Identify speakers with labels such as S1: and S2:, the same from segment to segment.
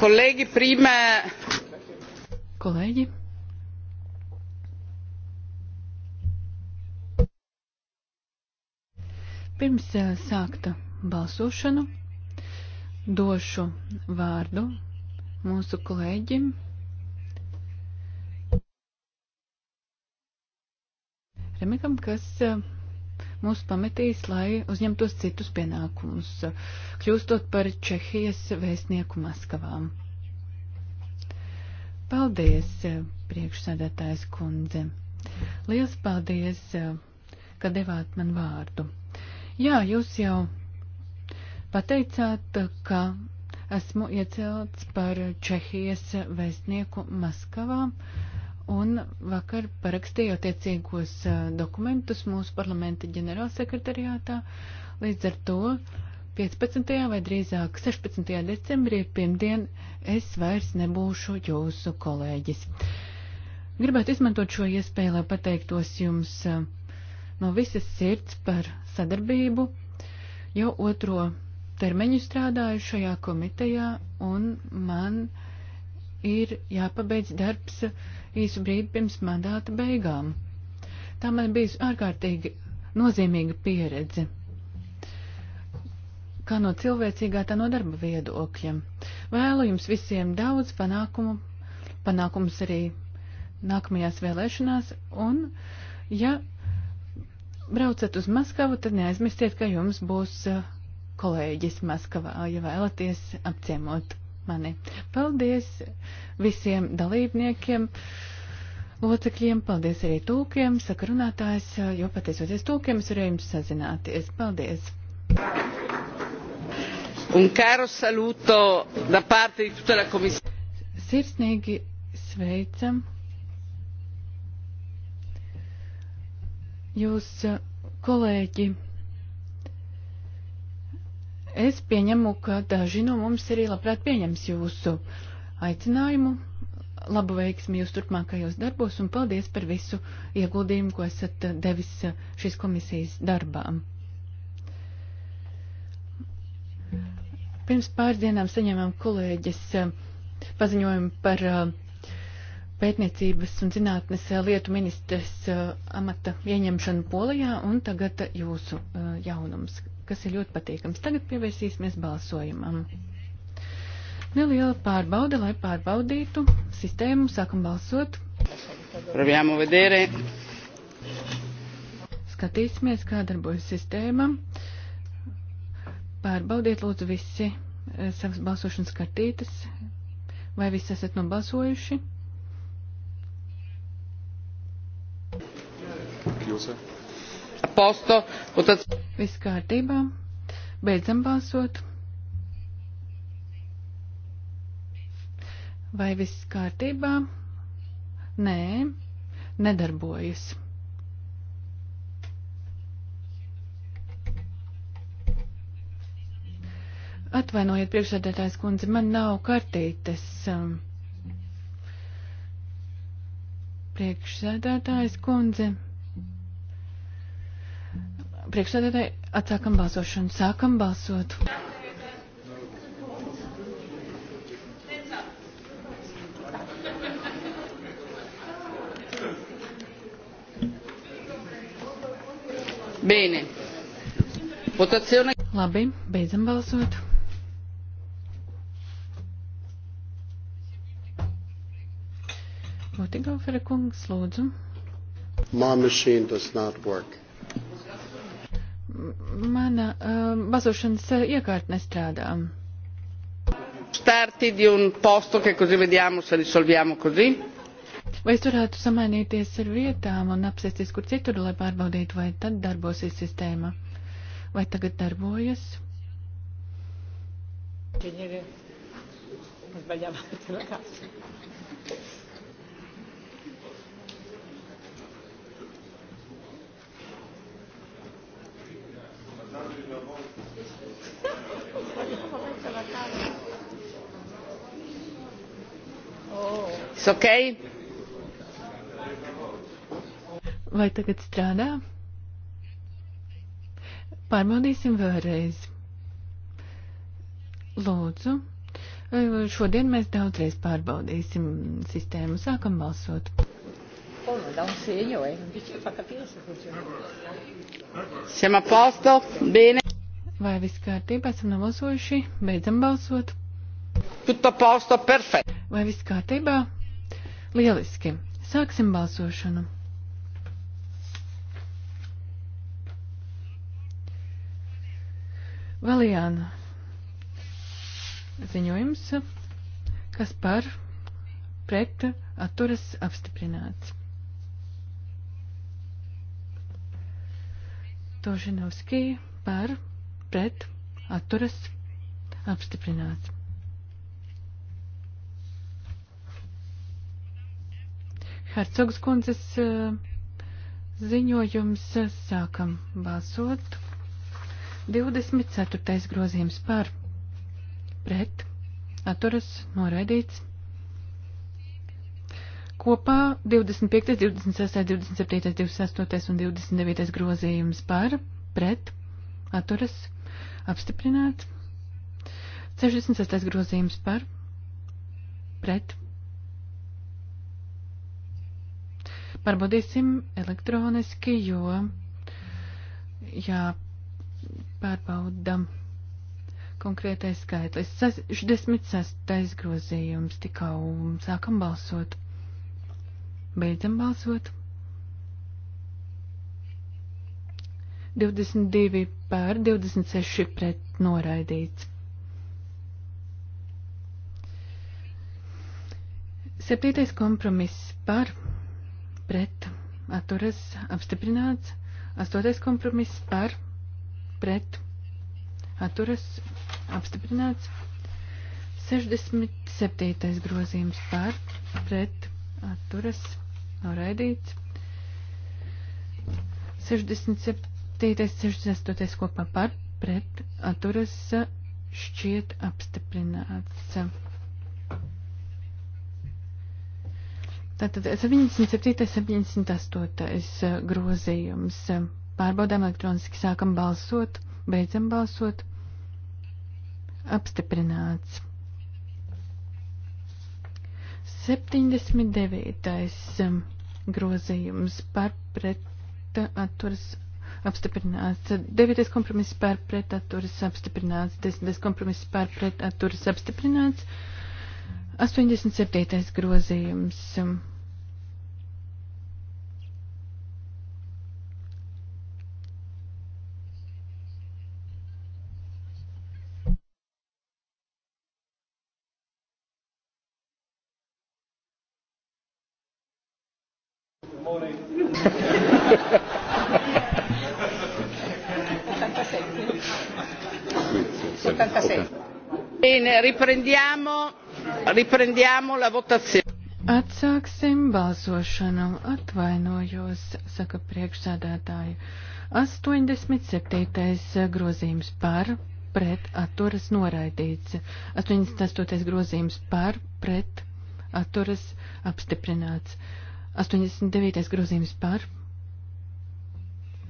S1: Kolēģi, prīmē.
S2: Kolēģi. Pirms eh, sākta balsošanu došu vārdu mūsu kolēģim. Remekam, kas eh, mūs pametīs, lai uzņemtos citus pienākumus, kļūstot par Čehijas vēstnieku Maskavām. Paldies, priekšsēdētājs kundze. Liels paldies, ka devāt man vārdu. Jā, jūs jau pateicāt, ka esmu iecelts par Čehijas vēstnieku Maskavām. Uh, un vakar parakstīja attiecīgos eh, dokumentus mūsu parlamenta ģenerālsekretariātā. Līdz ar to 15. vai drīzāk 16. decembrī, pirmdien, es vairs nebūšu jūsu kolēģis. Gribētu izmantot šo iespēju, lai pateiktos jums eh, no visas sirds par sadarbību. Jau otro termiņu strādāju šajā komitejā, un man ir jāpabeidz darbs īsu brīdi pirms mandāta beigām. Tā man bija ārkārtīgi nozīmīga pieredze. Kā no cilvēcīgā, tā no darba viedokļa. Vēlu jums visiem daudz panākumu, panākums arī nākamajās vēlēšanās, un, ja braucat uz Maskavu, tad neaizmirstiet, ka jums būs uh, kolēģis Maskavā, ja vēlaties apciemot mani. Paldies visiem dalībniekiem, locekļiem, paldies arī tūkiem, saka runātājs, jo pateicoties tūkiem, es varēju jums sazināties. Paldies!
S1: Un caro saluto da parte di tutta la commissione.
S2: Sirsnīgi sveicam jūs, kolēģi. Es pieņemu, ka daži no mums arī labprāt pieņems jūsu aicinājumu. Labu veiksmi jūs turpmākajos darbos un paldies par visu ieguldījumu, ko esat eh, devis eh, šīs komisijas darbām. Pirms pāris dienām saņēmām kolēģis eh, paziņojumu par pētniecības un zinātnes lietu ministres amata ieņemšanu Polijā un tagad jūsu jaunums kas ir ļoti patīkams. Tagad pievērsīsimies balsojumam. Neliela pārbauda, lai pārbaudītu sistēmu. Sākam balsot. Proviamo vedere. Skatīsimies, kā darbojas sistēma. Pārbaudiet lūdzu visi eh, savas balsošanas kartītes. Vai visi esat nobalsojuši? Jūsu posto. Tad... Viss kārtībā. Beidzam balsot. Vai viss kārtībā? Nē, nedarbojas. Atvainojiet, priekšsēdētājs kundze, man nav kartītes. Priekšsēdētājs kundze priekšsēdētāji, atsākam balsošanu. Sākam balsot. Bene. Votazione. Labi, beidzam balsot. Votigaufera kungs, lūdzu. My machine does not work. Mana um, uh, bazošanas iekārta nestrādā.
S1: Starti di un posto, ka così vediamo se risolviamo così.
S2: Vai es varētu samainīties ar vietām un apsēsties kur citur, lai pārbaudītu, vai tad darbosies sistēma? Vai tagad darbojas? Tienere, sbagliavate la casa. It's okay? Vai tagad strādā? Pārbaudīsim vēlreiz. Lūdzu. Šodien mēs daudzreiz pārbaudīsim sistēmu. Sākam balsot
S1: microfono, da un segno e ¿eh? invece fa capire se funziona.
S2: Siamo a posto? Bene. Vai viss kārtībā, esam nobalsojuši, beidzam balsot. Tutto posto, perfetto. Vai viss kārtībā? Lieliski. Sāksim balsošanu. Valijāna ziņojums, kas par pret atturas apstiprināts. Tožinovskī par pret atturas apstiprināts. Hercogs kundzes eh, ziņojums eh, sākam balsot. 24. grozījums par pret atturas noraidīts. Kopā 25, 26, 27, 28 un 29 grozījums par, pret, atturas, apstiprināts. 66. grozījums par, pret. Pārbaudīsim elektroniski, jo jāpārbaudam konkrētais skaitlis. 66. grozījums tikau sākam balsot. Beidzam balsot. 22 pār 26 pret noraidīts. Septītais kompromiss par pret atturas apstiprināts. Astotais kompromiss par pret atturas apstiprināts. 67. grozījums par pret atturas apstiprināts noraidīts. 67. 68. kopā par pret atturas šķiet apstiprināts. Tātad 77. 78. grozījums. Pārbaudām elektroniski sākam balsot, beidzam balsot. Apstiprināts. 79 grozījums par pretaturas apstiprināts, 9. kompromiss par pretaturas apstiprināts, 10. kompromiss par pretaturas apstiprināts, 87. grozījums
S1: Bene, riprendiamo, riprendiamo
S2: la votazione. Atsāksim balsošanu. Atvainojos, saka priekšsēdētāji. 87. grozījums par, pret, atturas noraidīts. 88. grozījums par, pret, atturas apstiprināts. 89. grozījums par,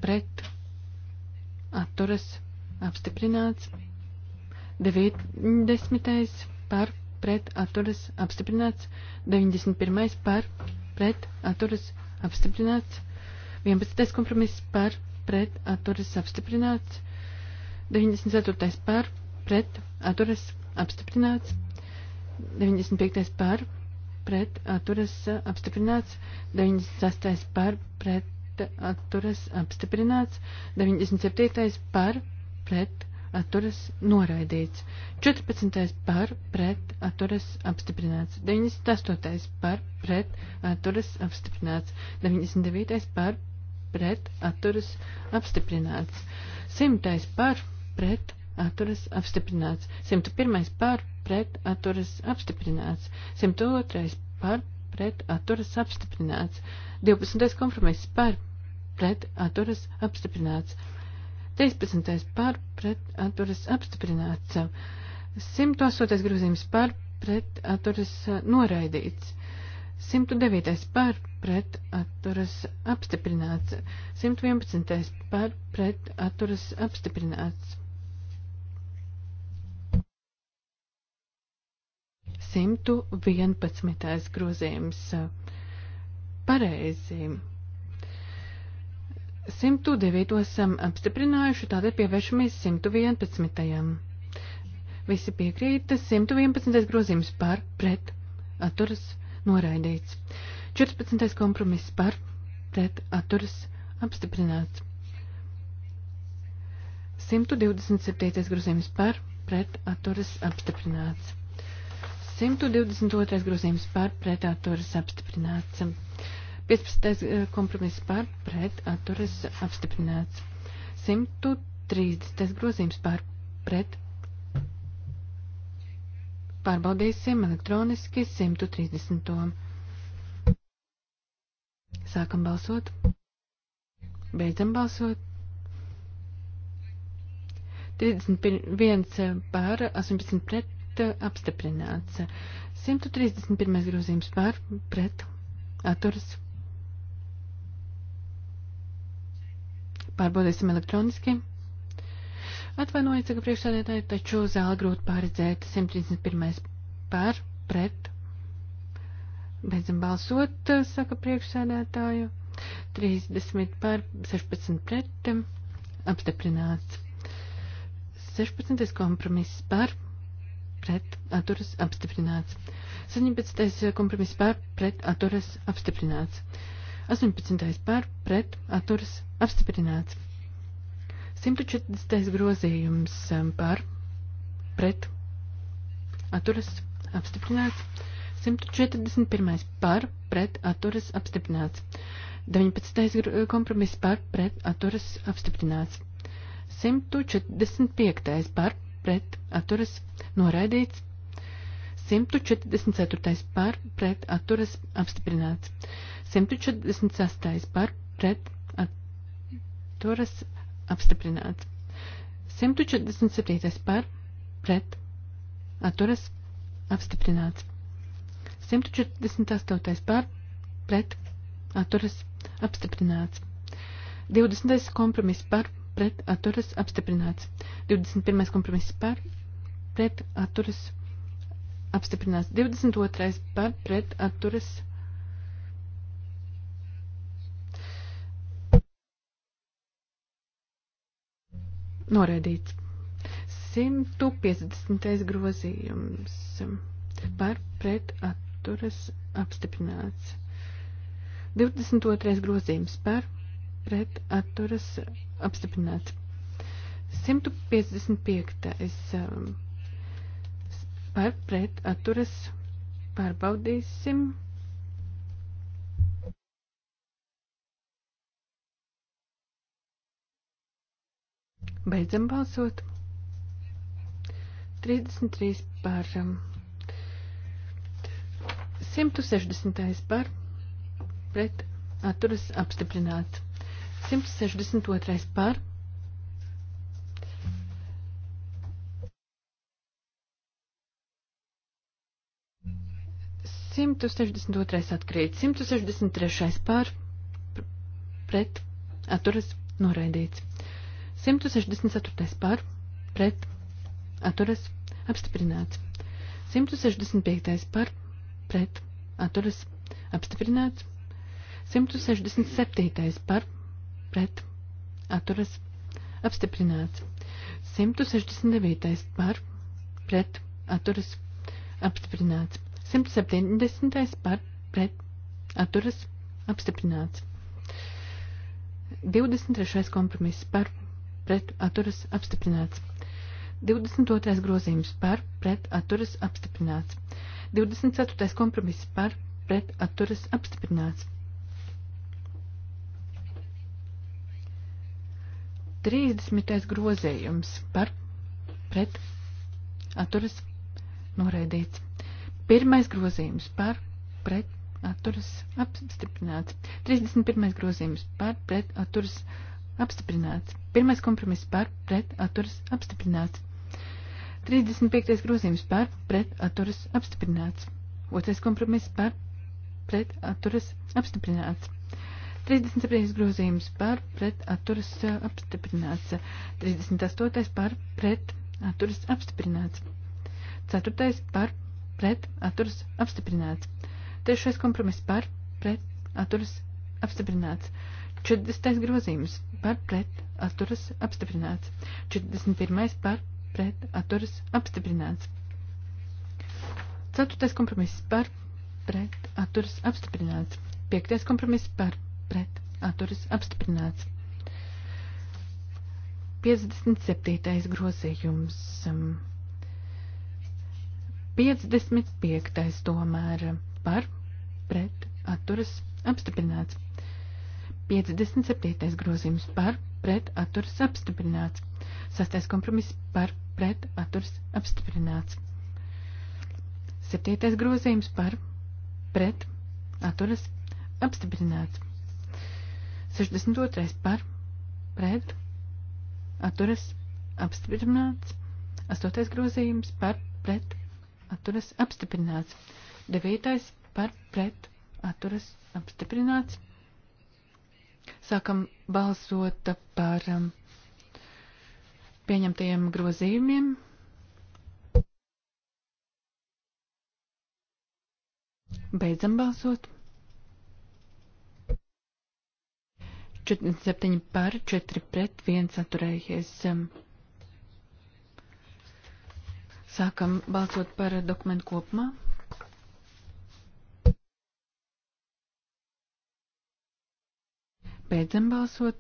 S2: pret, atturas apstiprināts. 90. par pret atturas apstiprināts, 91. par pret atturas apstiprināts, 11. kompromiss par pret atturas apstiprināts, 94. par pret atturas apstiprināts, 95. par pret atturas apstiprināts, 96. par pret atturas apstiprināts, 97. par pret atturas noraidīts. 14. par pret atturas apstiprināts. 98. par pret atturas apstiprināts. 99. par pret atturas apstiprināts. 100. par pret atturas apstiprināts. 101. par pret atturas apstiprināts. 102. par pret atturas apstiprināts. 12. kompromiss par pret atturas apstiprināts. 13. par pret atturas apstiprināts. 108. grozījums par pret atturas noraidīts. 109. par pret atturas apstiprināts. 111. par pret atturas apstiprināts. 111. grozījums pareizi 109 esam apstiprinājuši, tātad pievēršamies 111. Visi piekrīt, 111. grozījums par, pret, atturas, noraidīts. 14. kompromiss par, pret, atturas, apstiprināts. 127. grozījums par, pret, atturas, apstiprināts. 122. grozījums par, pret, atturas, apstiprināts. 15. Eh, kompromiss par pret atturas apstiprināts. 130. grozījums par pret. Pārbaudīsim elektroniski 130. Sākam balsot. Beidzam balsot. 31 pār 18 pret apstiprināts. 131 grozījums pār pret atturas Pārbaudīsim elektroniski. Atvainojiet, ka priekšsēdētāji, taču zāli grūti pārredzēt 131. pār, pret. Beidzam balsot, saka priekšsēdētāju. 30 pār, 16 pret. Apstiprināts. 16. kompromiss pār, pret, atturas, apstiprināts. 17. kompromiss pār, pret, atturas, apstiprināts. 18. par pret atturas apstiprināts. 140. grozījums um, par pret atturas apstiprināts. 141. par pret atturas apstiprināts. 19. kompromiss par pret atturas apstiprināts. 145. par pret atturas noraidīts. 144. par pret atturas apstiprināts. 146. par pret atturas apstiprināts. 147. par pret atturas apstiprināts. 148. par pret atturas apstiprināts. 20. kompromiss par pret atturas apstiprināts. 21. kompromiss par pret atturas apstiprināts. 22. par pret atturas apstiprināts Noraidīts. 150. grozījums par pret atturas apstiprināts. 22. grozījums par pret atturas apstiprināts. 155. par pret atturas pārbaudīsim. Beidzam balsot. 33 par 160 um, par pret atturas apstiprināts. 162 par Simtu sešdesmit otrais atkrīt, simtu sešdesmit trešais pār pret atturas noraidīts. 164. par pret atturas apstiprināts. 165. par pret atturas apstiprināts. 167. par pret atturas apstiprināts. 169. par pret atturas apstiprināts. 170. par pret atturas apstiprināts. 23. kompromiss par pret atturas apstiprināts. 22. grozījums par pret atturas apstiprināts. 24. kompromiss par pret atturas apstiprināts. 30. grozījums par pret atturas noraidīts. Pirmais grozījums par pret atturas apstiprināts. 31. grozījums par pret atturas apstiprināts apstiprināts. Pirmais kompromiss par pret atturas apstiprināts. 35. grozījums par pret atturas apstiprināts. Otrais kompromiss par pret atturas apstiprināts. 37. grozījums par pret atturas apstiprināts. 38. par pret atturas apstiprināts. 4. par pret atturas apstiprināts. 3. kompromiss par pret atturas apstiprināts. 40. grozījums par pret atturas apstiprināts. 41. par pret atturas apstiprināts. 4. kompromiss par pret atturas apstiprināts. 5. kompromiss par pret atturas apstiprināts. 57. grozījums. 55. Um, tomēr um, par pret atturas apstiprināts. 57. grozījums par pret atturs apstiprināts. 6. kompromiss par pret atturs apstiprināts. 7. grozījums par pret atturas apstiprināts. 62. par pret atturas apstiprināts. 8. grozījums par pret atturas apstiprināts. 9. par pret atturas apstiprināts. Sākam balsot par um, pieņemtajiem grozījumiem. Beidzam balsot. 47 par, 4 pret, 1 atturējies. Um. Sākam balsot par dokumentu kopumā. Beidzam balsot.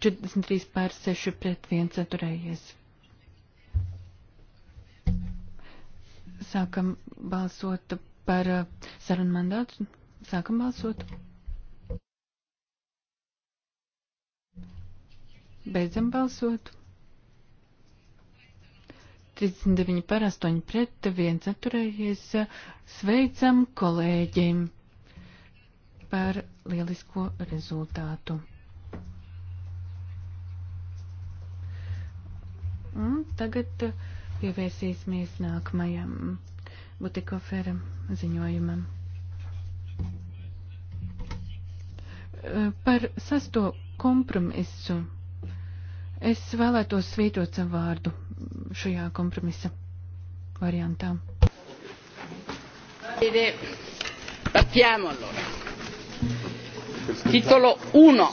S2: 43 pār 6 pret 1 ceturējies. Sākam balsot par uh, sarunu mandātu. Sākam balsot. Beidzam balsot. 39 par 8 pret 1 ceturējies. Sveicam kolēģiem! par lielisko rezultātu. Un tagad pievērsīsimies nākamajam Butikofera ziņojumam. Par sasto kompromisu es vēlētos svītot savu vārdu šajā kompromisa variantā.
S1: Partiamo allora.
S3: Titolo 1.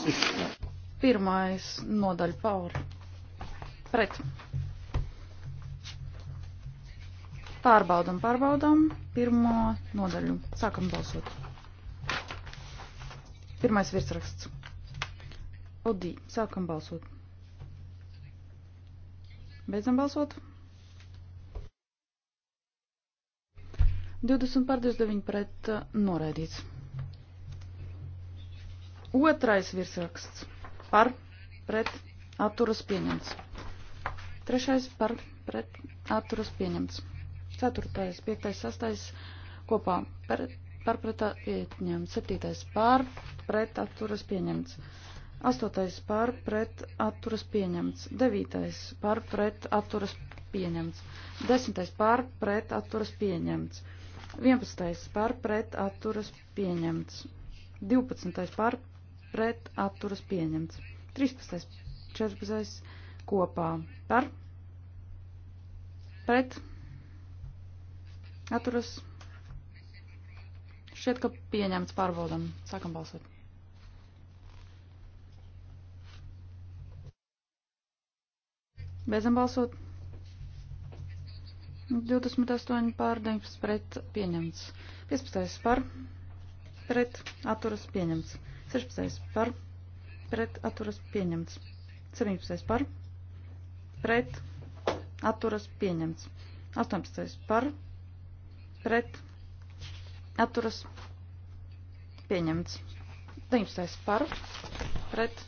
S1: Pirmais nodaļa pauri. Pret. Pārbaudam, pārbaudam. Pirmo nodaļu. Sākam balsot. Pirmais virsraksts. Odī. Sākam balsot. Beidzam balsot. 20 pār 29 pret uh, noraidīts. Otrais virsraksts par pret atturas pieņemts. Trešais par pret atturas pieņemts. Ceturtais, piektais, sastais kopā par, par pret pieņemts. Septītais par pret atturas pieņemts. Astotais par pret atturas pieņemts. Devītais par pret atturas pieņemts. Desmitais par pret atturas pieņemts. Vienpadsmitais par pret atturas pieņemts. Divpadsmitais par pret atturas pieņemts. 13. 14. kopā par pret atturas šķiet, ka pieņemts pārbaudam. Sākam balsot. Beidzam balsot. 28 pār 19 pret pieņemts. 15 par pret atturas pieņemts. 16. par pret atturas pieņemts. 17. par pret atturas pieņemts. 18. par pret atturas pieņemts. 19. par pret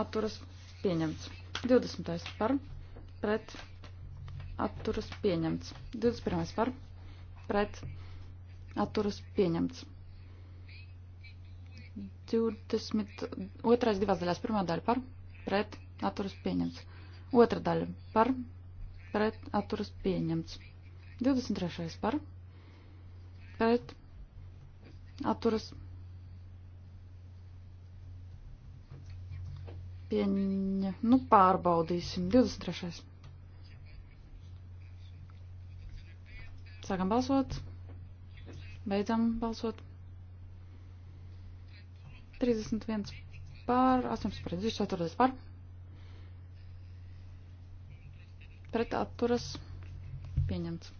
S1: atturas pieņemts. 20. par pret atturas pieņemts. 21. par pret atturas pieņemts. 22. divās daļās. Pirmā daļa par, pret, atturas pieņemts. Otra daļa par, pret, atturas pieņemts. 23. par, pret, atturas pieņa. Nu, pārbaudīsim. 23. Sākam balsot. Beidzam balsot. 31 pār, 18 pret 24 pār. Pret atturas pieņemts.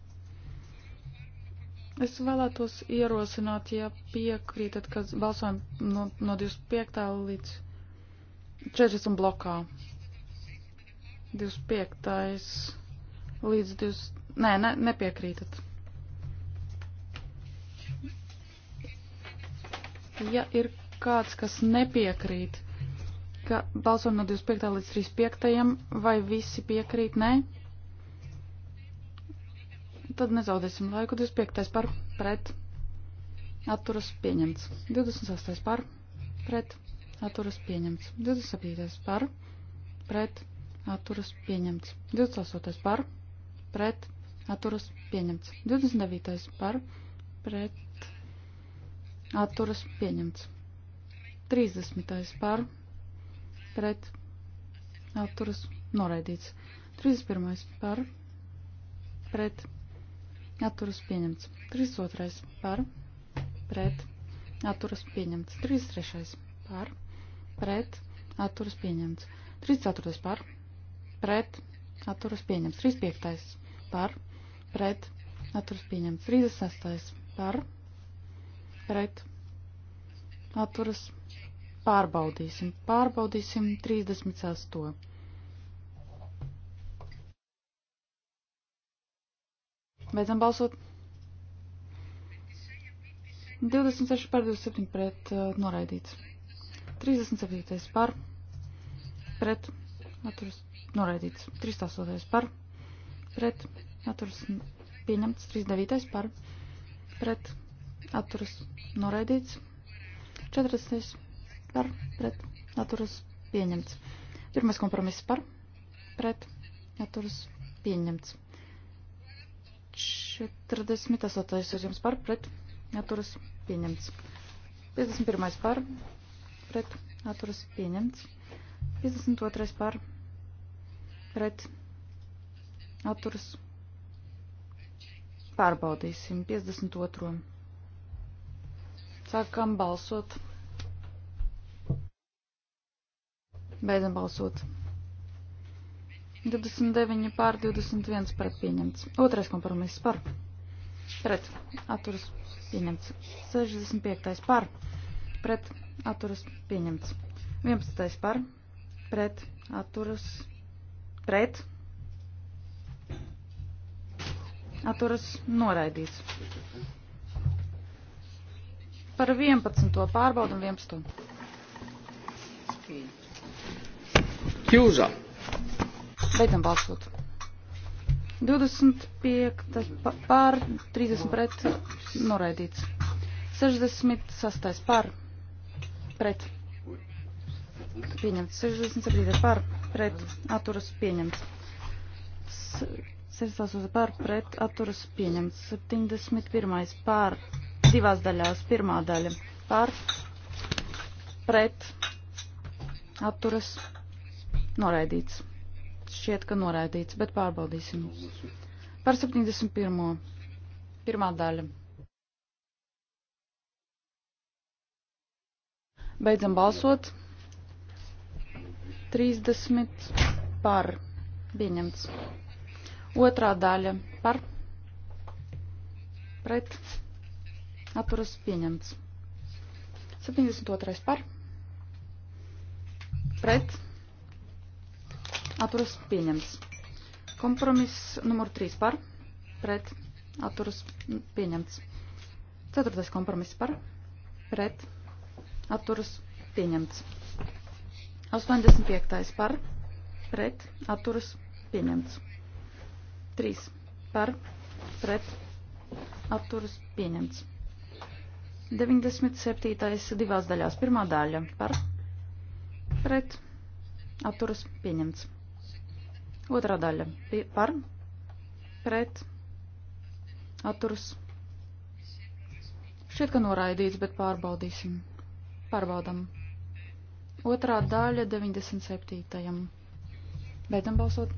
S1: Es vēlētos ierosināt, ja piekrītat, ka balsojam no, no 25. līdz 40 blokā. 25. līdz 20. Nē, ne, nepiekrītat. Ja ir kāds, kas nepiekrīt, ka balsojam no 25. līdz 35. vai visi piekrīt, nē? Tad nezaudēsim laiku. 25. par pret. Atturas pieņemts. 28. par pret. Atturas pieņemts. 27. par pret. Atturas pieņemts. 28. par pret. Atturas pieņemts. 29. par pret. Atturas pieņemts. 30. par pret atturas noraidīts. 31. par pret atturas pieņemts. 32. par pret atturas pieņemts. 33. par pret atturas pieņemts. 34. par pret atturas pieņemts. 35. par pret atturas pieņemts. 36. par pret atturas pieņemts atturas pārbaudīsim. Pārbaudīsim 36. Beidzam balsot. 26 par 27 pret uh, noraidīts. 37 par pret atturas noraidīts. 38 par pret atturas pieņemts. 39 par pret atturas noraidīts. 40 par pret atturas pieņemts. Pirmais kompromiss par pret atturas pieņemts. 48. uz jums par pret atturas pieņemts. 51. par pret atturas pieņemts. 52. par pret atturas pārbaudīsim. 52. Sākam balsot. Beidzam balsot. 29 pār 21 pret pieņemts. Otrais kompromiss par. Pret. Atturas pieņemts. 65 par. Pret. Atturas pieņemts. 11 par. Pret. Atturas. Pret. Atturas noraidīts. Par 11. pārbaudam 11. Spīd. Chiusa. Beidzam balsot. 25 pār, 30 pret, noraidīts. 66 pār, pret. Pieņemts. 67 pār, pret, atturas pieņemts. 68 pār, pret, atturas pieņemts. 71 pār, divās daļās, pirmā daļa pār, pret, atturas pieņemts Noraidīts. Šķiet, ka noraidīts, bet pārbaudīsim. Par 71. Pirmā daļa. Beidzam balsot. 30 par. Pieņemts. Otrā daļa par. Pret. Atturas pieņemts. 72. par. Pret atturas pieņemts. Kompromiss numur 3 par, pret, atturas pieņemts. Ceturtais kompromiss par, pret, atturas pieņemts. 85. par, pret, atturas pieņemts. 3 par, pret, atturas pieņemts. 97. divās daļās. Pirmā daļa par, pret, atturas pieņemts. Otrā daļa par, pret, atturas. Šķiet, ka noraidīts, bet pārbaudīsim. Pārbaudam. Otrā daļa 97. Beidzam balsot.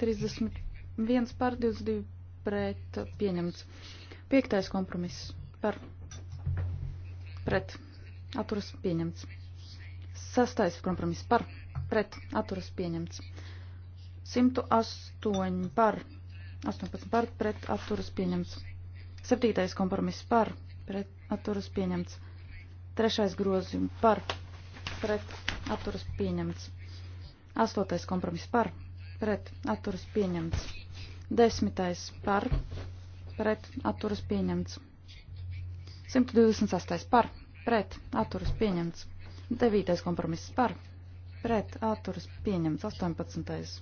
S1: 31 par 22 pret pieņemts. Piektais kompromiss par pret atturas pieņemts. Sastais kompromiss par pret pret atturas pieņemts. 108 par 18 par pret atturas pieņemts. 7. kompromiss par pret atturas pieņemts. 3. grozījums par pret atturas pieņemts. 8. kompromiss par pret atturas pieņemts. 10. par pret atturas pieņemts. 128. par pret atturas pieņemts. 9. kompromiss par pret atturas pieņemts. 18.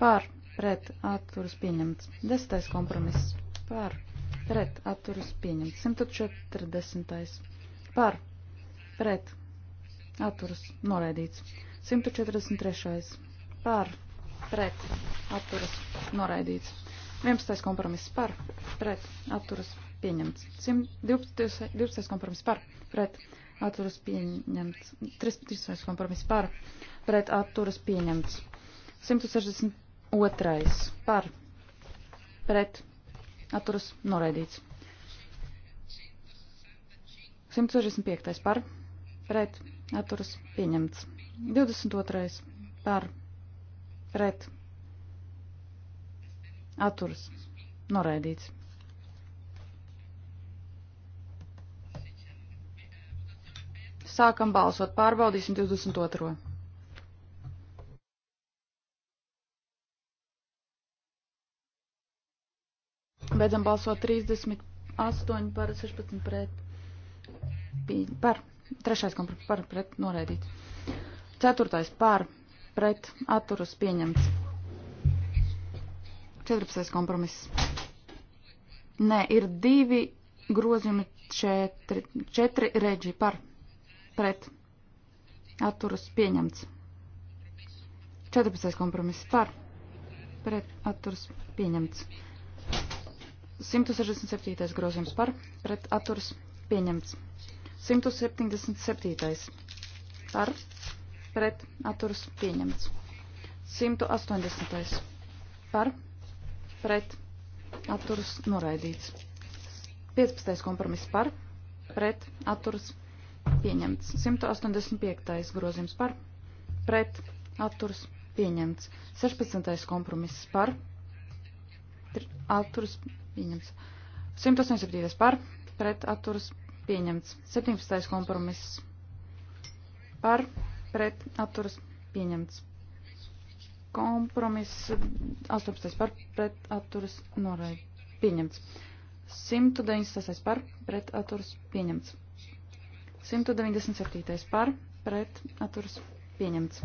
S1: Par pret atturas pieņemts. 10. kompromiss. Par pret atturas pieņemts. 140. Par pret atturas noraidīts. 143. Par pret atturas noraidīts. 11. kompromiss par pret atturas pieņemts. 112. 12. kompromiss par pret atturas pieņemts. 13. kompromiss par, pret atturas pieņemts. 162. par, pret atturas noraidīts. 165. par, pret atturas pieņemts. 22. par, pret atturas noraidīts. Sākam balsot. Pārbaudīsim 22. Beidzam balsot 38 par 16 pret. Par. Trešais kompromiss par pret noraidīt. Ceturtais par pret atturas pieņemts. 14. kompromiss. Nē, ir divi grozījumi četri, četri reģi par pret atturas pieņemts. 14. kompromiss par pret atturas pieņemts. 167. grozījums par pret atturas pieņemts. 177. par pret atturas pieņemts. 180. par pret atturas noraidīts. 15. kompromiss par pret atturas pieņemts pieņemts. 185. grozījums par, pret, atturs, pieņemts. 16. kompromiss par, atturs, pieņemts. 187. par, pret, atturs, pieņemts. 17. kompromiss par, pret, atturs, pieņemts. Kompromiss 18. par, pret, atturs, noraid, pieņemts. 196. par, pret, atturs, pieņemts. 197. par pret atturas pieņemts.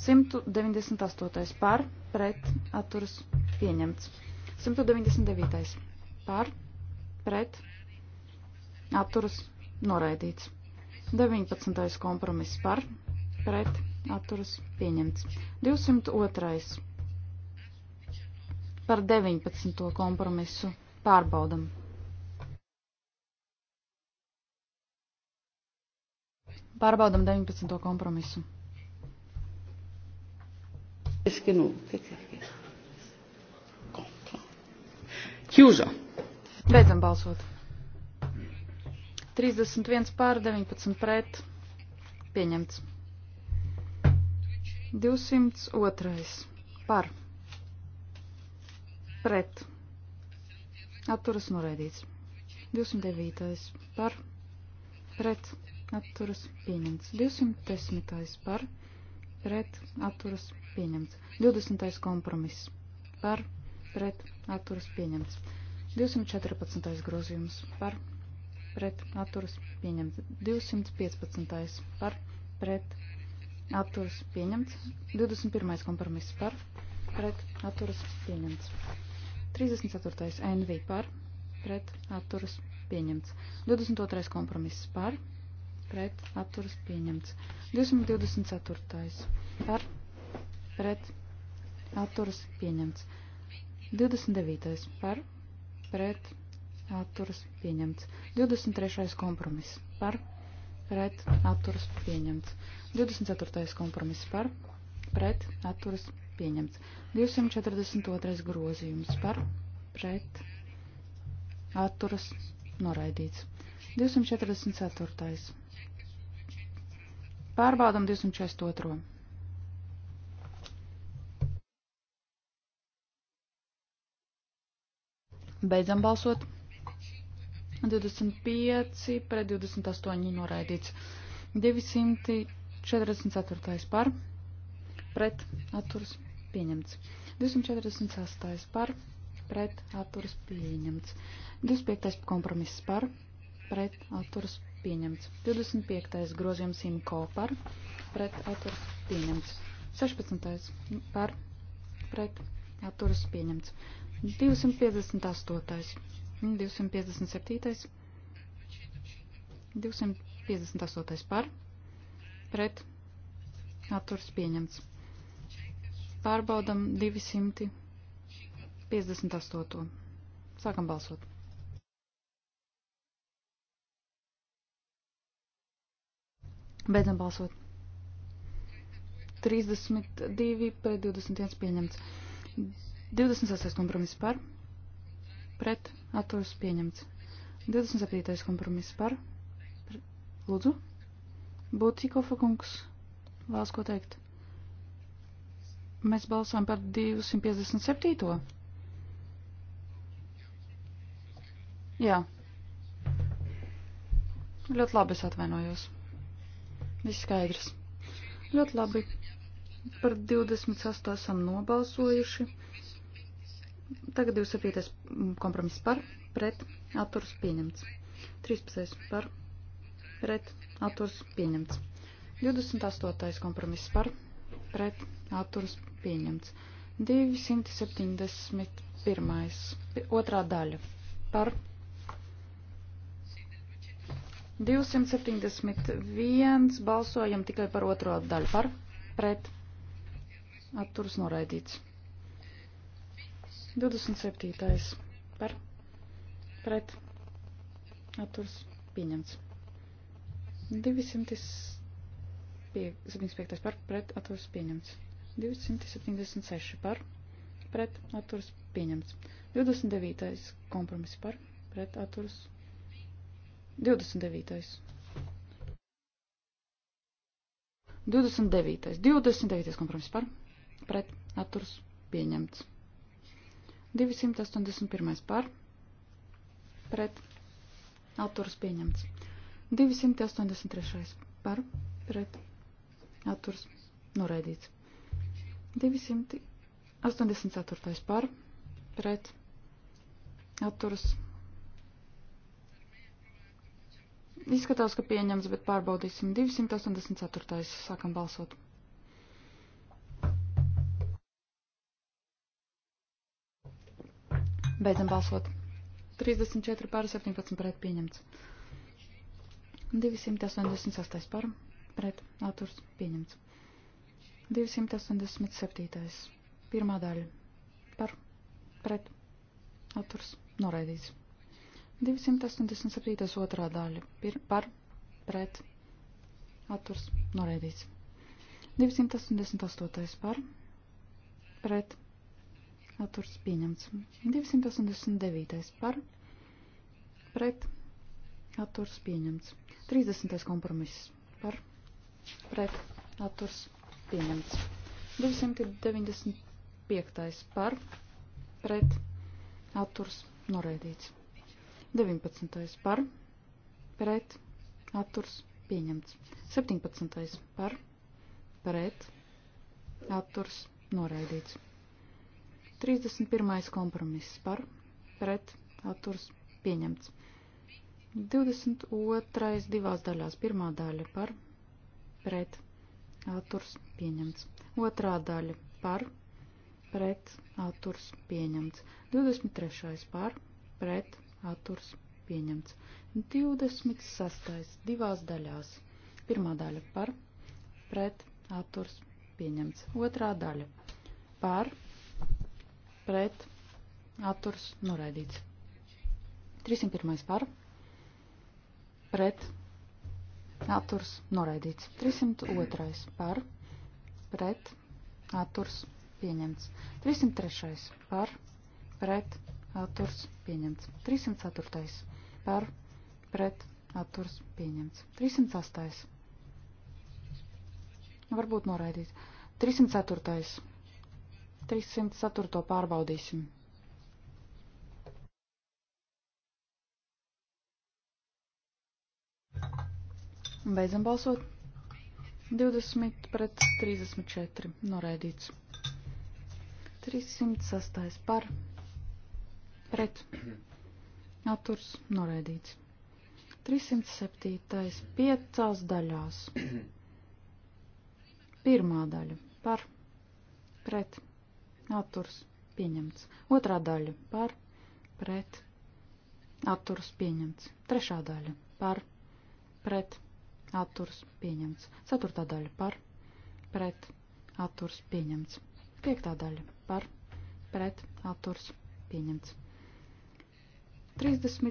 S1: 198. par pret atturas pieņemts. 199. par pret atturas noraidīts. 19. kompromiss par pret atturas pieņemts. 202. par 19. kompromisu pārbaudam. Pārbaudam 19. kompromisu. Nu, Kjūža. Beidzam balsot. 31 pār 19 pret. Pieņemts. 202. Par. Pret. Atturas noraidīts. 209. Par. Pret atturas pieņemts. 210. par pret atturas pieņemts. 20. kompromiss par pret atturas pieņemts. 214. grozījums par pret atturas pieņemts. 215. par pret atturas pieņemts. 21. kompromiss par pret atturas pieņemts. 34. NV par pret atturas pieņemts. 22. kompromiss par pret pret atturas pieņemts. 224. par pret atturas pieņemts. 29. par pret atturas pieņemts. 23. kompromiss par pret atturas pieņemts. 24. kompromiss par pret atturas pieņemts. 242. grozījums par pret atturas noraidīts. 244. Pārbaudam 242. Beidzam balsot. 25 pret 28 noraidīts. 244 par. Pret atturs pieņemts. 248 par. Pret atturs pieņemts. 25 kompromiss par. Pret atturs pieņemts pieņemts. 25. grozījums imko par pret atturas pieņemts. 16. par pret atturas pieņemts. 258. 257. 258. par pret atturas pieņemts. Pārbaudam 258. Sākam balsot. Beidzam balsot. 32 pret 21 pieņemts. 26. kompromiss par. Pret atturas pieņemts. 27. kompromiss par. Pret, lūdzu. Būtīkofa kungs vēlas ko teikt. Mēs balsām par 257. Jā. Ļoti labi es atvainojos. Viss skaidrs. Ļoti labi. Par 28 esam nobalsojuši. Tagad 27. kompromiss par, pret, atturs pieņemts. 13. par, pret, atturs pieņemts. 28. kompromiss par, pret, atturs pieņemts. 271. otrā daļa par, 271 balsojam tikai par otro daļu par pret atturas noraidīts. 27. par pret atturas pieņemts. 275 par pret atturas pieņemts. 276 par pret atturas pieņemts. 29. kompromiss par pret atturas pieņemts. 29. 29. 29. kompromiss par, pret, atturs, pieņemts. 281. par, pret, atturs, pieņemts. 283. par, pret, atturs, noraidīts. 284. par, pret, atturs, noraidīts. Izskatās, ka pieņems, bet pārbaudīsim 284. Sākam balsot. Beidzam balsot. 34 pār 17 pret pieņemts. 286 par pret atturs pieņemts. 287. Pirmā daļa par pret atturs noraidīts. 287. otrā daļa Pir, par pret atturs norēdīts. 288. par pret atturs pieņemts. 289. par pret atturs pieņemts. 30. kompromiss par pret atturs pieņemts. 295. par pret atturs norēdīts. 19. par, pret, atturs, pieņemts. 17. par, pret, atturs, noraidīts. 31. kompromiss par, pret, atturs, pieņemts. 22. divās daļās, pirmā daļa par, pret, atturs, pieņemts. Otrā daļa par, pret, atturs, pieņemts. 23. par, pret, atturs pieņemts. 26. divās daļās. Pirmā daļa par, pret, atturs pieņemts. Otrā daļa par, pret, atturs noraidīts. 301. par, pret, atturs noraidīts. 302. par, pret, atturs pieņemts. 303. par, pret, atturs pieņemts. 304. par pret atturs pieņemts. 308. Nu, varbūt noraidīt. 304. 304. pārbaudīsim. Beidzam balsot. 20 pret 34 noraidīts. 306 par pret atturs noraidīts. 307. piecās daļās. Pirmā daļa par pret atturs pieņemts. Otrā daļa par pret atturs pieņemts. Trešā daļa par pret atturs pieņemts. Ceturtā daļa par pret atturs pieņemts. Piektā daļa par pret atturs pieņemts. 32.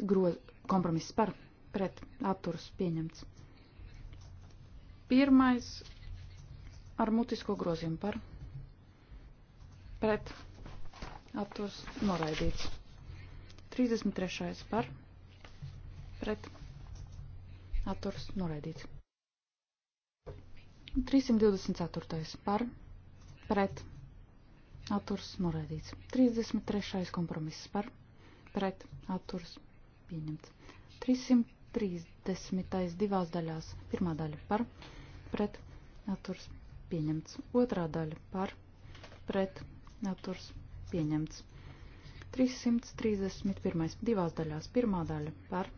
S1: groz, kompromiss par pret atturus pieņemts. Pirmais ar mutisko grozījumu par pret atturus noraidīts. 33. par pret atturus noraidīts. 324. par pret atturs norēdīts. 33. kompromiss par pret atturs pieņemts. 330. divās daļās. Pirmā daļa par pret atturs pieņemts. Otrā daļa par pret atturs pieņemts. 331. divās daļās. Pirmā daļa par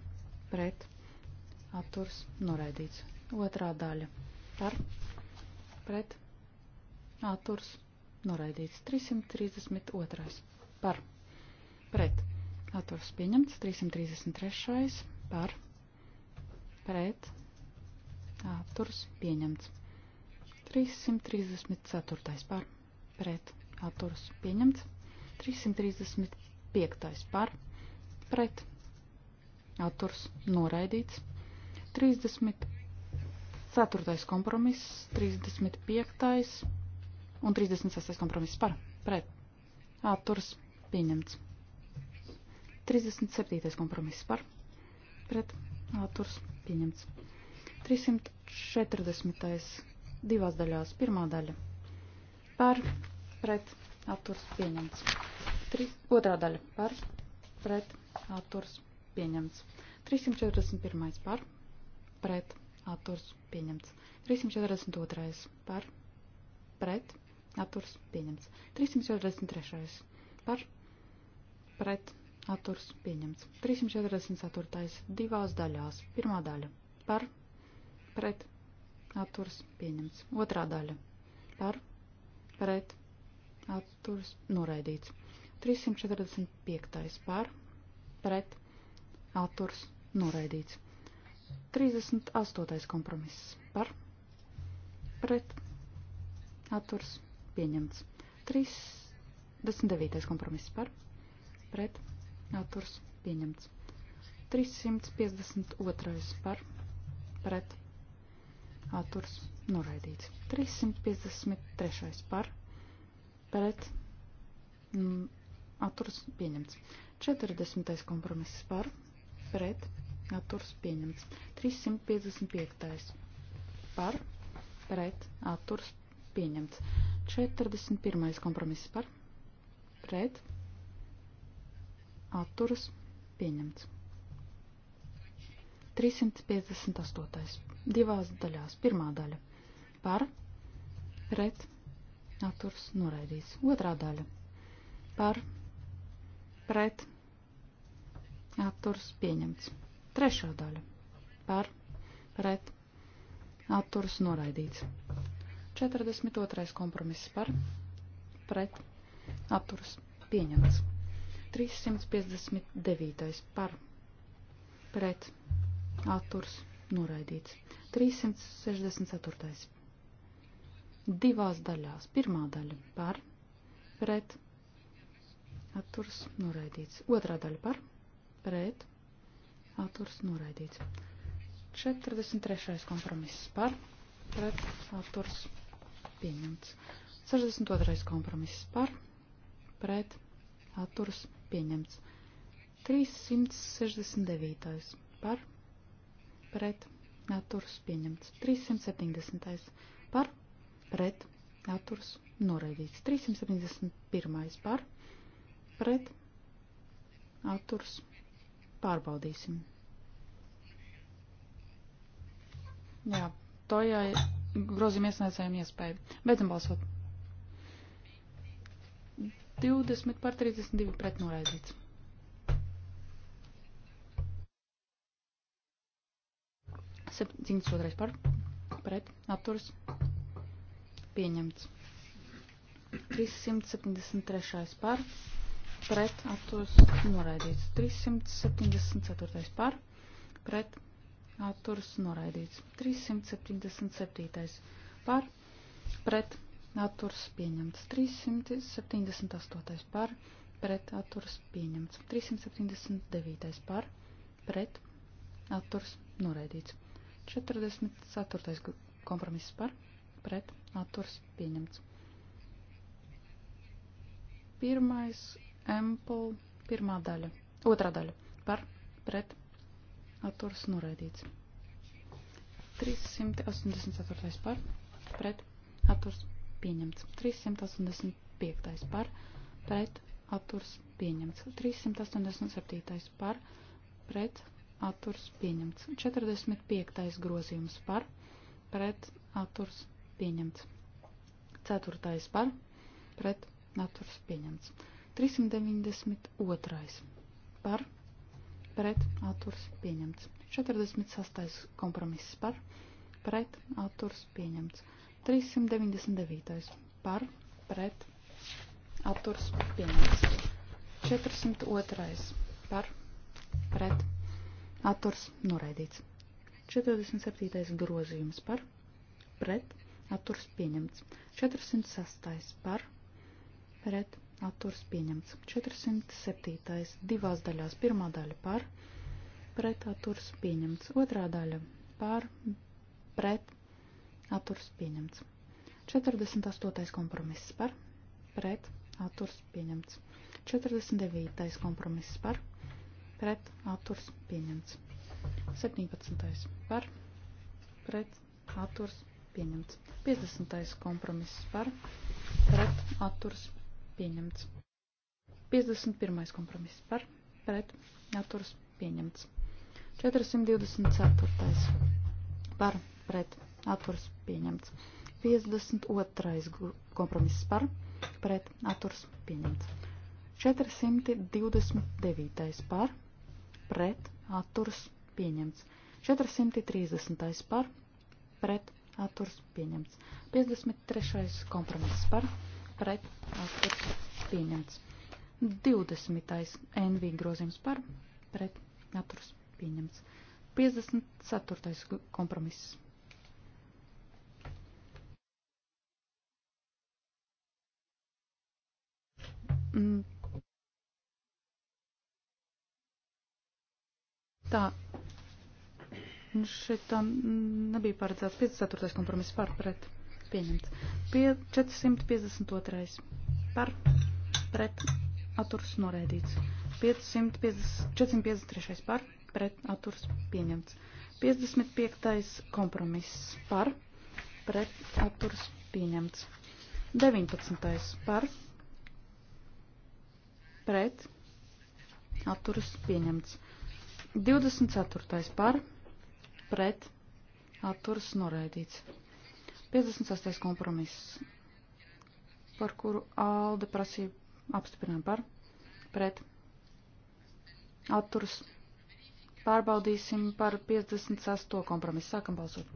S1: pret atturs noraidīts. Otrā daļa par pret atturs pieņemts noraidīts 332. par pret atturs pieņemts 333. par pret atturs pieņemts 334. par pret atturs pieņemts 335. par pret atturs noraidīts 34. kompromiss 35 un 36. kompromiss par, pret, atturs, pieņemts. 37. kompromiss par, pret, atturs, pieņemts. 340. divās daļās, pirmā daļa, par, pret, atturs, pieņemts. 3, otrā daļa, par, pret, atturs, pieņemts. 341. par, pret, atturs, pieņemts. 342. par, pret, atturs pieņemts. 343. par pret atturs pieņemts. 344. divās daļās. Pirmā daļa par pret atturs pieņemts. Otrā daļa par pret atturs noraidīts. 345. par pret atturs noraidīts. 38. kompromiss par pret atturs noraidīts pieņemts. 39. kompromiss par, pret, atturs, pieņemts. 352. par, pret, atturs, noraidīts. 353. par, pret, m, mm, atturs, pieņemts. 40. kompromiss par, pret, atturs, pieņemts. 355. par, pret, atturs, pieņemts. 41. kompromiss par pret atturas pieņemts. 358. divās daļās. Pirmā daļa par pret atturas noraidīs. Otrā daļa par pret atturas pieņemts. Trešā daļa par pret atturas noraidīts. 42. kompromiss par pret apturas pieņemts. 359. par pret atturs noraidīts. 364. divās daļās. Pirmā daļa par pret atturs noraidīts. Otrā daļa par pret atturs noraidīts. 43. kompromiss par pret atturs noraidīts pieņemts. 62. kompromiss par, pret, atturas pieņemts. 369. par, pret, atturas pieņemts. 370. par, pret, atturas noraidīts. 371. par, pret, atturas pārbaudīsim. Jā, to jau grozījuma iesniedzējiem iespēju. Beidzam balsot. 20 par 32 pret noraidīts. Septiņas otrais par pret atturas pieņemts. 373 par pret atturas noraidīts. 374 par pret atturas noraidīts. 377. par pret atturas pieņemts. 378. par pret atturas pieņemts. 379. par pret atturas noraidīts. 44. kompromiss par pret atturas pieņemts. Pirmais, empul, pirmā daļa, otrā daļa par pret Atturs noraidīts. 384. par. Pret. Atturs pieņemts. 385. par. Pret. Atturs pieņemts. 387. par. Pret. Atturs pieņemts. 45. grozījums par. Pret. Atturs pieņemts. 4. par. Pret. Atturs pieņemts. 392. par pret atturs pieņemts. 46. kompromiss par pret atturs pieņemts. 399. par pret atturs pieņemts. 402. par pret atturs noraidīts. 47. grozījums par pret atturs pieņemts. 406. par pret atturs pieņemts. 407. divās daļās. Pirmā daļa par, pret atturs pieņemts. Otrā daļa par, pret atturs pieņemts. 48. kompromiss par, pret atturs pieņemts. 49. kompromiss par, pret atturs pieņemts. 17. par, pret atturs pieņemts. 50. kompromiss par, pret atturs pieņemts pieņemts. 51. kompromiss par, pret, atturas pieņemts. 424. par, pret, atturas pieņemts. 52. kompromiss par, pret, atturas pieņemts. 429. par, pret, atturas pieņemts. 430. par, pret, atturas pieņemts. 53. kompromiss par, pret, pret atturs pieņemts. 20. NV grozījums par pret atturs pieņemts. 54. kompromiss. Mm. Tā, šeit nebija paredzēts 54. kompromiss par pret pieņemts. Pie 452. par pret atturs norēdīts. 550, 453. par pret atturs pieņemts. 55. kompromiss par pret atturs pieņemts. 19. par pret atturs pieņemts. 24. par pret atturs noraidīts. 56. kompromiss, par kuru Alde prasīja apstiprinājumu par, pret, atturas. Pārbaudīsim par 56. kompromisu. Sākam balsot.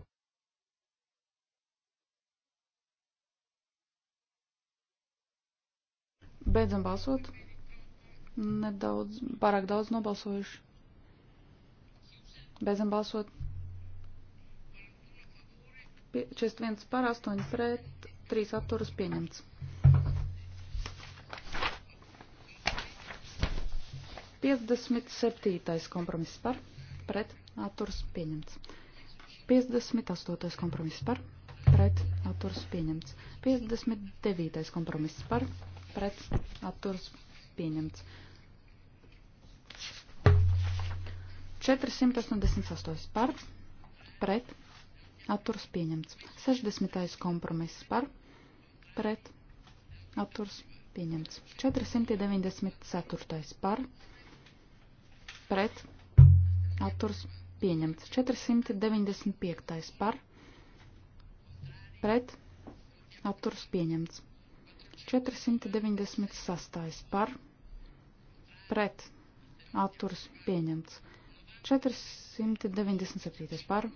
S1: Beidzam balsot. Nedaudz, pārāk daudz nobalsojuši. Beidzam balsot. 41 par 8 pret 3 atturas pieņemts. Piecdesmit septītais kompromiss par, pret, atturs pieņemts.
S2: Piecdesmit astotais kompromiss par,
S1: pret, atturs pieņemts. Piecdesmit devītais kompromiss par, pret, atturs pieņemts. 488 par, pret, atturs pieņemts. 60. kompromiss par, pret, atturs pieņemts. 494. par, pret, atturs pieņemts. 495. par, pret, atturs pieņemts. 496. par, pret, atturs pieņemts. 497. par,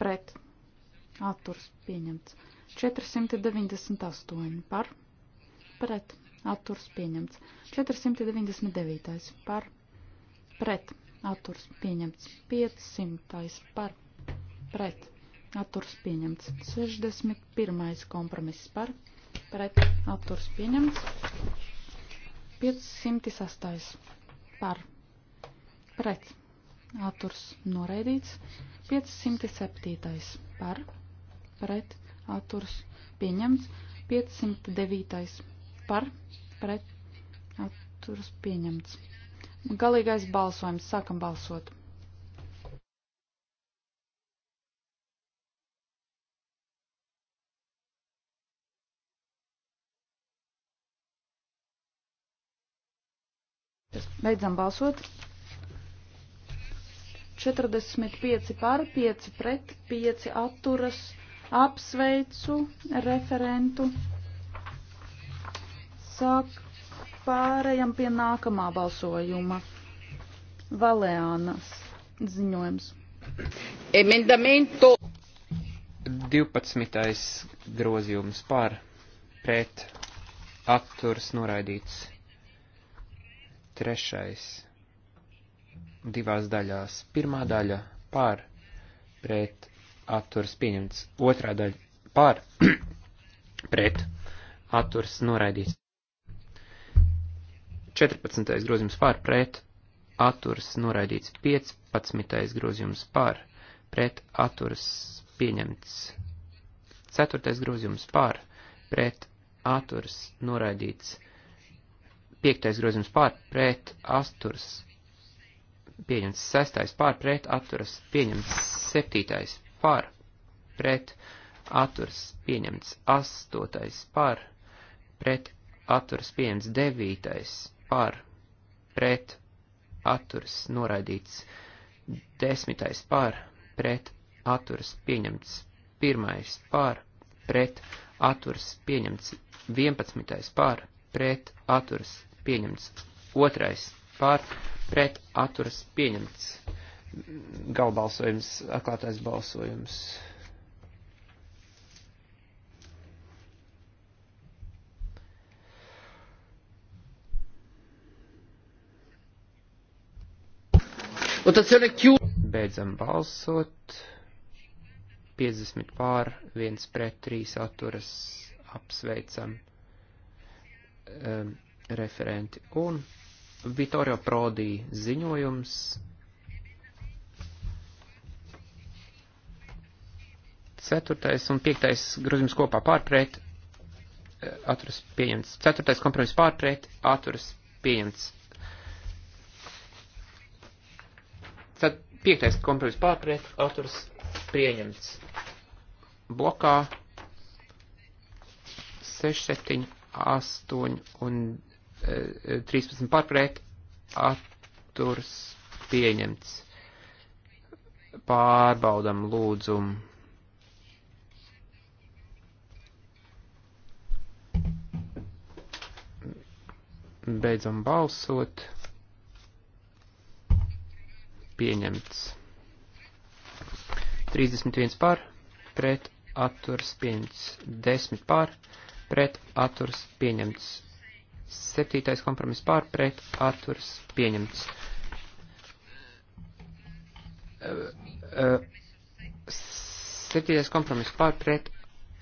S1: pret atturs pieņemts. 498 par pret atturs pieņemts. 499 par pret atturs pieņemts. 500 par pret atturs pieņemts. 61 kompromiss par pret atturs pieņemts. 506 par pret atturs noraidīts, 507. par, pret, atturs pieņemts, 509. par, pret, atturs pieņemts. Galīgais balsojums, sākam balsot. Beidzam balsot. 45 par, 5 pret, 5 atturas. Apsveicu referentu. Sāk pārējam pie nākamā balsojuma. Valēānas ziņojums. Emendamento
S3: 12. grozījums par pret atturs noraidīts. Trešais divās daļās. Pirmā daļa par pret atturs pieņemts, otrā daļa par pret atturs noraidīts. 14. grozījums par pret atturs noraidīts, 15. grozījums par pret atturs pieņemts, 4. grozījums par pret atturs noraidīts, 5. grozījums par pret atturs pieņemts sestais pār pret atturas, pieņemts septītais pār pret atturas, pieņemts astotais pār pret atturas, pieņemts devītais pār pret atturas, noraidīts desmitais pār pret atturas, pieņemts pirmais pār pret atturas, pieņemts vienpadsmitais pār pret atturas, pieņemts otrais pār pret atturas pieņemts. Galbalsojums, atklātais balsojums. Votazione chiusa. Beidzam balsot. 50 pār, 1 pret, 3 atturas. Apsveicam um, referenti. Un Vitorio Prodi ziņojums. Ceturtais un piektais grozījums kopā pārpret, eh, atturas pieņemts. Ceturtais kompromiss pārpret, atturas pieņemts. Cet piektais kompromiss pārpret, atturas pieņemts. Blokā 6, 7, 8 un 13 pārpret atturs pieņemts. Pārbaudam lūdzumu. Beidzam balsot. Pieņemts. 31 par, pret atturs pieņemts. 10 par, pret atturs pieņemts. Septītais kompromiss pār pret atturs pieņemts. Septītais kompromiss pār pret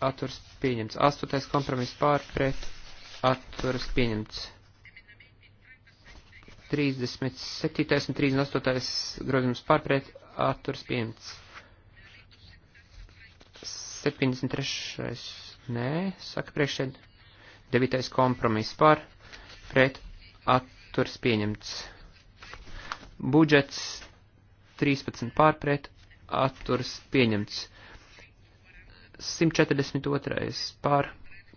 S3: atturs pieņemts. Astotais kompromiss pār pret atturs pieņemts. 37. un 38. grozījums pārpret atturs pieņemts. 73. Nē, saka priekšēd. 9. kompromiss par pret atturs pieņemts. Budžets 13 pār pret atturs pieņemts. 142 pār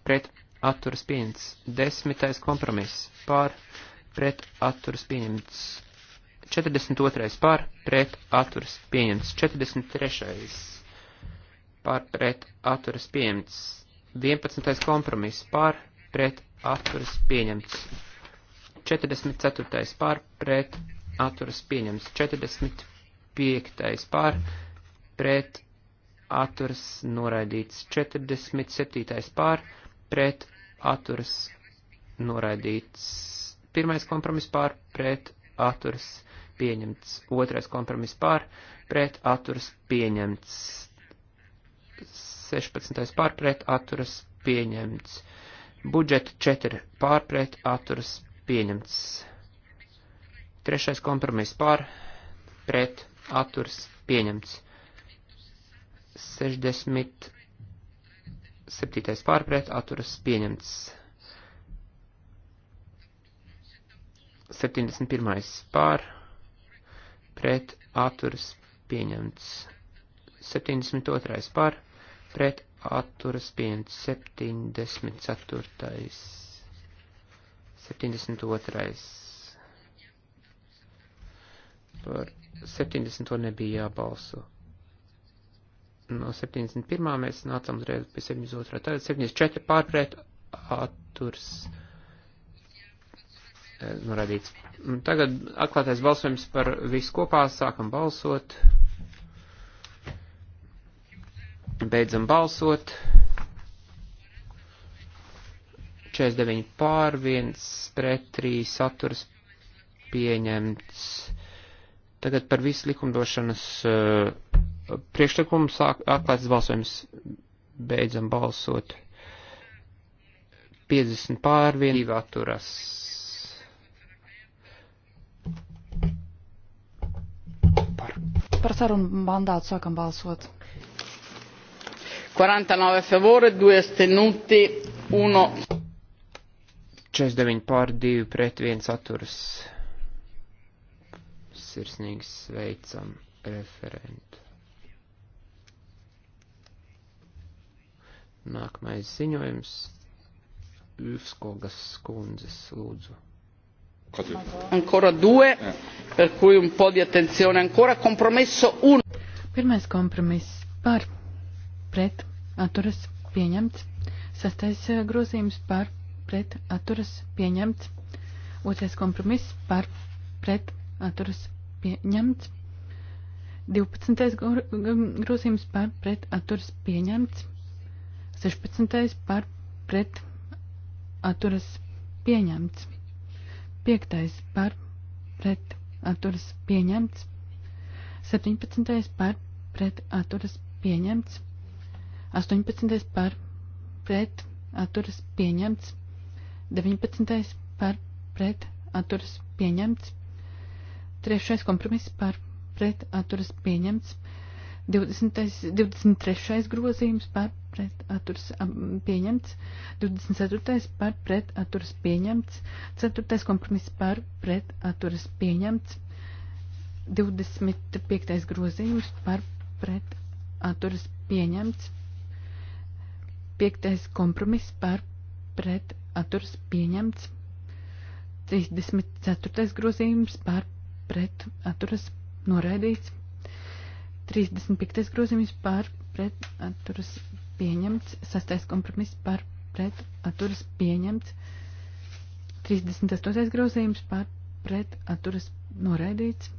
S3: pret atturas pieņemts. 10. kompromiss pār pret atturas pieņemts. 42. pār pret atturas pieņemts. 43. pār pret atturas pieņemts. 11. kompromiss pār pret atturas pieņemts. 44. pār pret atturas pieņemts. 45. pār pret atturas noraidīts. 47. pār pret atturas noraidīts. Pirmais kompromiss pār pret atturas pieņemts. Otrais kompromiss pār pret atturas pieņemts. 16. pārpret atturas pieņemts. Budžeta 4 pārpret atturas pieņemts. Trešais kompromiss pār, pret, atturs, pieņemts. 67. pār, pret, atturs, pieņemts. 71. pār, pret, atturs, pieņemts. 72. pār, pret, atturas pieņemts 74. 72. Par 70. nebija jābalso. No 71. mēs nācām uzreiz pie 72. Tagad 74 pārpret atturs eh, norādīts. Tagad atklātais balsojums par visu kopā, sākam balsot. Beidzam balsot. 49 pār 1 pret 3 saturs pieņemts. Tagad par visu likumdošanas uh, priekšlikumu sāk atklāts balsojums. Beidzam balsot. 50 pār 1 2 atturas.
S1: Par, par sarunu mandātu sākam balsot. 49 favore, 2 astenuti, 1.
S3: 49 pār 2 pret 1 atturas. Sirsnīgi sveicam referentu. Nākamais ziņojums. Uvskogas skundzes lūdzu.
S1: Ancora due, per cui un po' di attenzione. Ancora compromesso
S2: un. Pirmais kompromiss par, pret, atturas, pieņemts. Sastais eh, grozījums par, pret atturas pieņemts. Otrais kompromiss par pret atturas pieņemts. 12. grozījums par pret atturas pieņemts. 16. par pret atturas pieņemts. 5. par pret atturas pieņemts. 17. par pret atturas pieņemts. 18. par pret atturas pieņemts. 19. par pret atturas pieņemts. 3. kompromiss par pret atturas pieņemts. 20. 23. Um, grozījums par pret atturas pieņemts. 24. par pret atturas pieņemts. 4. kompromiss par pret atturas pieņemts. 25. grozījums par pret atturas pieņemts. 5. kompromiss par pret atturs pieņemts. 34. grozījums par pret atturas noraidīts. 35. grozījums par pret atturas pieņemts. 6. kompromiss par pret atturas pieņemts. 38. grozījums par pret atturas noraidīts.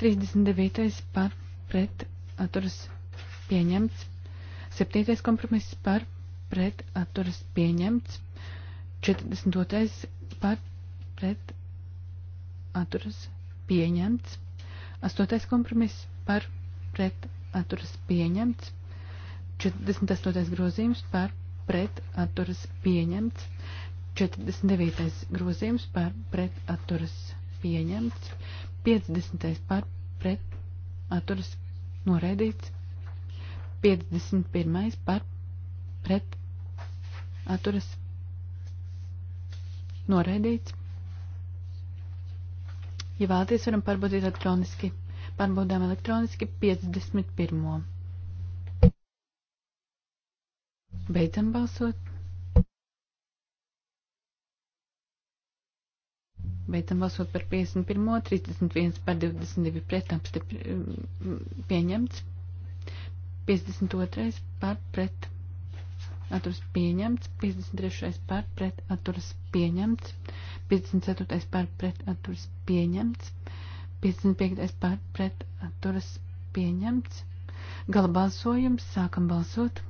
S2: 39. par pret atturas pieņemts. 7. kompromiss par pret atturas pieņemts. 42. par pret atturas pieņemts. 8. kompromiss par pret atturas pieņemts. 48. grozījums par pret atturas pieņemts. 49. grozījums par pret atturas pieņemts. 50. par pret atturas noraidīts. 51. par pret atturas pieņemts. Noraidīts. Ja vēlaties, varam pārbaudīt elektroniski. Pārbaudām elektroniski 51. Beidzam balsot. Beidzam balsot par 51. 31 par 22 pret apstipri pieņemts. 52. par pret atturas pieņemts, 53. par pret atturas pieņemts, 54. par pret atturas pieņemts, 55. par pret atturas pieņemts. Gala balsojums, sākam balsot.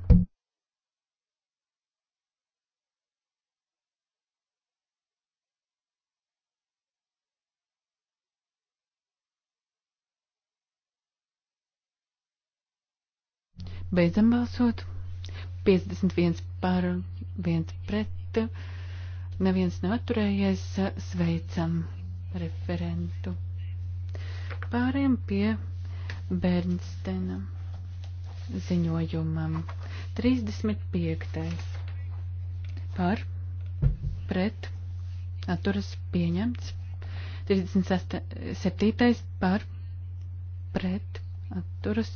S2: Beidzam balsot. 51 par 1 pret. Neviens nav atturējies. Sveicam referentu. Pāriem pie Bernstena ziņojumam. 35. par pret atturas pieņemts. 37. par pret atturas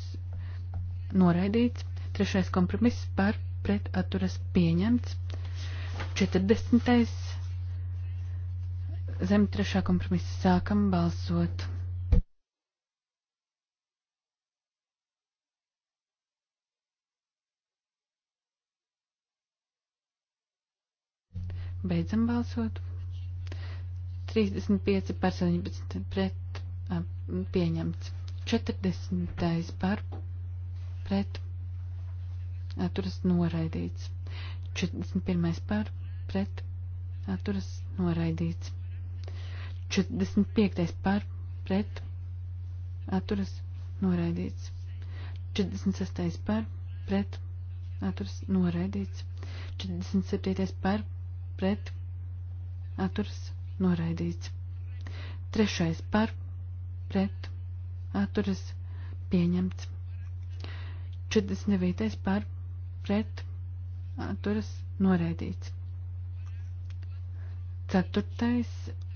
S2: noraidīts. Trešais kompromiss par pret atturas pieņemts. 40. Zem trešā kompromisa sākam balsot. Beidzam balsot. 35 par 17 pret pieņemts. 40 par pret atturas noraidīts. 41. par pret atturas noraidīts. 45. par pret atturas noraidīts. 46. par pret atturas noraidīts. 47. par pret atturas noraidīts. 3. par pret atturas pieņemts. 49. par pret pret atturas noraidīts. Ceturtais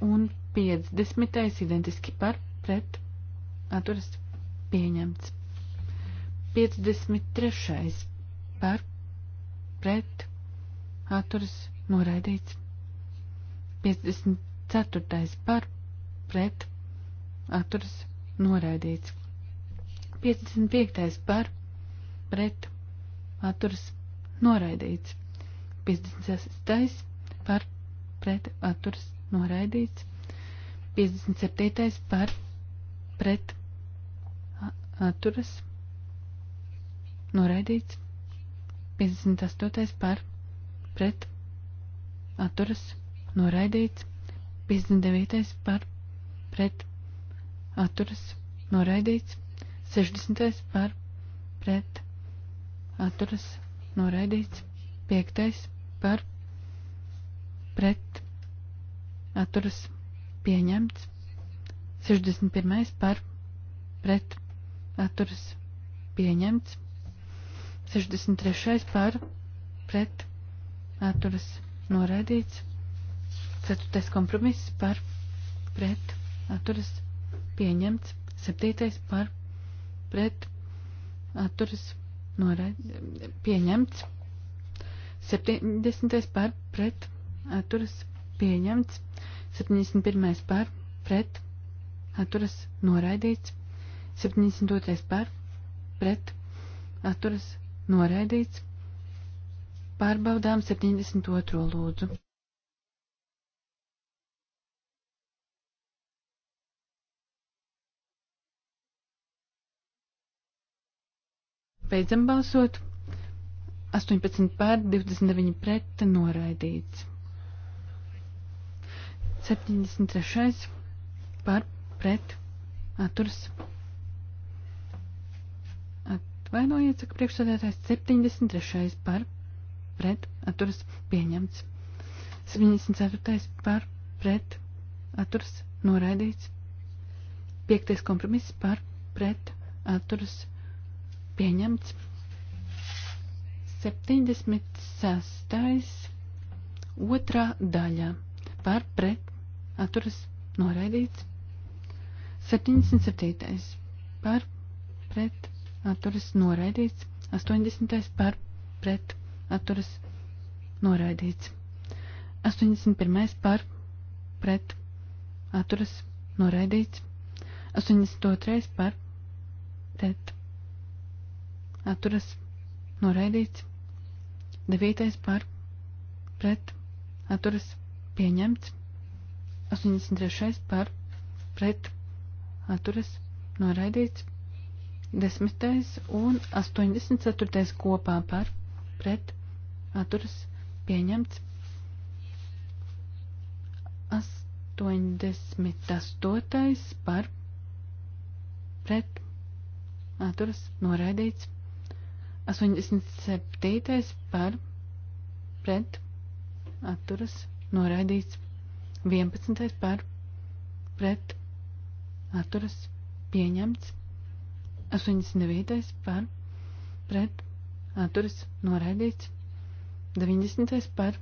S2: un piecdesmitais identiski par pret atturas pieņemts. 53. par pret atturas noraidīts. 54. par pret atturas noraidīts. 55. par pret atturas noraidīts. 56. par pret atturas noraidīts. 57. par pret atturas noraidīts. 58. par pret atturas noraidīts. 59. par pret atturas noraidīts. 60. par pret atturas atturas noraidīts. Piektais par pret atturas pieņemts. 61. par pret atturas pieņemts. 63. par pret atturas noraidīts. 4. kompromiss par pret atturas pieņemts. 7. par pret atturas noraid, pieņemts. 70. par pret atturas pieņemts. 71. par pret atturas noraidīts. 72. par pret atturas noraidīts. Pārbaudām 72. lūdzu. Beidzam balsot. 18 pār, 29 pret, noraidīts. 73 pār, pret, atturs. Atvainojiet, saka priekšsādātājs, 73 pār, pret, atturs, pieņemts. 74 pār, pret, atturs, noraidīts. 5. kompromiss pār, pret, atturs, pieņemts Pieņemts. 76. otrā daļa par pret atturas noraidīts. 77. par pret atturas noraidīts. 80. par pret atturas noraidīts. 81. par pret atturas noraidīts. 82. par pret atturas noraidīts. 9. par pret atturas pieņemts. 83. par pret atturas noraidīts. 10. un 84. kopā par pret atturas pieņemts. 88. par pret atturas noraidīts. 87. par pret atturas noraidīts. 11. par pret atturas pieņemts. 89. par pret atturas noraidīts. 90. par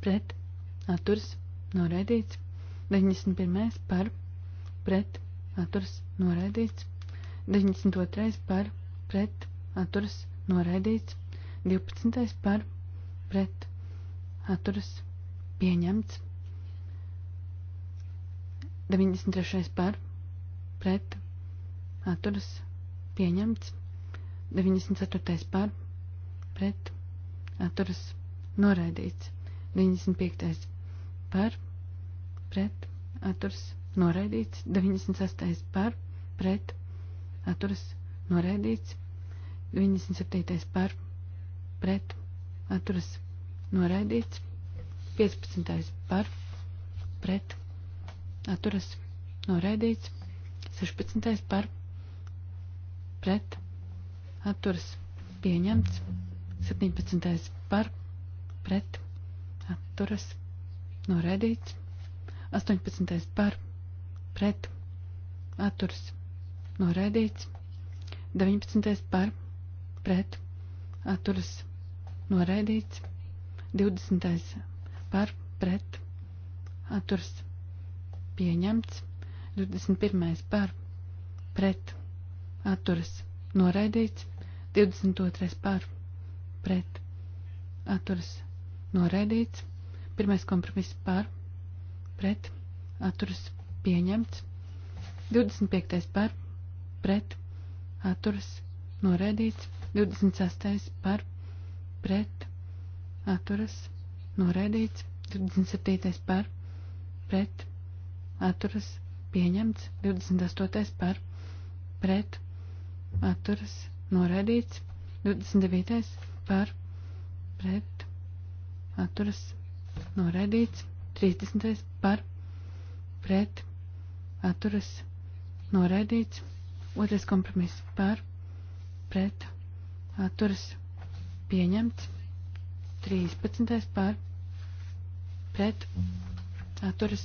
S2: pret atturas noraidīts. 91. par pret atturas noraidīts. 92. par pret atturas noraidīts, 12. par pret atturas pieņemts, 93. par pret atturas pieņemts, 94. par pret atturas noraidīts, 95. par pret atturas noraidīts, 96. par pret atturas noraidīts. 97. par pret atturas noraidīts. 15. par pret atturas noraidīts. 16. par pret atturas pieņemts. 17. par pret atturas noraidīts. 18. par pret atturas noraidīts. 19. par pret pret atturas noraidīts. 20. par pret atturas pieņemts. 21. par pret atturas noraidīts. 22. par pret atturas noraidīts. Pirmais kompromiss par pret atturas pieņemts. 25. par pret atturas noraidīts. 26. par pret atturas noraidīts, 27. par pret atturas pieņemts, 28. par pret atturas noraidīts, 29. par pret atturas noraidīts, 30. par pret atturas noraidīts, otrais kompromiss par pret atturas atturas pieņemts. 13. par pret atturas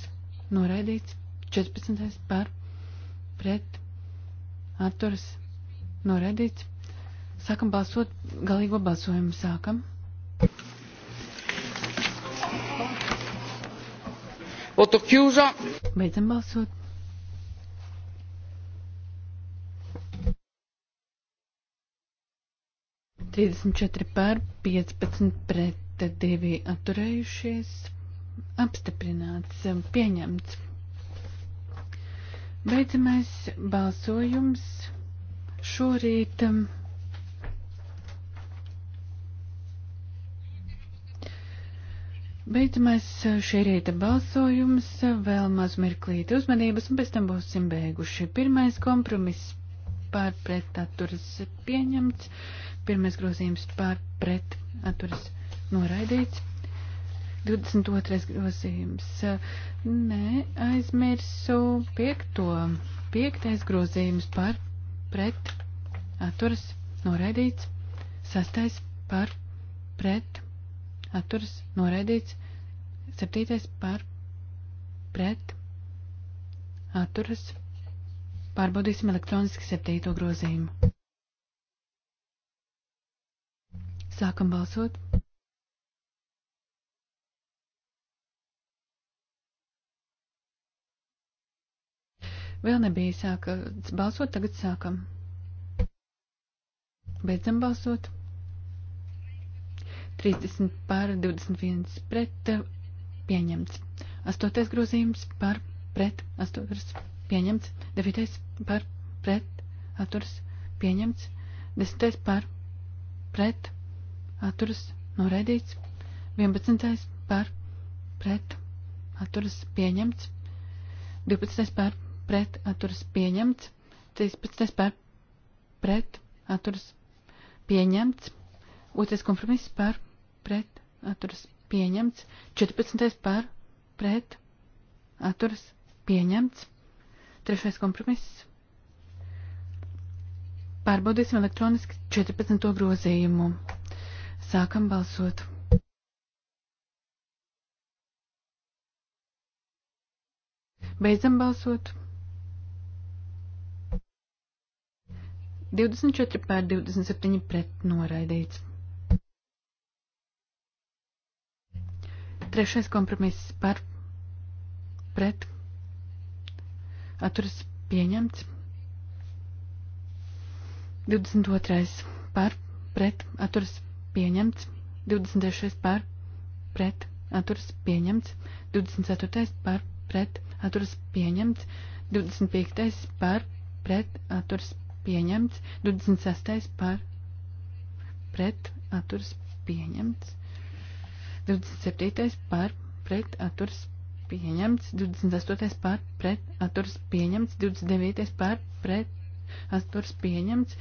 S2: noraidīts. 14. par pret atturas noraidīts. Sākam balsot, galīgo balsojumu sākam. Voto chiuso. Beidzam balsot. 34 pār 15 pret 2 atturējušies. Apstiprināts, pieņemts. Beidzamais balsojums šorīt. Beidzamais šī rīta balsojums, vēl maz mirklīti uzmanības, un pēc tam būsim beiguši. Pirmais kompromiss pārpret atturas pieņemts, Pirmais grozījums par pret atturas noraidīts. 22. grozījums. Nē, aizmirsu 5. 5. grozījums par pret atturas noraidīts. 6. par pret atturas noraidīts. 7. par pret atturas. Pārbaudīsim elektroniski 7. grozījumu. Sākam balsot. Vēl nebija sāka balsot, tagad sākam. Beidzam balsot. 30 par 21 pret pieņemts. 8. grozījums par pret atturas pieņemts. 9. par pret atturas pieņemts. 10. par pret atturas noraidīts. 11. par pret atturas pieņemts. 12. par pret atturas pieņemts. 13. par pret atturas pieņemts. 2. kompromiss par pret atturas pieņemts. 14. par pret atturas pieņemts. 3. kompromiss. Pārbaudīsim elektroniski 14. grozījumu. Sākam balsot. Beidzam balsot. 24 pār 27 pret noraidīts. Trešais kompromiss par pret atturas pieņemts. 22. par pret atturas pieņemts pieņemts, 23. par pret atturas pieņemts, 24. par pret atturas pieņemts, 25. par pret atturas pieņemts, 26. par pret atturas pieņemts, 27. par pret atturas pieņemts, 28. par pret atturas pieņemts, 29. par pret atturas pieņemts,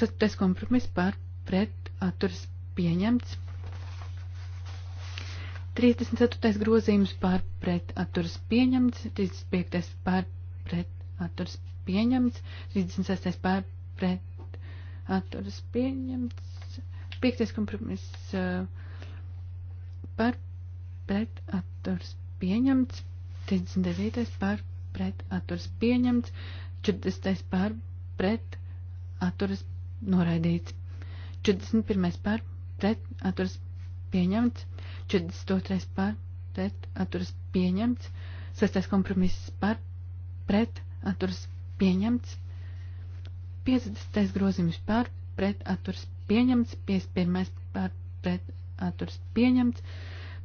S2: 4. kompromiss par pret atturas pieņemts. 34. grozījums pār pret atturas pieņemts, 35. pār pret atturas pieņemts, 36. pār pret atturas pieņemts, 5. kompromiss uh, pār pret atturas pieņemts, 39. pār pret atturas pieņemts, 40. pār pret atturas noraidīts, 41. pār pret atturas pieņemts, 42. par pret atturas pieņemts, 6. kompromiss par pret atturas pieņemts, 50. grozījums par pret atturas pieņemts, 51. par pret atturas pieņemts,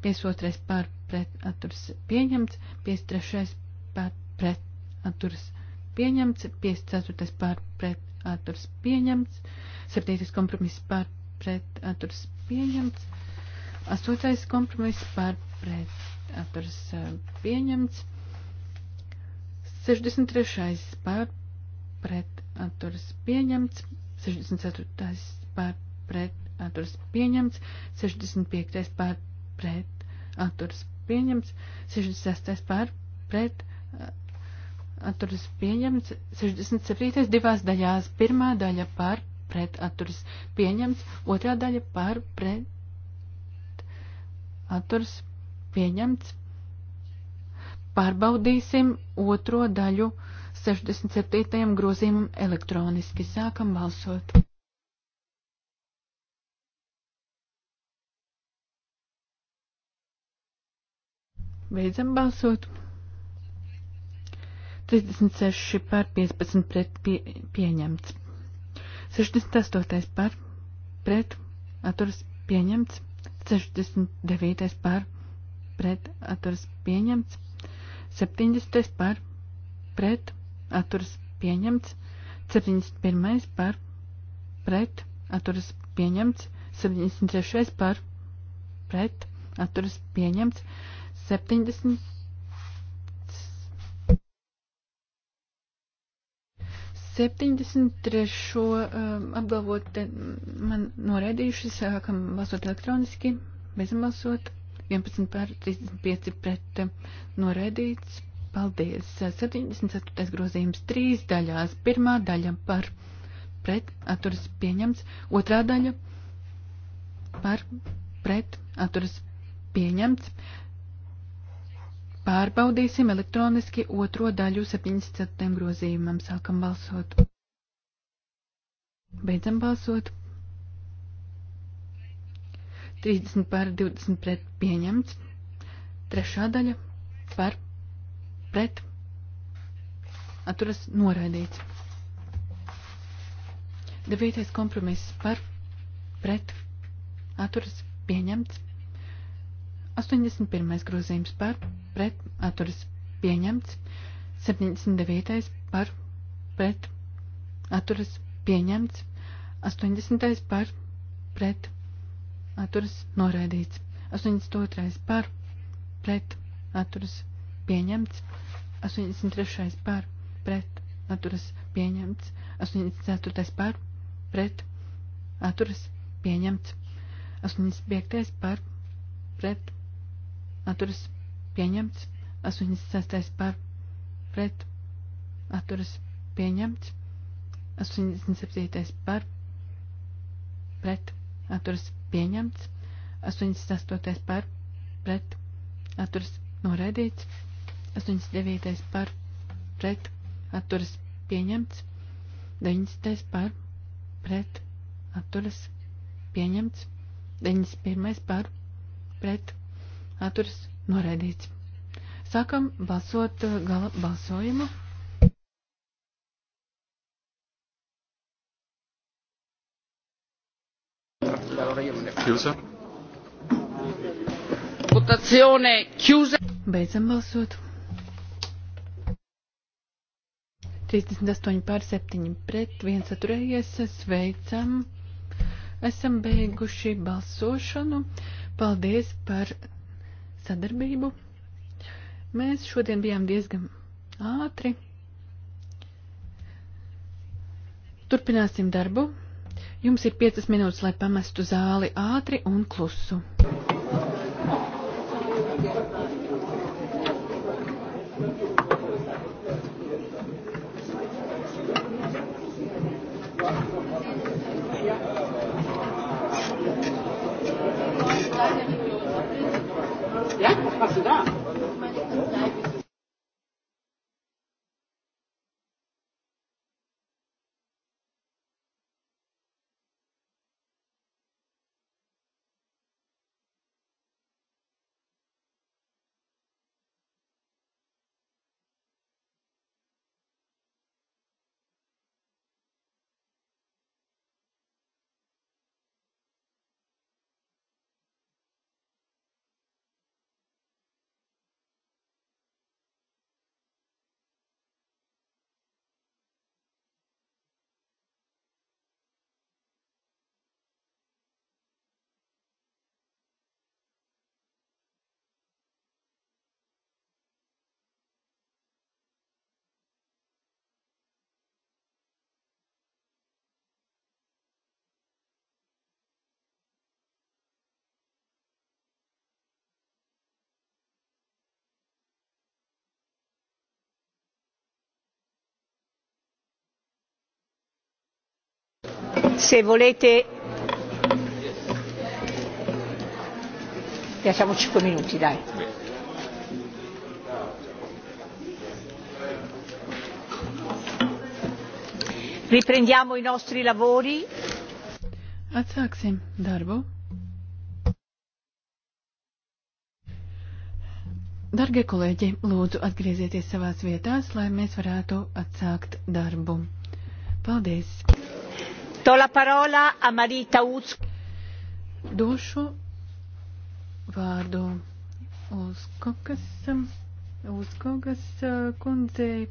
S2: 52. par pret atturas pieņemts, 53. par pret atturas pieņemts, 54. par pret atturas pieņemts, 7. kompromiss par pret atturas pieņemts. Astotais kompromiss par pret atturas eh, pieņemts. 63. par pret atturas pieņemts. 64. par pret atturas pieņemts. 65. par pret atturas pieņemts. 66. par pret eh, atturas pieņemts. 67. divās daļās. Pirmā daļa par pret pret atturas pieņemts, otrā daļa par pret atturas pieņemts. Pārbaudīsim otro daļu 67. grozījumam elektroniski. Sākam balsot. Beidzam balsot. 36 pār 15 pret pie, pieņemts. 68. par pret atturas pieņemts, 69. par pret atturas pieņemts, 70. par pret atturas pieņemts, 71. par pret atturas pieņemts, 73. par pret atturas pieņemts, 70. 73. Um, apgalvot man noraidījuši, sākam balsot elektroniski, beidzam balsot, 11 pār 35 pret noraidīts. Paldies. 74. grozījums trīs daļās. Pirmā daļa par pret atturas pieņemts, otrā daļa par pret atturas pieņemts, Pārbaudīsim elektroniski otro daļu 17. grozījumam. Sākam balsot. Beidzam balsot. 30 pār 20 pret pieņemts. Trešā daļa par pret atturas noraidīts. Devītais kompromiss par pret atturas pieņemts. 81. grozījums par pret atturas pieņemts, 79. par pret atturas pieņemts, 80. par pret atturas noraidīts, 82. par pret atturas pieņemts, 83. par pret atturas pieņemts, 84. par pret atturas pieņemts, 85. par pret atturas pieņemts. 86. par pret atturas pieņemts. 87. par pret atturas pieņemts. 88. par pret atturas noraidīts. 89. par pret atturas pieņemts. 90. par pret atturas pieņemts. 91. par pret atturas noraidīts. Sākam balsot uh, gala balsojumu. Chiusa. Votazione chiusa. Beidzam balsot. 38 pār 7 pret, viens atturējies, sveicam. Esam beiguši balsošanu. Paldies par sadarbību. Mēs šodien bijām diezgan ātri. Turpināsim darbu. Jums ir piecas minūtes, lai pamestu zāli ātri un klusu.
S1: se volete lasciamo cinque minuti dai riprendiamo i nostri lavori
S2: atsāksim darbu Dargie kolēģi, lūdzu atgriezieties savās vietās, lai mēs varētu atsākt darbu. Paldies!
S1: Do la parola a Marita
S2: Utsku. Došu vārdu uz kokas, uz kokas eh, kundzei.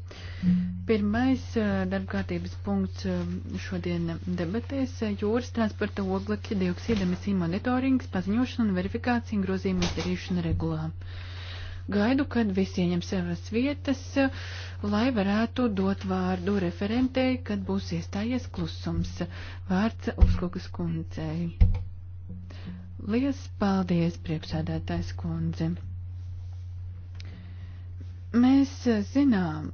S2: Pirmais eh, darbkārtības punkts eh, šodien debatēs jūras transporta oglekļa dioksīda emisiju monitorings, paziņošana un verifikācija un grozījuma izdarīšana regulā. Gaidu, kad visi ieņem savas vietas, lai varētu dot vārdu referentei, kad būs iestājies klusums. Vārds uzkokas kundzei. Lies paldies, priekšsādātājs kundze. Mēs zinām,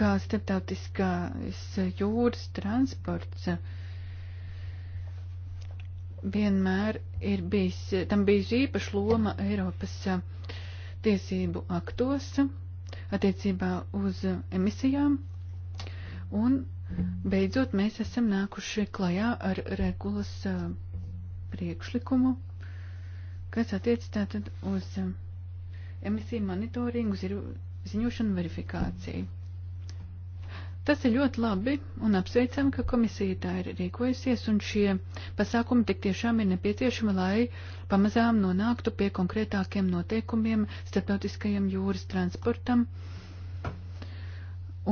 S2: kā starptautiskās jūras transports vienmēr ir bijis, tam bijusi īpaša loma Eiropas tiesību aktos attiecībā uz emisijām. Un beidzot mēs esam nākuši klajā ar regulas priekšlikumu, kas attiec tātad uz emisiju monitoringu, ziņošanu verifikāciju. Tas ir ļoti labi un apsveicam, ka komisija tā ir rīkojusies, un šie pasākumi tik tiešām ir nepieciešami, lai pamazām nonāktu pie konkrētākiem noteikumiem starptautiskajam jūras transportam,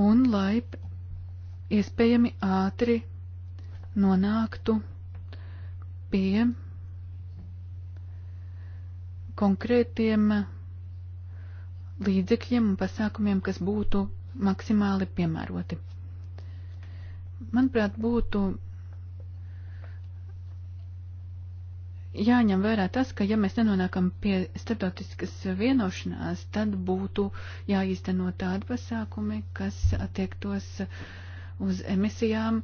S2: un lai iespējami ātri nonāktu pie konkrētiem līdzekļiem un pasākumiem, kas būtu maksimāli piemēroti. Manuprāt, būtu jāņem vērā tas, ka ja mēs nenonākam pie starptautiskas vienošanās, tad būtu jāīsteno tādi pasākumi, kas attiektos uz emisijām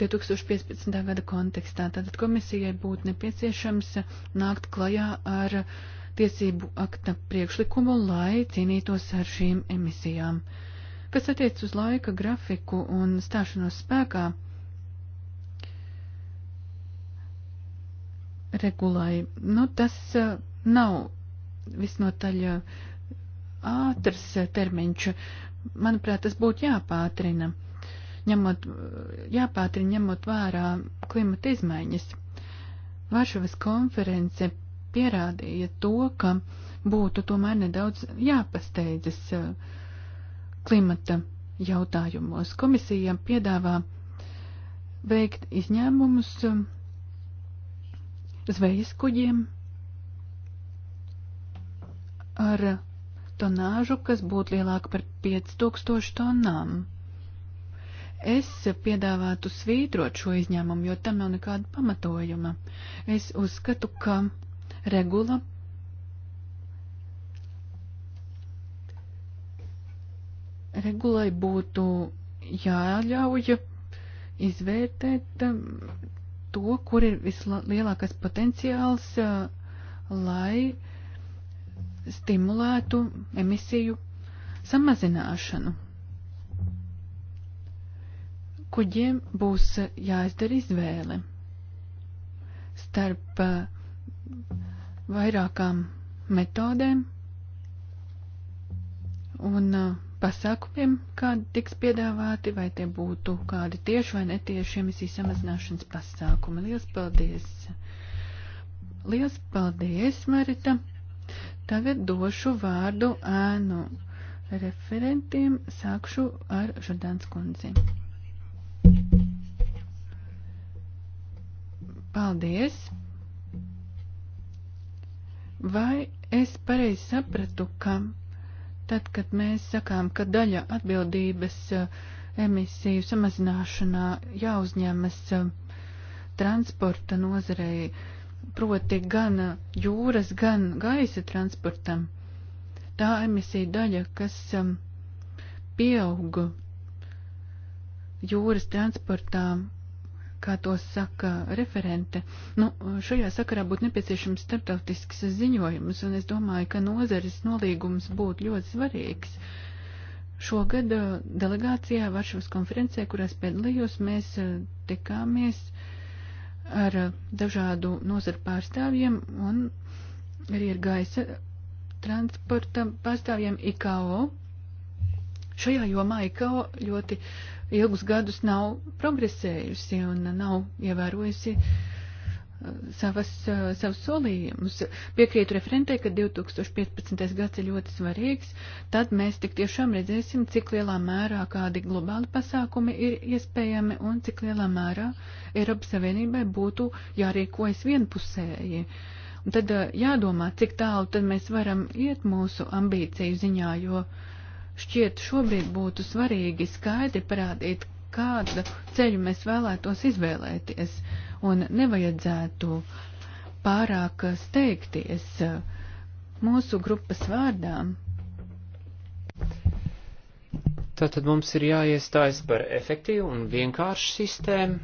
S2: 2015. gada kontekstā. Tātad komisijai būtu nepieciešams nākt klajā ar tiesību akta priekšlikumu, lai cīnītos ar šīm emisijām. Uh, Kas attiec uz laika grafiku un stāšanos spēkā, regulai, nu tas eh, nav visnotaļ eh, ātrs eh, termiņš. Manuprāt, tas būtu jāpātrina, ņemot, jāpātrina ņemot vērā klimata izmaiņas. Varšavas konference pierādīja to, ka būtu tomēr nedaudz jāpasteidzas uh, klimata jautājumos. Komisija piedāvā veikt izņēmumus um, zvejas kuģiem ar tonāžu, kas būtu lielāka par 5000 tonnām. Es piedāvātu svītrot šo izņēmumu, jo tam nav nekāda pamatojuma. Es uzskatu, ka regula regulai būtu jāļauj izvērtēt um, to, kur ir vislielākais potenciāls, uh, lai stimulētu emisiju samazināšanu. Kuģiem būs jāizdara izvēle starp uh, vairākām metodēm un uh, pasākumiem, kādi tiks piedāvāti, vai tie būtu kādi tieši vai netieši emisiju samazināšanas pasākumi. Lielas paldies! Lielas paldies, Marita! Tagad došu vārdu ēnu referentiem. Sākšu ar Žurdāns kundzi. Paldies! Vai es pareizi sapratu, ka Tad, kad mēs sakām, ka daļa atbildības eh, emisiju samazināšanā jāuzņemas eh, transporta nozarei, proti gan eh, jūras, gan gaisa transportam, tā emisija daļa, kas pieauga jūras transportām kā to saka referente. Nu, šajā sakarā būtu nepieciešams starptautisks ziņojums, un es domāju, ka nozares nolīgums būtu ļoti svarīgs. Šogad uh, delegācijā Varšavas konferencē, kurās piedalījos, mēs uh, tikāmies ar uh, dažādu nozaru pārstāvjiem un arī ar gaisa transporta pārstāvjiem IKO. Šajā jomā IKO ļoti uh, ilgus gadus nav progresējusi un nav ievērojusi uh, savas, uh, savus solījumus. Piekrītu referentē, ka 2015. gads ir ļoti svarīgs, tad mēs tik tiešām redzēsim, cik lielā mērā kādi globāli pasākumi ir iespējami un cik lielā mērā Eiropas Savienībai būtu jārīkojas vienpusēji. Un tad uh, jādomā, cik tālu tad mēs varam iet mūsu ambīciju ziņā, jo uh, Šķiet, šobrīd būtu svarīgi skaidri parādīt, kādu ceļu mēs vēlētos izvēlēties, un nevajadzētu pārāk steigties eh, mūsu grupas vārdām.
S3: Tātad mums ir jāiestājas par efektīvu un vienkāršu sistēmu,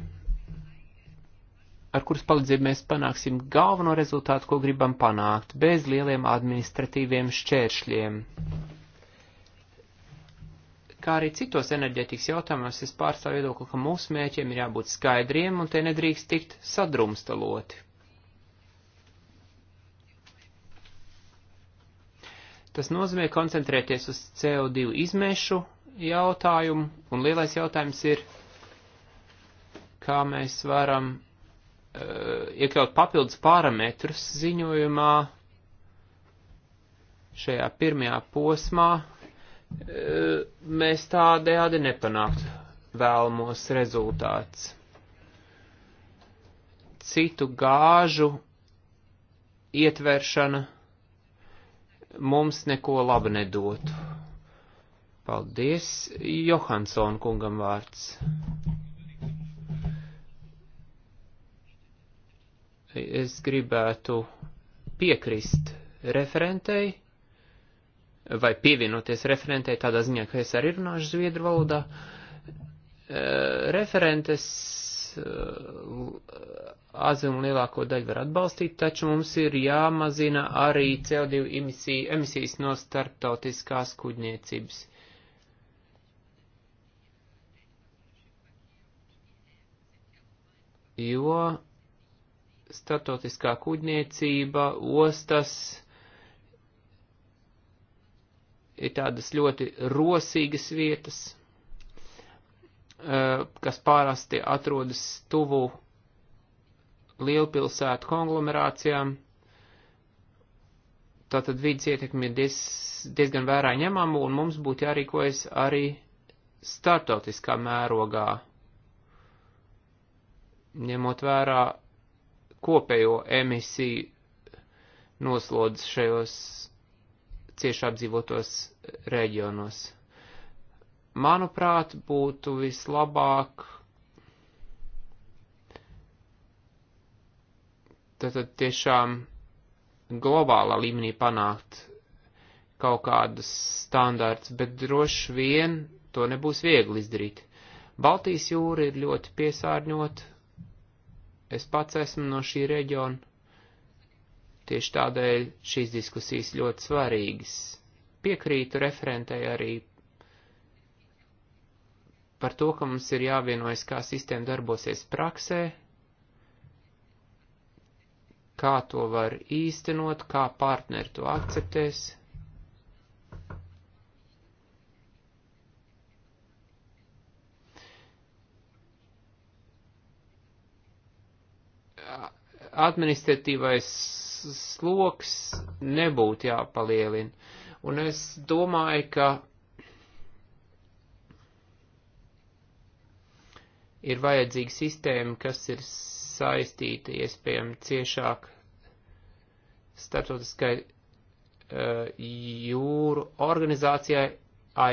S3: ar kuras palīdzību mēs panāksim galveno rezultātu, ko gribam panākt, bez lieliem administratīviem šķēršļiem kā arī citos enerģetikas jautājumos, es pārstāvu viedokli, ka mūsu mēķiem ir jābūt skaidriem un te nedrīkst tikt sadrumstaloti. Tas nozīmē koncentrēties uz CO2 izmešu jautājumu, un lielais jautājums ir, kā mēs varam uh, iekļaut papildus parametrus ziņojumā šajā pirmajā posmā, mēs tādējādi nepanāktu vēlamos rezultāts. Citu gāžu ietveršana mums neko labu nedotu. Paldies, Johansson kungam vārds. Es gribētu piekrist referentei vai pievienoties referentei tādā ziņā, ka es arī runāšu zviedru valodā. Referentes atzīmu lielāko daļu var atbalstīt, taču mums ir jāmazina arī CO2 emisija, emisijas no starptautiskās kuģniecības. Jo starptautiskā kuģniecība, ostas, ir tādas ļoti rosīgas vietas, eh, kas pārasti atrodas tuvu lielpilsētu konglomerācijām. Tātad vidas ietekme ir diez, diezgan vērā ņemama, un mums būtu jārīkojas arī startautiskā mērogā, ņemot vērā kopējo emisiju noslodzes šajos cieši apdzīvotos reģionos. Manuprāt, būtu vislabāk tātad tiešām globālā līmenī panākt kaut kādas standārts, bet droši vien to nebūs viegli izdarīt. Baltijas jūra ir ļoti piesārņota, es pats esmu no šī reģiona, Tieši tādēļ šīs diskusijas ļoti svarīgas. Piekrītu referentei arī par to, ka mums ir jāvienojas, kā sistēma darbosies praksē, kā to var īstenot, kā partneri to akceptēs. Administratīvais sloks nebūtu jāpalielina. Un es domāju, ka ir vajadzīga sistēma, kas ir saistīta iespējami ciešāk starptautiskai uh, jūru organizācijai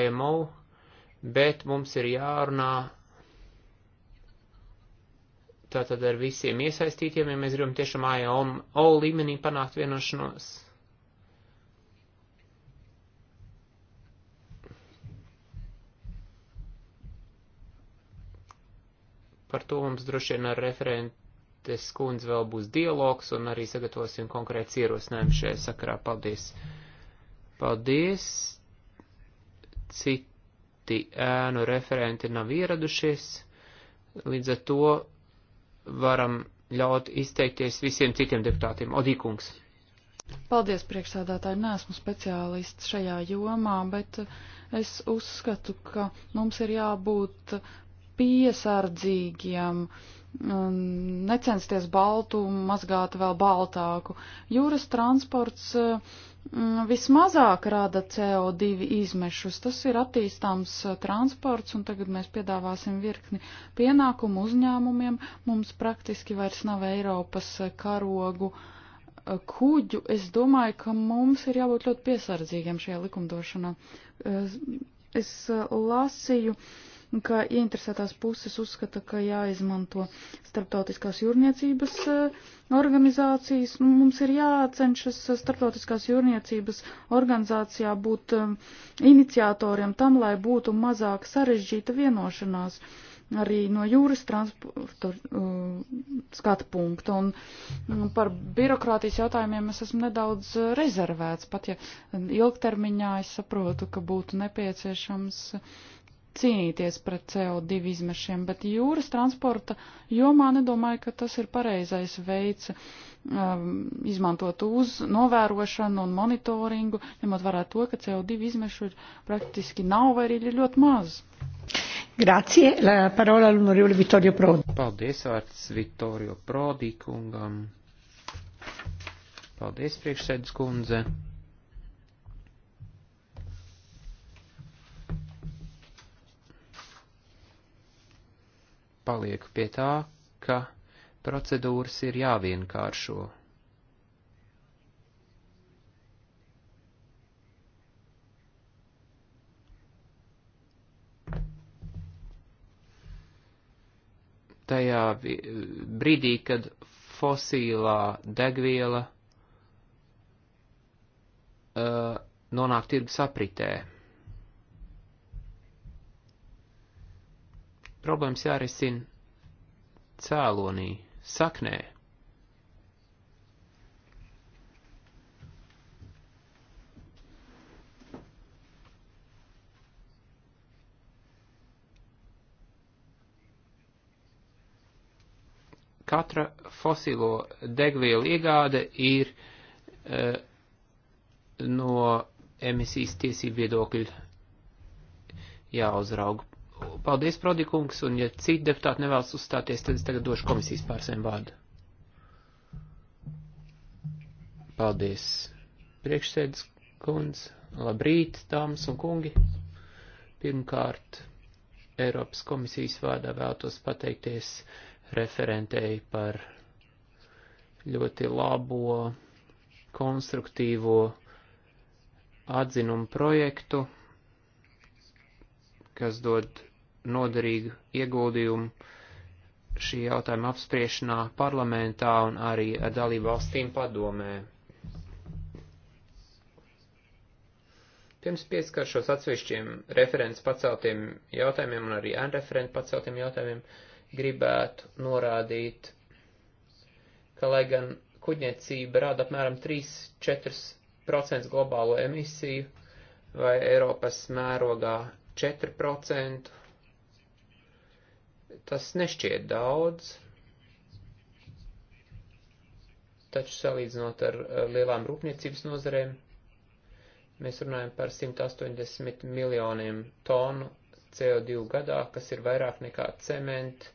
S3: IMO, bet mums ir jārunā tātad ar visiem iesaistītiem, ja mēs gribam tiešām AO līmenī panākt vienošanos. Par to mums droši vien ar referentes kundzi vēl būs dialogs un arī sagatavosim konkrēts ierosinājums šajā sakarā. Paldies! Paldies! Citi ēnu referenti nav ieradušies, līdz ar to varam ļaut izteikties visiem citiem deputātiem. Odīkungs.
S1: Paldies, priekšsādātāji. Nesmu speciālists šajā jomā, bet es uzskatu, ka mums ir jābūt piesardzīgiem, necensties baltu mazgāt vēl baltāku. Jūras transports uh, Mm, vismazāk rada CO2 izmešus. Tas ir attīstāms eh, transports, un tagad mēs piedāvāsim virkni pienākumu uzņēmumiem. Mums praktiski vairs nav Eiropas eh, karogu eh, kuģu. Es domāju, ka mums ir jābūt ļoti piesardzīgiem šajā likumdošanā. Es lasīju. Uh, ka ieinteresētās puses uzskata, ka jāizmanto starptautiskās jūrniecības eh, organizācijas. Nu, mums ir jācenšas starptautiskās jūrniecības organizācijā būt eh, iniciatoriem tam, lai būtu mazāk sarežģīta vienošanās arī no jūras transporta uh, skatu punkta. Un mm, par birokrātijas jautājumiem es esmu nedaudz rezervēts, pat ja ilgtermiņā es saprotu, ka būtu nepieciešams cīnīties pret CO2 izmešiem, bet jūras transporta jomā nedomāju, ka tas ir pareizais veids um, izmantot uz novērošanu un monitoringu, ņemot vērā to, ka CO2 izmešu ir praktiski nav vai arī ir ļoti maz.
S3: Grazie, la parola all'onorevole Vittorio Prodi. Paldies, vārds Vittorio Prodi kungam. Paldies, priekšsēdus kundze. palieku pie tā, ka procedūras ir jāvienkāršo. Tajā brīdī, kad fosīlā degviela uh, nonāk tirgus apritē. Problēmas jārisina cēlonī, saknē. Katra fosilo degvielu iegāde ir e, no emisijas tiesību viedokļa jāuzrauga. Paldies, Prodikungs, un ja citi deputāti nevēlas uzstāties, tad es tagad došu komisijas pārsēm vārdu. Paldies, priekšsēdus kundz, labrīt, dāmas un kungi. Pirmkārt, Eiropas komisijas vārdā vēlētos pateikties referentei par ļoti labo, konstruktīvo atzinumu projektu kas dod noderīgu ieguldījumu šī jautājuma apspriešanā parlamentā un arī ar dalību valstīm padomē. Pirms pieskaršos atsevišķiem referents paceltiem jautājumiem un arī ārreferents paceltiem jautājumiem, gribētu norādīt, ka lai gan kuģniecība rada apmēram 3-4% globālo emisiju vai Eiropas mērogā 4%. Tas nešķiet daudz, taču salīdzinot ar eh, lielām rūpniecības nozarēm, mēs runājam par 180 miljoniem tonu CO2 gadā, kas ir vairāk nekā cement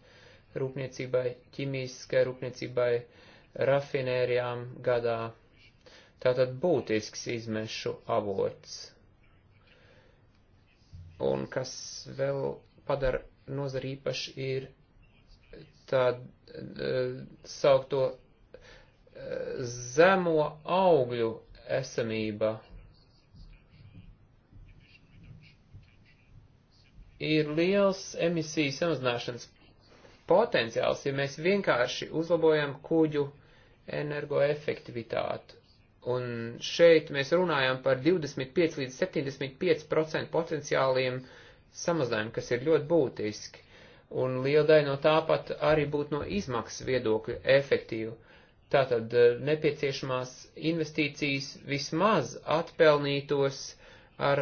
S3: rūpniecībai, ķimīskai rūpniecībai, rafinērijām gadā. Tātad būtisks izmešu avots Un kas vēl padara nozari īpaši ir tā uh, e, saukto uh, zemo augļu esamība. Ir liels emisiju samazināšanas potenciāls, ja mēs vienkārši uzlabojam kuģu energoefektivitātu. Un šeit mēs runājam par 25 līdz 75% potenciāliem samazinājumiem, kas ir ļoti būtiski. Un liela daļa no tā pat arī būtu no izmaksas viedokļa efektīva. Tātad eh, nepieciešamās investīcijas vismaz atpelnītos ar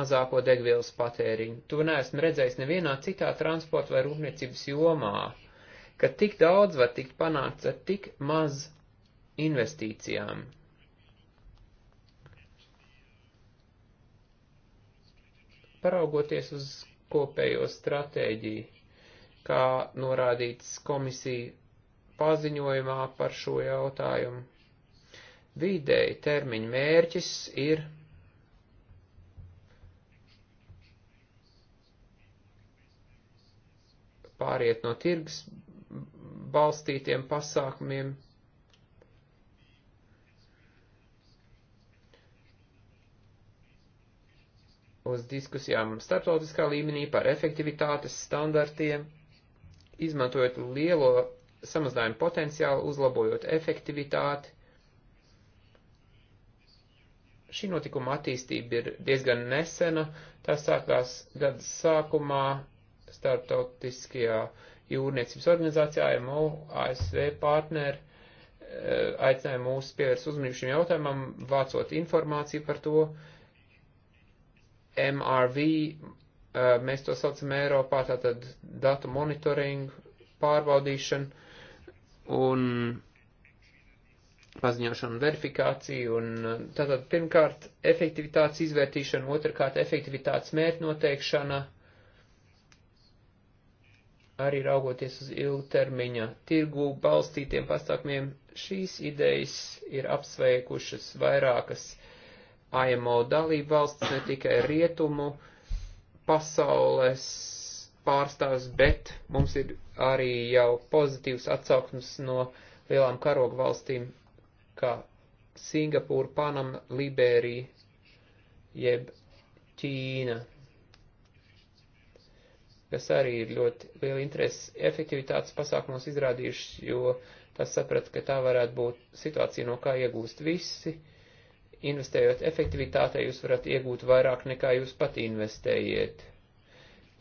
S3: mazāko degvielas patēriņu. To neesmu redzējis nevienā citā transporta vai rūpniecības jomā, ka tik daudz var tikt panākts ar tik maz investīcijām. Paraugoties uz kopējo stratēģiju, kā norādīts komisija paziņojumā par šo jautājumu, vidēji termiņa mērķis ir pāriet no tirgus balstītiem pasākumiem uz diskusijām starptautiskā līmenī par efektivitātes standartiem, izmantojot lielo samazinājumu potenciālu, uzlabojot efektivitāti. Šī notikuma attīstība ir diezgan nesena. Tā sākās gada sākumā starptautiskajā jūrniecības organizācijā IMO, ASV partneri eh, aicināja mūs pievērst uzmanību šim jautājumam, vācot informāciju par to, uh, MRV, eh, mēs to saucam Eiropā, tātad datu monitoringu, pārbaudīšanu un paziņošanu un verifikāciju, un eh, tātad pirmkārt efektivitātes izvērtīšana, otrkārt efektivitātes mērķu noteikšana, arī raugoties uz ilgtermiņa tirgu balstītiem pasākumiem, šīs idejas ir apsveikušas vairākas IMO dalību valsts, ne tikai rietumu pasaules pārstāvs, bet mums ir arī jau pozitīvs atsauksmes no lielām karogu valstīm, kā Singapūra, Panama, Liberija, jeb Ķīna, kas arī ir ļoti liela interese efektivitātes pasākumos izrādījuši, jo tas saprat, ka tā varētu būt situācija, no kā iegūst visi. Uh, investējot efektivitātē, jūs varat iegūt vairāk nekā jūs pat investējiet.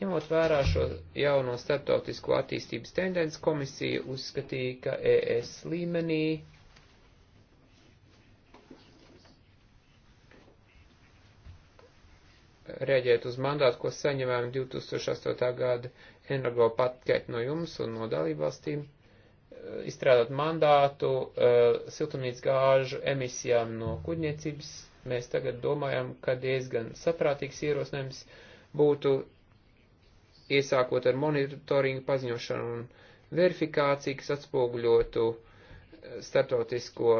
S3: Ņemot vērā šo jauno starptautisko attīstības tendenci, komisija uzskatīja, ka ES līmenī rēģēt uz mandātu, ko saņemām 2008. gada energo patketu no jums un no dalībvalstīm. valstīm Eh, izstrādāt mandātu uh, eh, siltumnīcas gāžu emisijām no kuģniecības. Mēs tagad domājam, ka diezgan saprātīgs ierosinājums būtu iesākot ar monitoringu paziņošanu un verifikāciju, kas atspoguļotu eh, starptautisko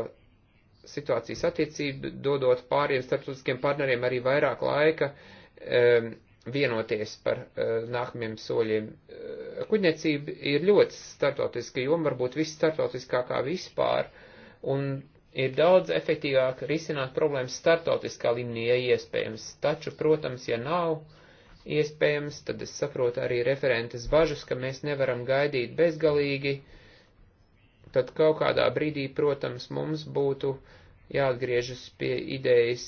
S3: situācijas attiecību, dodot pāriem starptautiskiem partneriem arī vairāk laika um, vienoties par uh, nākamiem soļiem. Uh, kuģniecība ir ļoti startautiska joma, varbūt viss startautiskākā vispār, un ir daudz efektīvāk risināt problēmas startautiskā līmenī, ja iespējams. Taču, protams, ja nav iespējams, tad es saprotu arī referentes bažas, ka mēs nevaram gaidīt bezgalīgi, tad kaut kādā brīdī, protams, mums būtu jāatgriežas pie idejas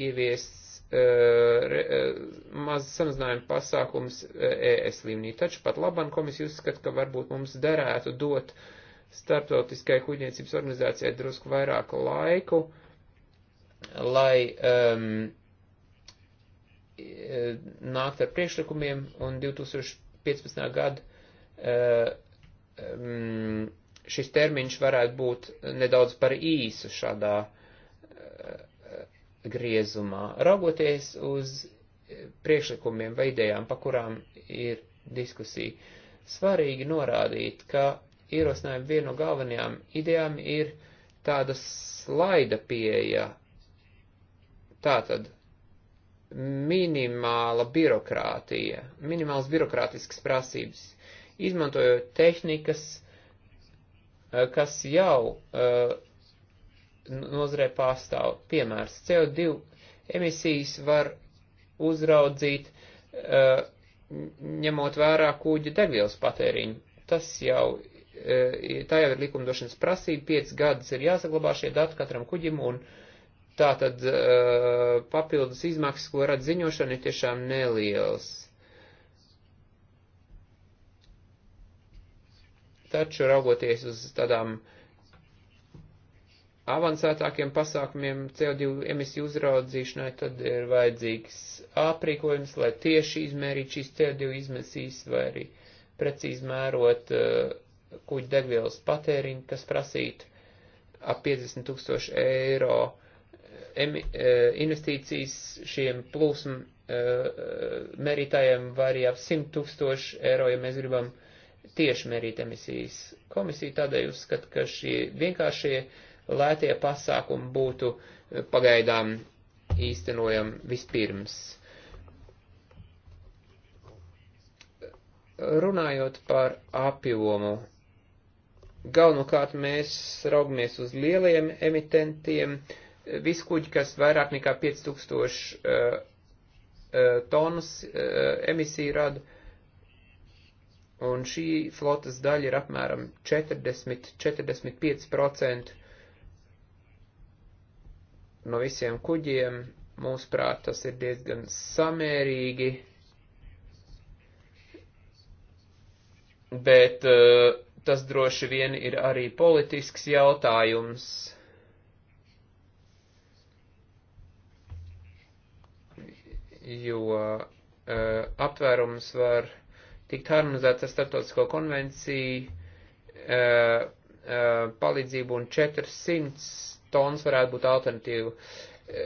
S3: ieviest E, e, maz samazinājuma pasākums ES e līmenī. Taču pat labam komisija uzskata, ka varbūt mums derētu dot starptautiskai kuģniecības organizācijai drusku vairāk laiku, lai um, nākt ar priekšlikumiem un 2015. gadu um, šis termiņš varētu būt nedaudz par īsu šādā uh, griezumā. Raugoties uz eh, priekšlikumiem vai idejām, pa kurām ir diskusija, svarīgi norādīt, ka ierosinājumi vienu no galvenajām idejām ir tāda slaida pieeja. Tātad minimāla birokrātija, minimāls birokrātisks prasības, izmantojot tehnikas, eh, kas jau uh, nozarē pārstāv. Piemērs, CO2 emisijas var uzraudzīt, uh, ņemot vērā kūģa degvielas patēriņu. Tas jau, uh, tā jau ir likumdošanas prasība, 5 gadus ir jāsaglabā šie dati katram kuģim, un tā tad uh, papildus izmaksas, ko rada ziņošana, ir tiešām nelielas. Taču raugoties uz tādām uh, avansētākiem pasākumiem CO2 emisiju uzraudzīšanai, tad ir vajadzīgs aprīkojums, lai tieši izmērītu šīs CO2 izmesīs vai arī precīzi mērot uh, kuģu degvielas patēriņu, kas prasītu ap 50 tūkstoši eiro uh, emi, uh, investīcijas šiem plūsmu uh, mērītājiem vai arī ap 100 tūkstoši eiro, ja mēs gribam tieši mērīt emisijas. Komisija tādēļ uzskata, ka šie vienkāršie uh, lai tie pasākumi būtu eh, pagaidām īstenojam vispirms. Runājot par apjomu, galvenokārt mēs raugamies uz lielajiem emitentiem, viskuģi, kas vairāk nekā 5000 uh, uh, tonnas uh, emisiju rada, un šī flotas daļa ir apmēram 40-45% no visiem kuģiem. Mūsuprāt, tas ir diezgan samērīgi. bet uh, tas droši vien ir arī politisks jautājums. Jo uh, aptvērums var tikt harmonizēts ar starptautisko konvenciju, uh, palīdzību un 400 tons varētu būt alternatīva. E,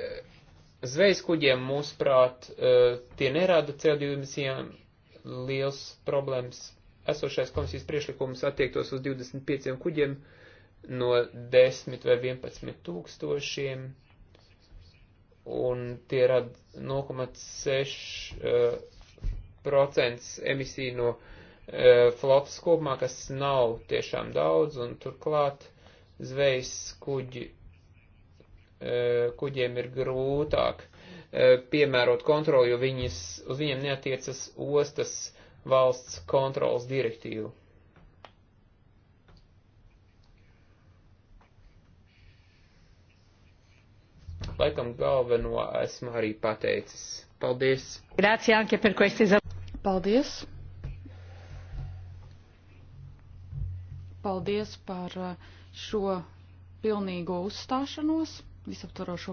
S3: zvejas kuģiem, mūsuprāt, e, tie nerada CO2 emisijām liels problēmas. Esošais komisijas priešlikums attiektos uz 25 kuģiem no 10 vai 11 tūkstošiem, un tie rada 0,6% e, emisiju no flotas kopumā, kas nav tiešām daudz, un turklāt zvejas kuģi Eh, kuģiem ir grūtāk eh, piemērot kontroli, jo viņas, uz viņiem neatiecas ostas valsts kontrolas direktīvu. Laikam galveno esmu arī pateicis. Paldies!
S1: Grācijā, Anke, par ko es Paldies! Paldies par eh, šo pilnīgo uzstāšanos visaptvarošo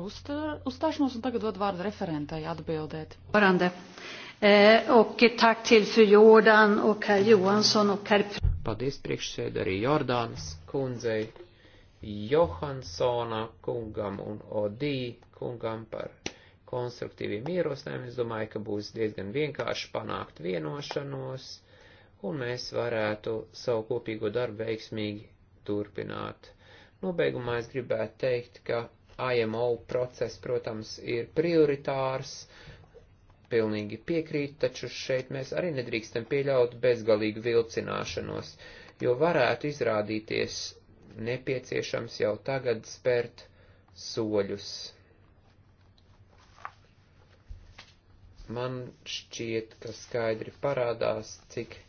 S1: uzstāšanos, un tagad dod vārdu referentai atbildēt.
S2: Parande. Eh, ok, tak til fru Jordan, ok, Johansson, ok.
S3: Paldies priekšsēd arī Jordānas kundzei, Johansona kungam un Odī kungam par konstruktīviem ierosinājumiem. Es domāju, ka būs diezgan vienkārši panākt vienošanos, un mēs varētu savu kopīgo darbu veiksmīgi turpināt. Nobeigumā es gribētu teikt, ka IMO process, protams, ir prioritārs, pilnīgi piekrīt, taču šeit mēs arī nedrīkstam pieļaut bezgalīgu vilcināšanos, jo varētu izrādīties nepieciešams jau tagad spērt soļus. Man šķiet, ka skaidri parādās, cik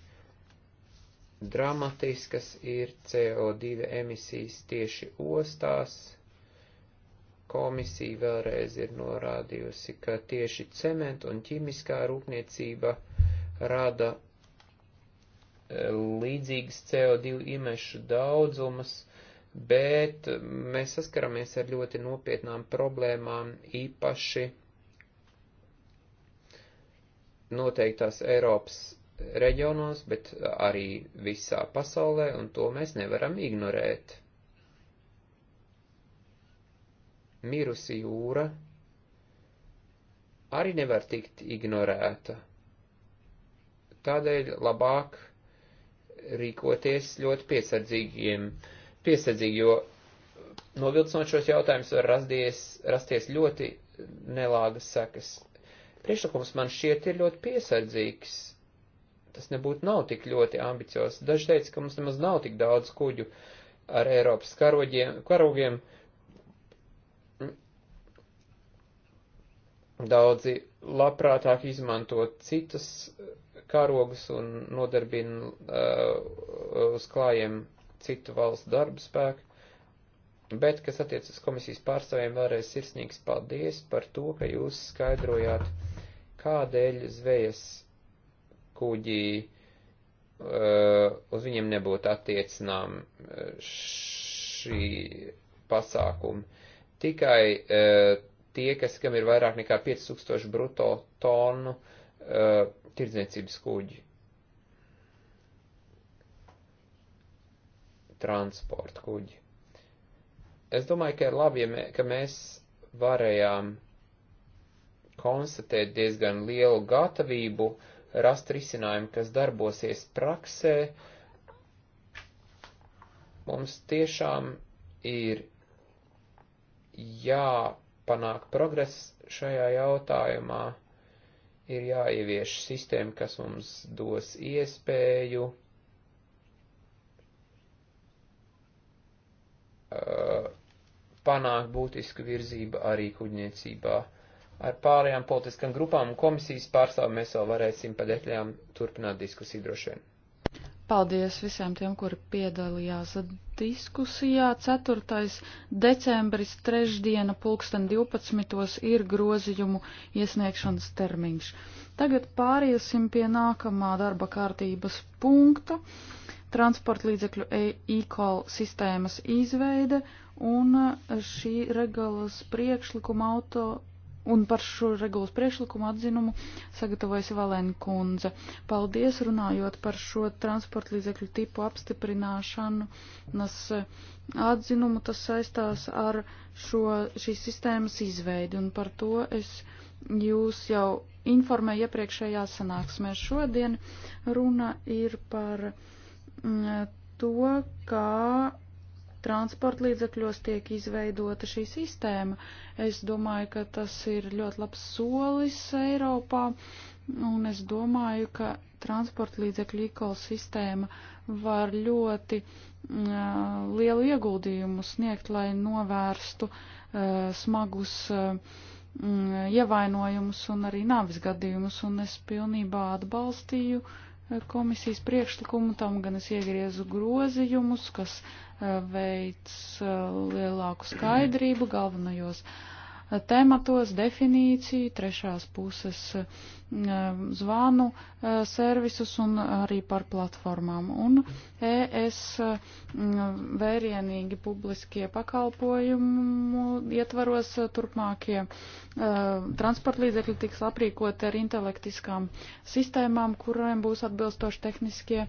S3: dramatiskas ir CO2 emisijas tieši ostās Komisija vēlreiz ir norādījusi, ka tieši cement un ķīmiskā rūpniecība rada e, līdzīgas CO2 imešu daudzumas, bet mēs saskaramies ar ļoti nopietnām problēmām, īpaši noteiktās Eiropas reģionos, bet arī visā pasaulē, un to mēs nevaram ignorēt. mirusi jūra arī nevar tikt ignorēta. Tādēļ labāk rīkoties ļoti piesardzīgiem, piesardzīgi, jo novilcinot šos jautājumus var rasties, rasties ļoti nelāgas sekas. Priekšlikums man šķiet ir ļoti piesardzīgs. Tas nebūtu nav tik ļoti ambiciozs. Daži teica, ka mums nemaz nav tik daudz kuģu ar Eiropas karogiem, karogiem uh, Daudzi labprātāk izmanto citas karogus un nodarbina uh, uz klājiem citu valstu darba spēku. Bet, kas attiecas komisijas pārstāvjiem, vēlreiz sirsnīgs paldies par to, ka jūs skaidrojāt, kādēļ zvejas kuģi uh, uz viņiem nebūtu attiecinām uh, šī pasākuma. Tikai uh, tie, kas, kam ir vairāk nekā 5000 bruto tonu uh, tirdzniecības kuģi. Transporta kuģi. Es domāju, ka ir labi, ja mē, ka mēs varējām konstatēt diezgan lielu gatavību rast risinājumu, kas darbosies praksē. Mums tiešām ir jā panākt progress šajā jautājumā, ir jāievieš sistēma, kas mums dos iespēju uh, panākt būtisku virzību arī kuģniecībā. Ar pārējām politiskām grupām un komisijas pārstāvjiem mēs vēl varēsim pa detaļām turpināt diskusiju droši vien.
S1: Paldies visiem tiem, kuri piedalījās diskusijā. 4. decembris, trešdiena, pulksten 12. ir grozījumu iesniegšanas termiņš. Tagad pāriesim pie nākamā darba kārtības punkta - transporta līdzekļu e-call sistēmas izveide un šī regalas priekšlikuma auto Un par šo regulas priekšlikumu atzinumu sagatavojas Valēna kundze. Paldies, runājot par šo transporta līdzekļu tipu apstiprināšanu. Nas eh, atzinumu tas saistās ar šo, šīs sistēmas izveidi, un par to es jūs jau informēju iepriekšējā sanāksmē. Šodien runa ir par mm, to, kā transporta līdzakļos tiek izveidota šī sistēma. Es domāju, ka tas ir ļoti labs solis Eiropā, un es domāju, ka transporta līdzakļu ekosistēma var ļoti uh, lielu ieguldījumu sniegt, lai novērstu uh, smagus uh, ievainojumus un arī nāvis gadījumus, un es pilnībā atbalstīju uh, komisijas priekšlikumu, tam gan es iegriezu grozījumus, kas eh, veic eh, lielāku skaidrību galvenajos eh, tematos, definīciju, trešās puses uh, zvanu servisus un arī par platformām. Un ES vērienīgi publiskie pakalpojumu ietvaros turpmākie transporta līdzekļi tiks aprīkoti ar intelektiskām sistēmām, kuriem būs atbilstoši tehniskie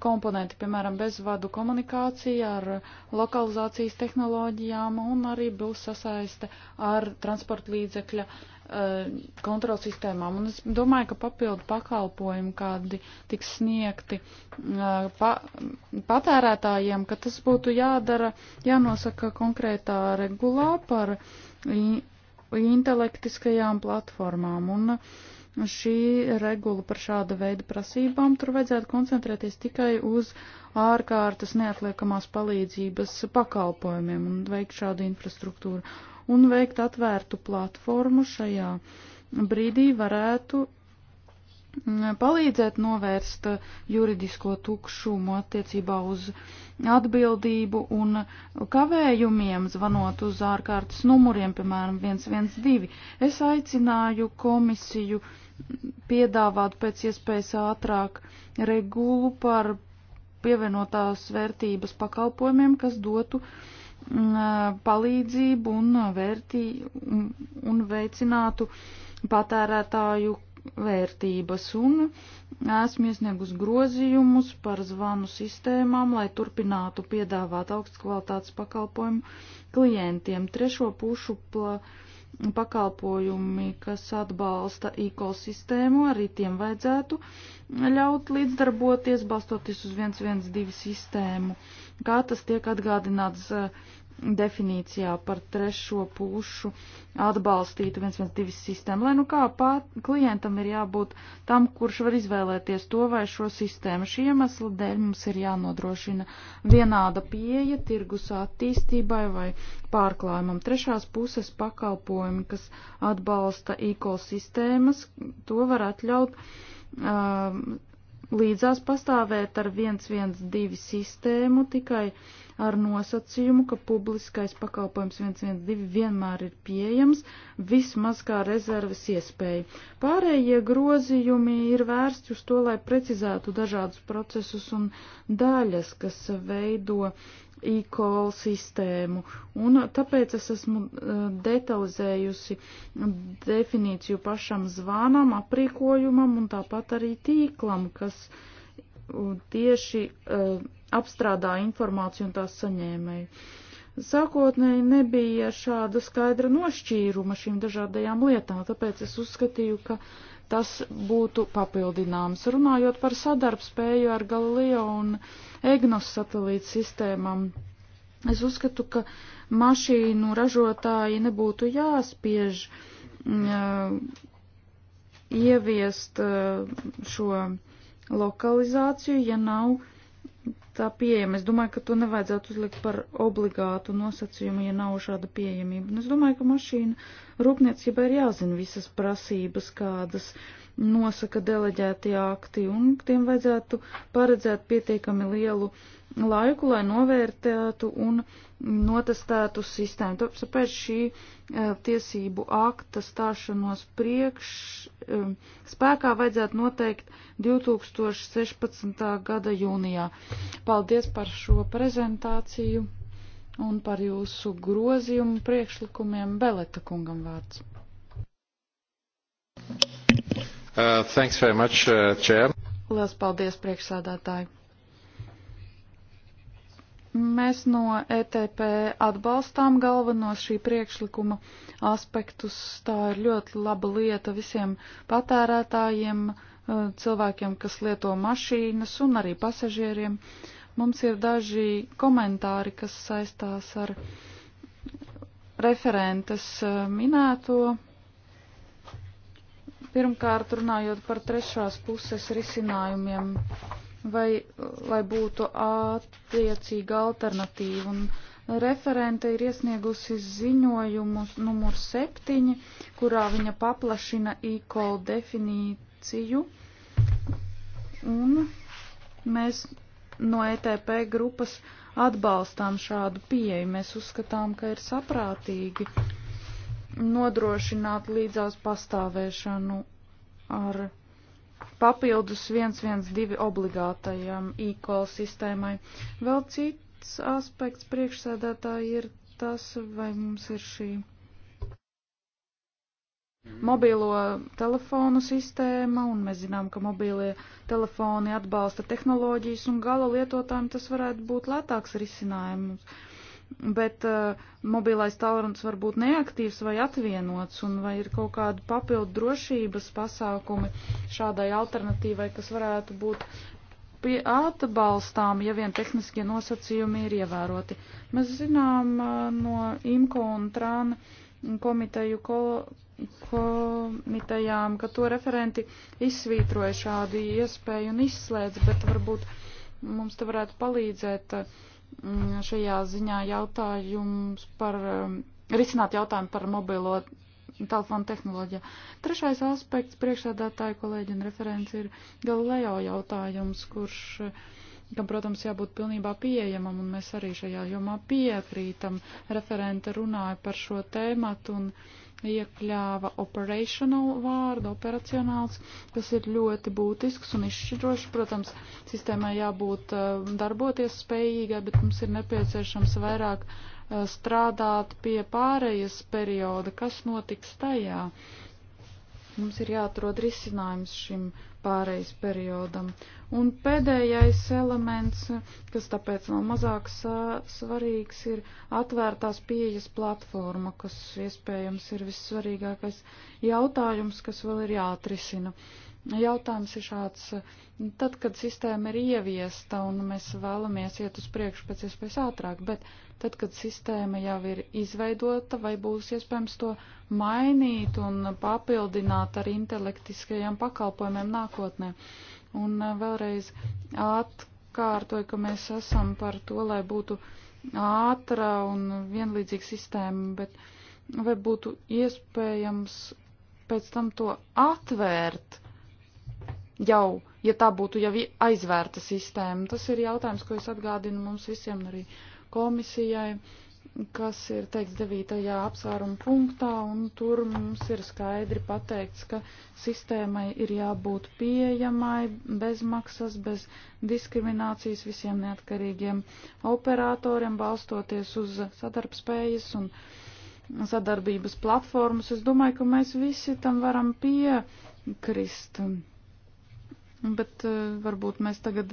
S1: komponenti, piemēram, bezvadu komunikācija ar lokalizācijas tehnoloģijām un arī būs sasaiste ar transporta līdzekļa Eh, kontrols sistēmām. Un es domāju, ka papildu pakalpojumi, kādi tiks sniegti eh, pa, patērētājiem, ka tas būtu jādara, jānosaka konkrētā regulā par intelektiskajām platformām. Un, uh, šī regula par šāda veida prasībām, tur vajadzētu koncentrēties tikai uz ārkārtas neatliekamās palīdzības pakalpojumiem un veikt šādu infrastruktūru un veikt atvērtu platformu šajā brīdī varētu mm, palīdzēt novērst juridisko tukšumu attiecībā uz atbildību un kavējumiem zvanot uz ārkārtas numuriem, piemēram, 112. Es aicināju komisiju piedāvāt pēc iespējas ātrāk regulu par pievienotās vērtības pakalpojumiem, kas dotu uh, Mm, palīdzību un, vērtī, un veicinātu patērētāju vērtības un esmu iesniegus grozījumus par zvanu sistēmām, lai turpinātu piedāvāt augstu kvalitātes pakalpojumu klientiem. Trešo pušu pakalpojumi, kas atbalsta ekosistēmu, arī tiem vajadzētu ļaut līdzdarboties, balstoties uz 112 sistēmu kā tas tiek atgādināts eh, definīcijā par trešo pušu atbalstītu 112 sistēmu, lai nu kā pāt, klientam ir jābūt tam, kurš var izvēlēties to vai šo sistēmu. Šī iemesla dēļ mums ir jānodrošina vienāda pieeja tirgus attīstībai vai pārklājumam. Trešās puses pakalpojumi, kas atbalsta ekosistēmas, to var atļaut um, līdzās pastāvēt ar 112 sistēmu, tikai ar nosacījumu, ka publiskais pakalpojums 112 vienmēr ir pieejams, vismaz kā rezerves iespēja. Pārējie grozījumi ir vērsti uz to, lai precizētu dažādus procesus un daļas, kas veido e-call sistēmu, un tāpēc es esmu e, detalizējusi definīciju pašam zvānam, aprīkojumam un tāpat arī tīklam, kas tieši uh, apstrādā informāciju un tās saņēmēju. Sākotnēji nebija šāda skaidra nošķīruma šīm dažādajām lietām, tāpēc es uzskatīju, ka tas būtu papildināms. Runājot par sadarbspēju ar Galileo un EGNOS satelītu sistēmām, es uzskatu, ka mašīnu ražotāji nebūtu jāspiež uh, ieviest uh, šo lokalizāciju, ja nav uh, tā pieejama. Es domāju, ka to nevajadzētu uzlikt par obligātu nosacījumu, ja nav šāda pieejamība. Un es domāju, ka mašīna rūpniecībai ir jāzina visas prasības, kādas uh, nosaka deleģētie akti, un tiem vajadzētu paredzēt pietiekami lielu laiku, lai novērtētu un notestētu sistēmu. Tāpēc šī eh, tiesību akta stāšanos priekš eh, spēkā vajadzētu noteikt 2016. gada jūnijā. Paldies par šo prezentāciju un par jūsu grozījumu priekšlikumiem Beleta kungam vārds.
S3: Uh, thanks very much, uh, Chair.
S1: Lielas paldies, priekšsādātāji. Mēs no ETP atbalstām galvenos šī priekšlikuma aspektus. Tā ir ļoti laba lieta visiem patērētājiem, uh, cilvēkiem, kas lieto mašīnas un arī pasažieriem. Mums ir daži komentāri, kas saistās ar referentes uh, minēto Pirmkārt, runājot par trešās puses risinājumiem, vai lai būtu attiecīga alternatīva. Un referente ir iesniegusi ziņojumu numur 7, kurā viņa paplašina e-call definīciju. Un mēs no ETP grupas atbalstām šādu pieeju. Mēs uzskatām, ka ir saprātīgi nodrošināt līdzās pastāvēšanu ar papildus 112 obligātajam e-call sistēmai. Vēl cits aspekts priekšsēdētāji ir tas, vai mums ir šī mobīlo telefonu sistēma, un mēs zinām, ka mobīlie telefoni atbalsta tehnoloģijas, un gala lietotājiem tas varētu būt lētāks risinājums bet uh, mobilais tālrunis var būt neaktīvs vai atvienots, un vai ir kaut kādi papildu drošības pasākumi šādai alternatīvai, kas varētu būt pie atbalstām, ja vien tehniskie nosacījumi ir ievēroti. Mēs zinām uh, no IMCO un TRAN komiteju ko, komitejām, ka to referenti izsvītroja šādu iespēju un izslēdz, bet varbūt mums te varētu palīdzēt uh, Mm, šajā ziņā jautājums par, um, risināt jautājumu par mobilo telefonu tehnoloģiju. Trešais aspekts priekšsēdētāju kolēģi un referents ir Galileo jautājums, kurš, uh, kam, protams, jābūt pilnībā pieejamam, un mēs arī šajā jomā piekrītam. Referente runāja par šo tēmatu un iekļāva operational vārdu, operacionāls, kas ir ļoti būtisks un izšķirošs. Protams, sistēmai jābūt eh, darboties spējīgai, bet mums ir nepieciešams vairāk eh, strādāt pie pārējas perioda, kas notiks tajā. Mums ir jāatrod risinājums šim uh, pārejas periodam. Un pēdējais elements, kas tāpēc nav mazāk svarīgs, ir atvērtās pieejas platforma, kas iespējams ir vissvarīgākais jautājums, kas vēl ir jāatrisina. Uh, Jautājums ir šāds, tad, kad sistēma ir ieviesta un mēs vēlamies iet uz priekšu pēc iespējas ātrāk, bet tad, kad sistēma jau ir izveidota, vai būs iespējams to mainīt un papildināt ar intelektiskajiem pakalpojumiem nākotnē. Un eh, vēlreiz atkārtoju, ka mēs esam par to, lai būtu ātra un vienlīdzīga sistēma, bet vai būtu iespējams pēc tam to atvērt? jau, ja tā būtu jau aizvērta sistēma. Tas ir jautājums, ko es atgādinu mums visiem arī komisijai, kas ir teikts 9. apsvēruma punktā, un tur mums ir skaidri pateikts, ka sistēmai ir jābūt pieejamai, bez maksas, bez diskriminācijas visiem neatkarīgiem operatoriem, balstoties uz sadarbspējas un sadarbības platformas. Es domāju, ka mēs visi tam varam piekrist. Bet eh, varbūt mēs tagad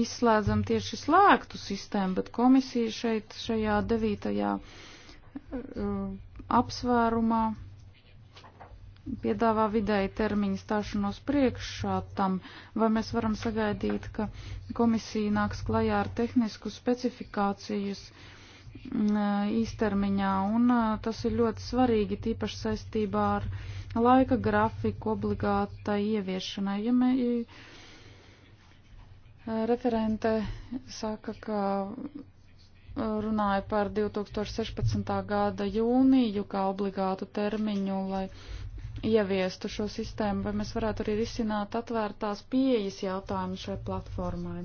S1: izslēdzam tieši slēgtu sistēmu, bet komisija šeit šajā devītajā eh, apsvērumā piedāvā vidēji termiņu stāšanos priekšā tam, vai mēs varam sagaidīt, ka komisija nāks klajā ar tehnisku specifikācijas mm, īstermiņā, un eh, tas ir ļoti svarīgi, tīpaši saistībā ar uh, laika grafiku obligātai ieviešanai. Ja mē, eh, referente saka, ka eh, runāja par 2016. gada jūniju kā obligātu termiņu, lai ieviestu šo sistēmu, vai mēs varētu arī risināt atvērtās pieejas jautājumu šai platformai.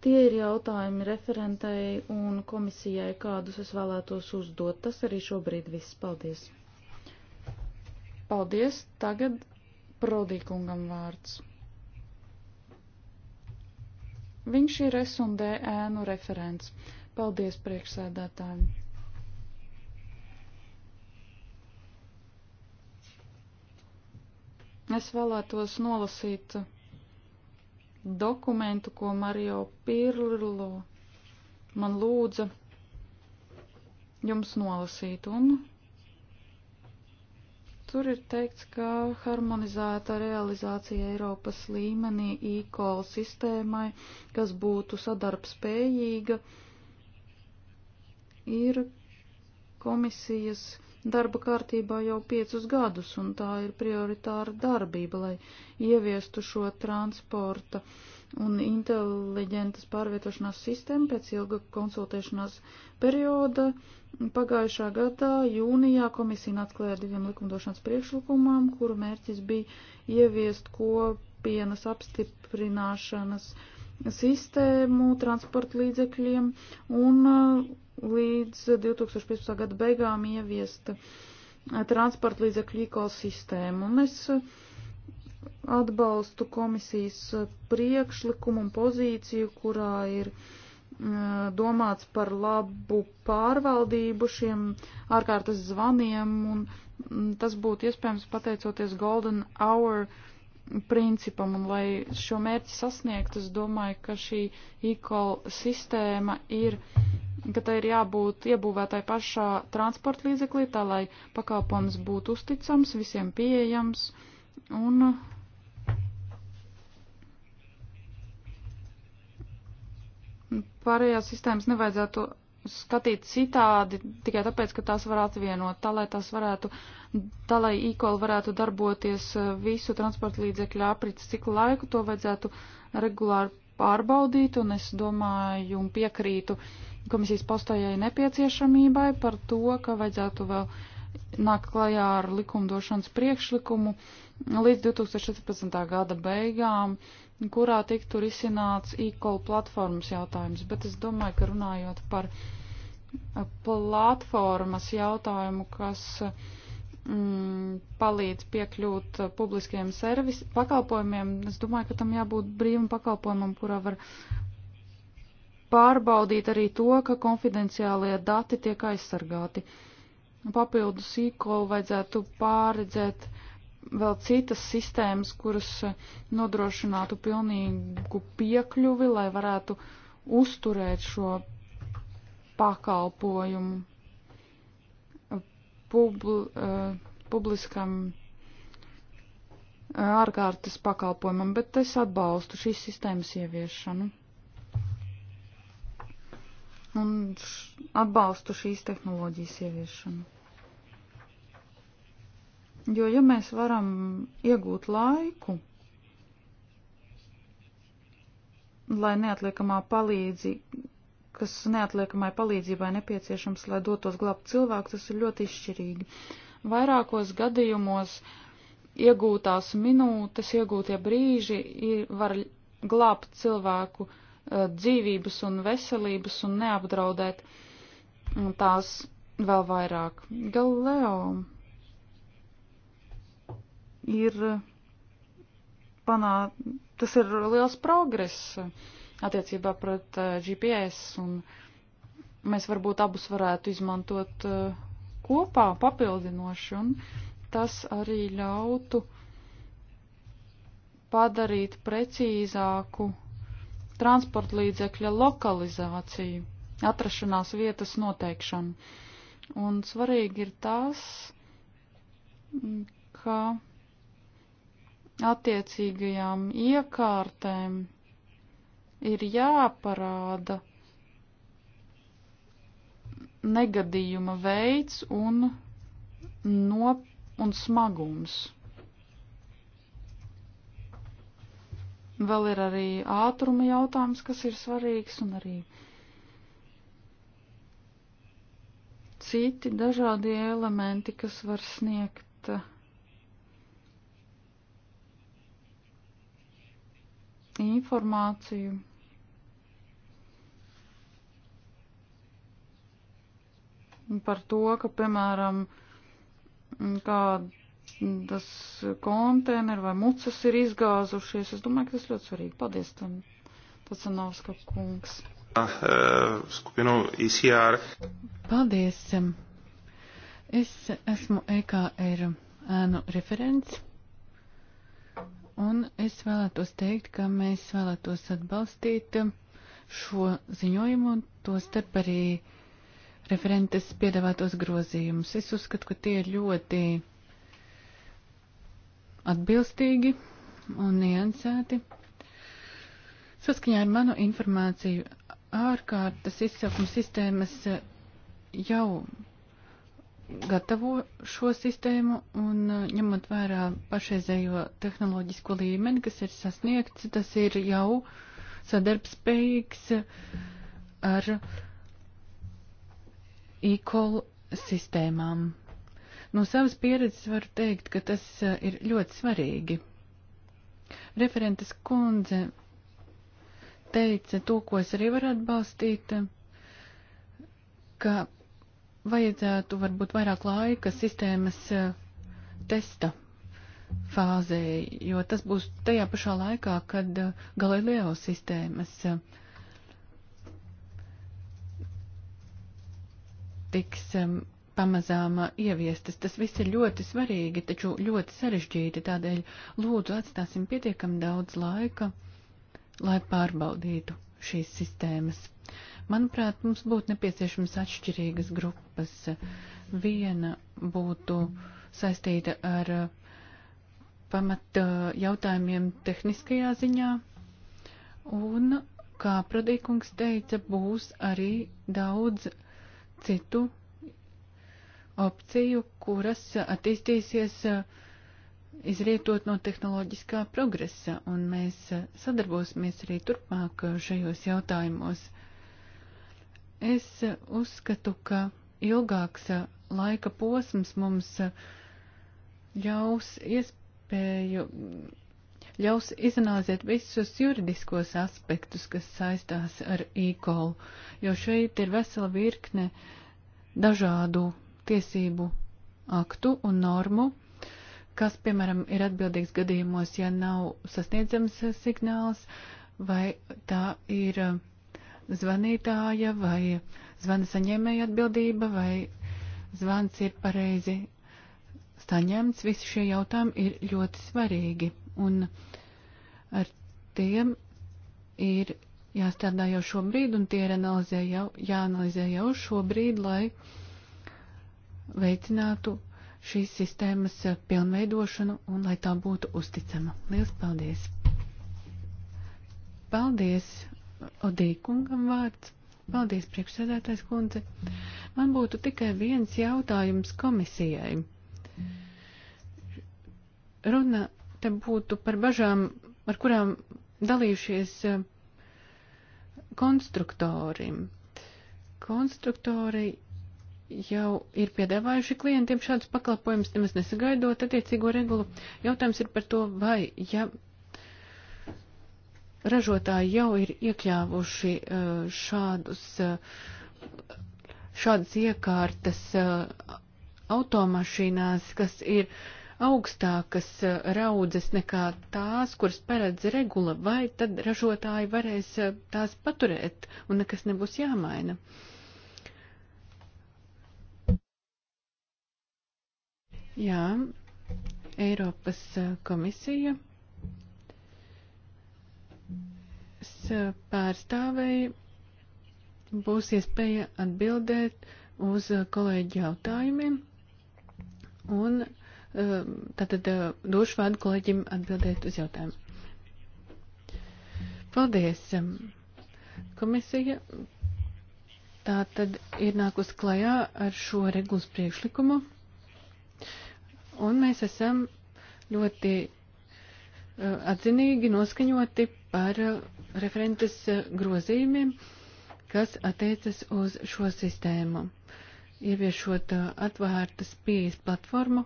S1: Tie ir jautājumi referentei un komisijai, kādus es vēlētos uzdot. Tas arī šobrīd viss. Paldies! Paldies, tagad Prodīkungam vārds. Viņš ir S&D ēnu referents. Paldies priekšsēdētājiem. Es vēlētos nolasīt dokumentu, ko Mario Pirlo man lūdza jums nolasīt, un Tur ir teikts, ka harmonizēta realizācija Eiropas līmenī e-call sistēmai, kas būtu sadarbspējīga, ir komisijas darba kārtībā jau piecus gadus, un tā ir prioritāra darbība, lai ieviestu šo transporta uh, un inteliģentas pārvietošanās sistēma pēc ilga konsultēšanās perioda. Pagājušā gadā jūnijā komisija atklāja diviem likumdošanas priekšlikumam, kuru mērķis bija ieviest kopienas apstiprināšanas sistēmu transporta līdzekļiem un uh, līdz 2015. gada beigām ieviest uh, transporta līdzekļu ekosistēmu. Un es atbalstu komisijas uh, priekšlikumu un pozīciju, kurā ir uh, domāts par labu pārvaldību šiem ārkārtas zvaniem, un mm, tas būtu iespējams pateicoties Golden Hour principam, un lai šo mērķi sasniegt, es domāju, ka šī e-call sistēma ir, ka tai ir jābūt iebūvētai pašā transporta līdzeklī, tā lai pakalpojums būtu uzticams, visiem pieejams, un uh, Pārējās sistēmas nevajadzētu skatīt citādi, tikai tāpēc, ka tās var atvienot, tā lai tās varētu, tā lai e-call varētu darboties eh, visu transporta līdzekļu aprits, cik laiku to vajadzētu regulāri pārbaudīt, un es domāju un piekrītu komisijas postojai nepieciešamībai par to, ka vajadzētu vēl nāk klajā ar likumdošanas priekšlikumu līdz 2014. gada beigām kurā tiktu risināts e-call platformas jautājums, bet es domāju, ka runājot par platformas jautājumu, kas mm, palīdz piekļūt publiskiem servis pakalpojumiem, es domāju, ka tam jābūt brīvam pakalpojumam, kurā var pārbaudīt arī to, ka konfidenciālie dati tiek aizsargāti. Papildus e-call vajadzētu pārredzēt vēl citas sistēmas, kuras eh, nodrošinātu pilnīgu piekļuvi, lai varētu uzturēt šo pakalpojumu Publi, eh, publiskam eh, ārkārtas pakalpojumam, bet es atbalstu šīs sistēmas ieviešanu. Un atbalstu šīs tehnoloģijas ieviešanu. Jo, ja mēs varam iegūt laiku, lai neatliekamā palīdzība, kas neatliekamai palīdzībai nepieciešams, lai dotos glābt cilvēku, tas ir ļoti izšķirīgi. Vairākos gadījumos iegūtās minūtes, iegūtie brīži ir, var glābt cilvēku eh, dzīvības un veselības un neapdraudēt tās vēl vairāk. Galileo ir panākt, tas ir liels progress attiecībā pret eh, GPS, un mēs varbūt abus varētu izmantot eh, kopā papildinoši, un tas arī ļautu padarīt precīzāku transporta līdzekļa lokalizāciju, atrašanās vietas noteikšanu. Un svarīgi ir tas, ka attiecīgajām iekārtēm ir jāparāda negadījuma veids un, nop un smagums. Vēl ir arī ātruma jautājums, kas ir svarīgs, un arī citi dažādi elementi, kas var sniegt uh, informāciju. Par to, ka, piemēram, kādas konteineru vai mucas ir izgāzušies, es domāju, ka tas ļoti svarīgi. Paldies tam, Tacanovska kungs.
S3: E, skupinu ICR. E
S2: Paldies. Es esmu EKR ēnu referents un es vēlētos teikt, ka mēs vēlētos atbalstīt šo ziņojumu un to starp arī referentes piedāvātos grozījumus. Es uzskatu, ka tie ir ļoti atbilstīgi un niansēti. Saskaņā ar manu informāciju ārkārtas izsaukuma sistēmas jau gatavo šo sistēmu un uh, ņemot vērā pašreizējo tehnoloģisko līmeni, kas ir sasniegts, tas ir jau sadarbspējīgs ar e-call sistēmām. No savas pieredzes varu teikt, ka tas uh, ir ļoti svarīgi. Referentes kundze teica to, ko es arī varu atbalstīt, ka vajadzētu varbūt vairāk laika sistēmas e, testa fāzē, jo tas būs tajā pašā laikā, kad e, Galileo sistēmas e, tiks pamazām ieviestas. Tas viss ir ļoti svarīgi, taču ļoti sarežģīti, tādēļ lūdzu atstāsim pietiekam daudz laika, lai pārbaudītu šīs sistēmas. Uh, Manuprāt, mums būtu nepieciešams atšķirīgas grupas. Viena būtu saistīta ar pamat eh, jautājumiem tehniskajā ziņā, un, kā Prodīkungs teica, būs arī daudz citu opciju, kuras attīstīsies eh, izrietot no tehnoloģiskā progresa, un mēs eh, sadarbosimies arī turpmāk šajos jautājumos. Es eh, uzskatu, ka ilgāks eh, laika posms mums eh, ļaus iespēju, mm, ļaus izanalizēt visus juridiskos aspektus, kas saistās ar e-kolu, jo šeit ir vesela virkne dažādu tiesību aktu un normu, kas, piemēram, ir atbildīgs gadījumos, ja nav sasniedzams signāls, vai tā ir uh, zvanītāja vai zvana saņēmēja atbildība vai zvans ir pareizi saņemts. Visi šie jautājumi ir ļoti svarīgi un ar tiem ir jāstrādā jau šobrīd un tie ir analizē jau, jāanalizē jau šobrīd, lai veicinātu šīs sistēmas pilnveidošanu un lai tā būtu uzticama. Lielas paldies! Paldies Odīkungam vārds. Paldies, priekšsēdētājs kundze. Man būtu tikai viens jautājums komisijai. Runa te būtu par bažām, ar kurām dalījušies eh, konstruktori. Konstruktori jau ir piedāvājuši klientiem šādus pakalpojumus, nemaz nesagaidot attiecīgo regulu. Jautājums ir par to, vai, ja ražotāji jau ir iekļāvuši uh, šādus, uh, šādas iekārtas uh, automašīnās, kas ir augstākas raudzes nekā tās, kuras paredz regula, vai tad ražotāji varēs tās paturēt un nekas nebūs jāmaina. Jā, Eiropas komisija Eh, pārstāvei būs iespēja atbildēt uz eh, kolēģi jautājumiem. Un eh, tātad došu vārdu kolēģim atbildēt uz jautājumu. Paldies. Komisija tātad ir nākus klajā ar šo regulas priekšlikumu. Un mēs esam ļoti atzinīgi noskaņoti par uh, referentes uh, grozījumiem, kas attiecas uz šo sistēmu. Ieviešot uh, atvērtas pieejas platformu,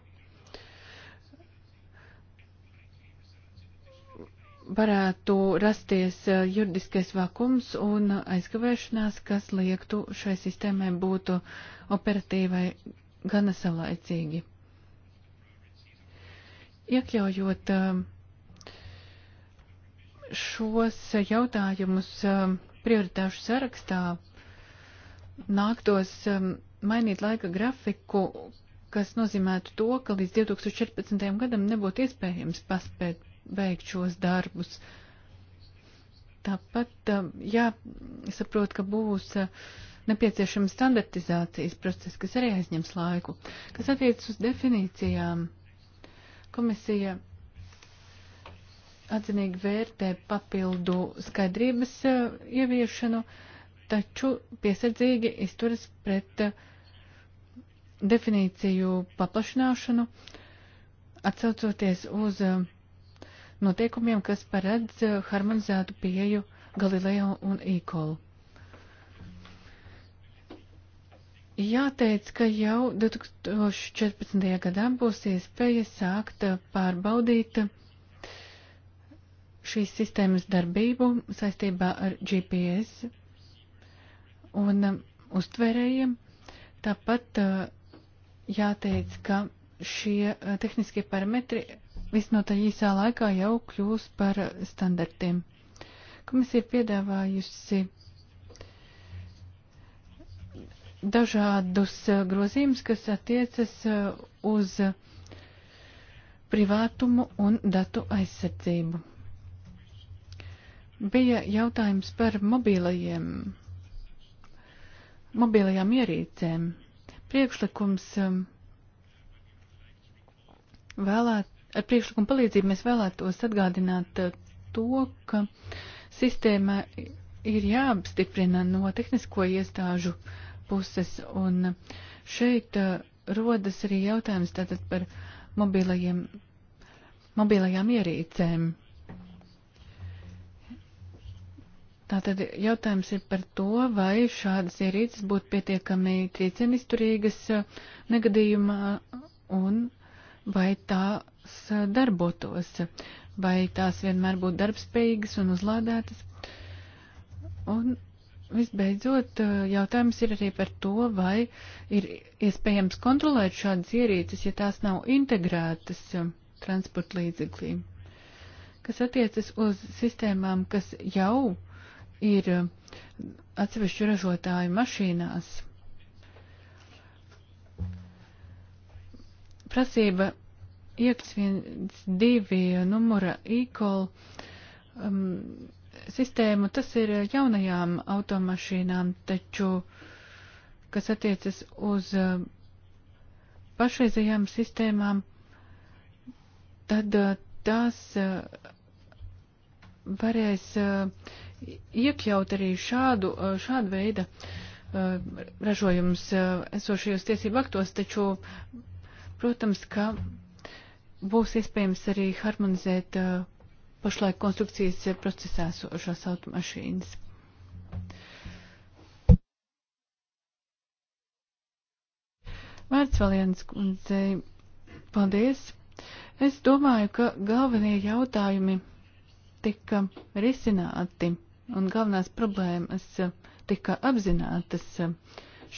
S2: varētu rasties juridiskais vakums un aizkavēšanās, kas liektu šai sistēmai būt operatīvai gana salaicīgi. Iekļaujot uh, šos jautājumus um, prioritāšu sarakstā nāktos um, mainīt laika grafiku, kas nozīmētu to, ka līdz 2014. gadam nebūtu iespējams paspēt veikt šos darbus. Tāpat um, jāsaprot, ka būs uh, nepieciešama standartizācijas process, kas arī aizņems laiku. Kas attiecas uz definīcijām, komisija atzinīgi vērtē papildu skaidrības e, ieviešanu, taču piesardzīgi izturas pret e, definīciju paplašināšanu, atsaucoties uz e, noteikumiem, kas paredz harmonizētu pieju Galileo un Īkolu. Jāteic, ka jau 2014. gadā būs iespēja sākt pārbaudīt šīs sistēmas darbību saistībā ar GPS un um, uztvērējiem. Tāpat uh, jāteic, ka šie uh, tehniskie parametri visnotaļ īsā laikā jau kļūs par uh, standartiem. Komisija ir piedāvājusi dažādus uh, grozījumus, kas attiecas uh, uz privātumu un datu aizsardzību bija jautājums par mobilajiem, mobilajām ierīcēm. Priekšlikums um, vēlēt, ar priekšlikumu palīdzību mēs vēlētos atgādināt uh, to, ka sistēma ir jāapstiprina no tehnisko iestāžu puses, un šeit uh, rodas arī jautājums tātad par mobilajiem, mobilajām ierīcēm Tātad jautājums ir par to, vai šādas ierīces būtu pietiekami triecienizturīgas eh, negadījumā un vai tās eh, darbotos, vai tās vienmēr būtu darbspējīgas un uzlādētas. Un visbeidzot, eh, jautājums ir arī par to, vai ir iespējams kontrolēt šādas ierīces, ja tās nav integrētas transporta līdzeklī. Kas attiecas uz sistēmām, kas jau ir um, atsevišķu ražotāju mašīnās. Prasība iekļauts viens divi numura e-call um, sistēmu, tas ir jaunajām automašīnām, taču, kas attiecas uz uh, pašreizajām sistēmām, tad uh, tās uh, varēs uh, iekļaut arī šādu, uh, šādu veidu uh, ražojums uh, esošajos tiesību aktos, taču, protams, ka būs iespējams arī harmonizēt pašlaik konstrukcijas procesā esošās automašīnas. Vārds Valienas kundzei. Paldies! Es domāju, ka galvenie jautājumi tika risināti un galvenās problēmas eh, tika apzinātas eh,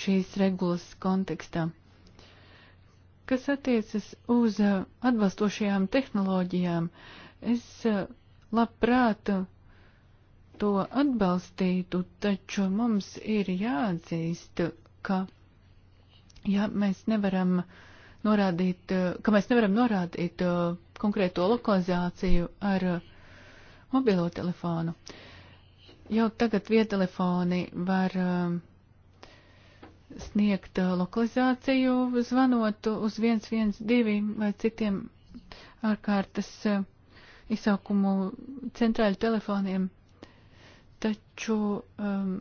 S2: šīs regulas kontekstā. Kas attiecas uz eh, atbalstošajām tehnoloģijām, es labprāt to atbalstītu, taču mums ir jāatzīst, ka ja mēs nevaram norādīt, ka mēs nevaram norādīt konkrēto lokalizāciju ar mobilo telefonu. Uh, Jau tagad vietelefoni var um, sniegt uh, lokalizāciju, zvanot uz 112 vai citiem ārkārtas uh, izsaukumu centrāļu telefoniem. Taču um,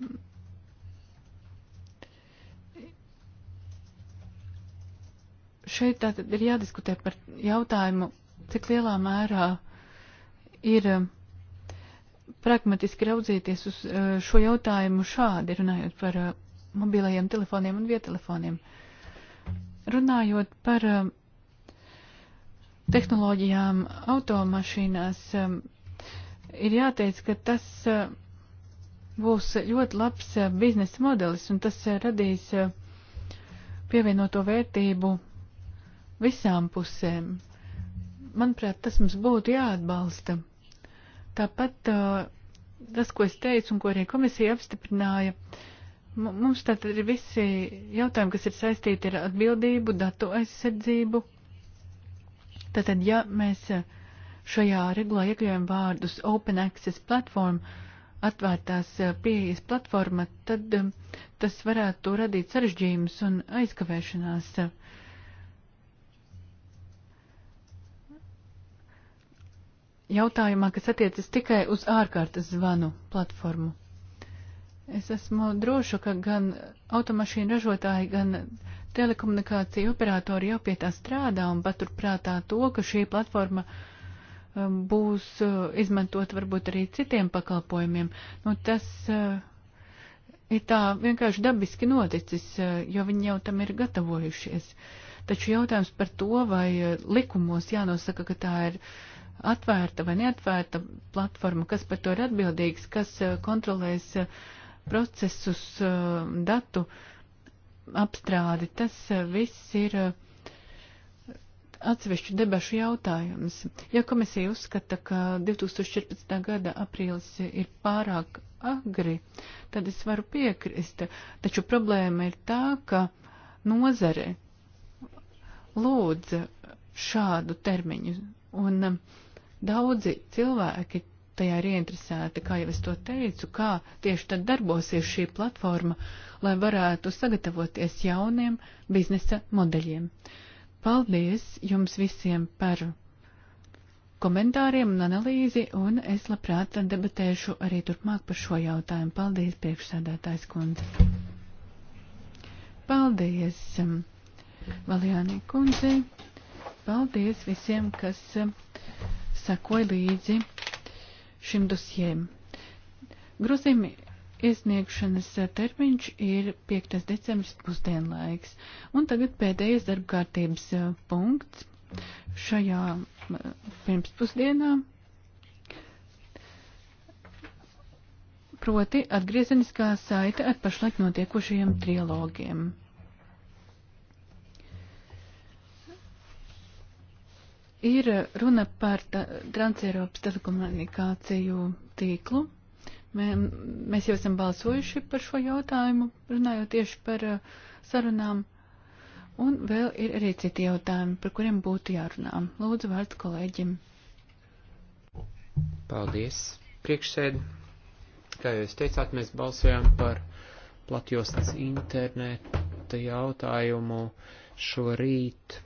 S2: šeit tātad ir jādiskutē par jautājumu, cik lielā mērā ir. Um, pragmatiski raudzīties uz eh, šo jautājumu šādi, runājot par eh, mobilajiem telefoniem un vietelefoniem. Runājot par eh, tehnoloģijām automašīnās, ir jāteic, ka tas būs ļoti labs biznesa modelis un tas radīs pievienoto vērtību visām pusēm. Manuprāt, tas mums būtu jāatbalsta. Tāpat tas, ko es teicu un ko arī komisija apstiprināja, mums tātad ir visi jautājumi, kas ir saistīti ar atbildību, datu aizsardzību. Tātad, ja mēs šajā regulā iekļaujam vārdus Open Access Platform, atvērtās pieejas platforma, tad tas varētu radīt sarežģījumus un aizkavēšanās. Uh, jautājumā, kas attiecas tikai uz ārkārtas zvanu platformu. Es esmu droša, ka gan automašīnu ražotāji, gan telekomunikāciju operatori jau pie tā strādā un paturprātā to, ka šī platforma um, būs uh, izmantot varbūt arī citiem pakalpojumiem. Nu, tas uh, ir tā vienkārši dabiski noticis, uh, jo viņi jau tam ir gatavojušies. Taču jautājums par to, vai likumos jānosaka, ka tā ir uh, atvērta vai neatvērta platforma, kas par to ir atbildīgs, kas eh, kontrolēs eh, procesus, eh, datu apstrādi. Tas viss ir atsevišķu debašu jautājums. Ja komisija uzskata, ka 2014. gada aprīlis ir pārāk agri, tad es varu piekrist. Taču problēma ir tā, ka nozare lūdza šādu termiņu. Un Daudzi cilvēki tajā ir ieinteresēti, kā jau es to teicu, kā tieši tad darbosies šī platforma, lai varētu sagatavoties jauniem biznesa modeļiem. Paldies jums visiem par komentāriem un analīzi, un es labprāt debatēšu arī turpmāk par šo jautājumu. Paldies, priekšsēdētājs kundze. Paldies, um, Valjānī kundze. Paldies visiem, kas um, sekoja līdzi šim dosjēm. Grozījumi iesniegšanas termiņš ir 5. decembris pusdienlaiks. Un tagad pēdējais darba kārtības eh, punkts šajā eh, pirmspusdienā. Proti atgriezeniskā saite ar pašlaik notiekošajiem trilogiem. Ir runa par ta, Transeiropas telekomunikāciju tīklu. Mē, mēs jau esam balsojuši par šo jautājumu, runājot tieši par uh, sarunām. Un vēl ir arī citi jautājumi, par kuriem būtu jārunā. Lūdzu, vārds kolēģim.
S3: Paldies, priekšsēd. Kā jūs teicāt, mēs balsojām par platjostas interneta jautājumu šorīt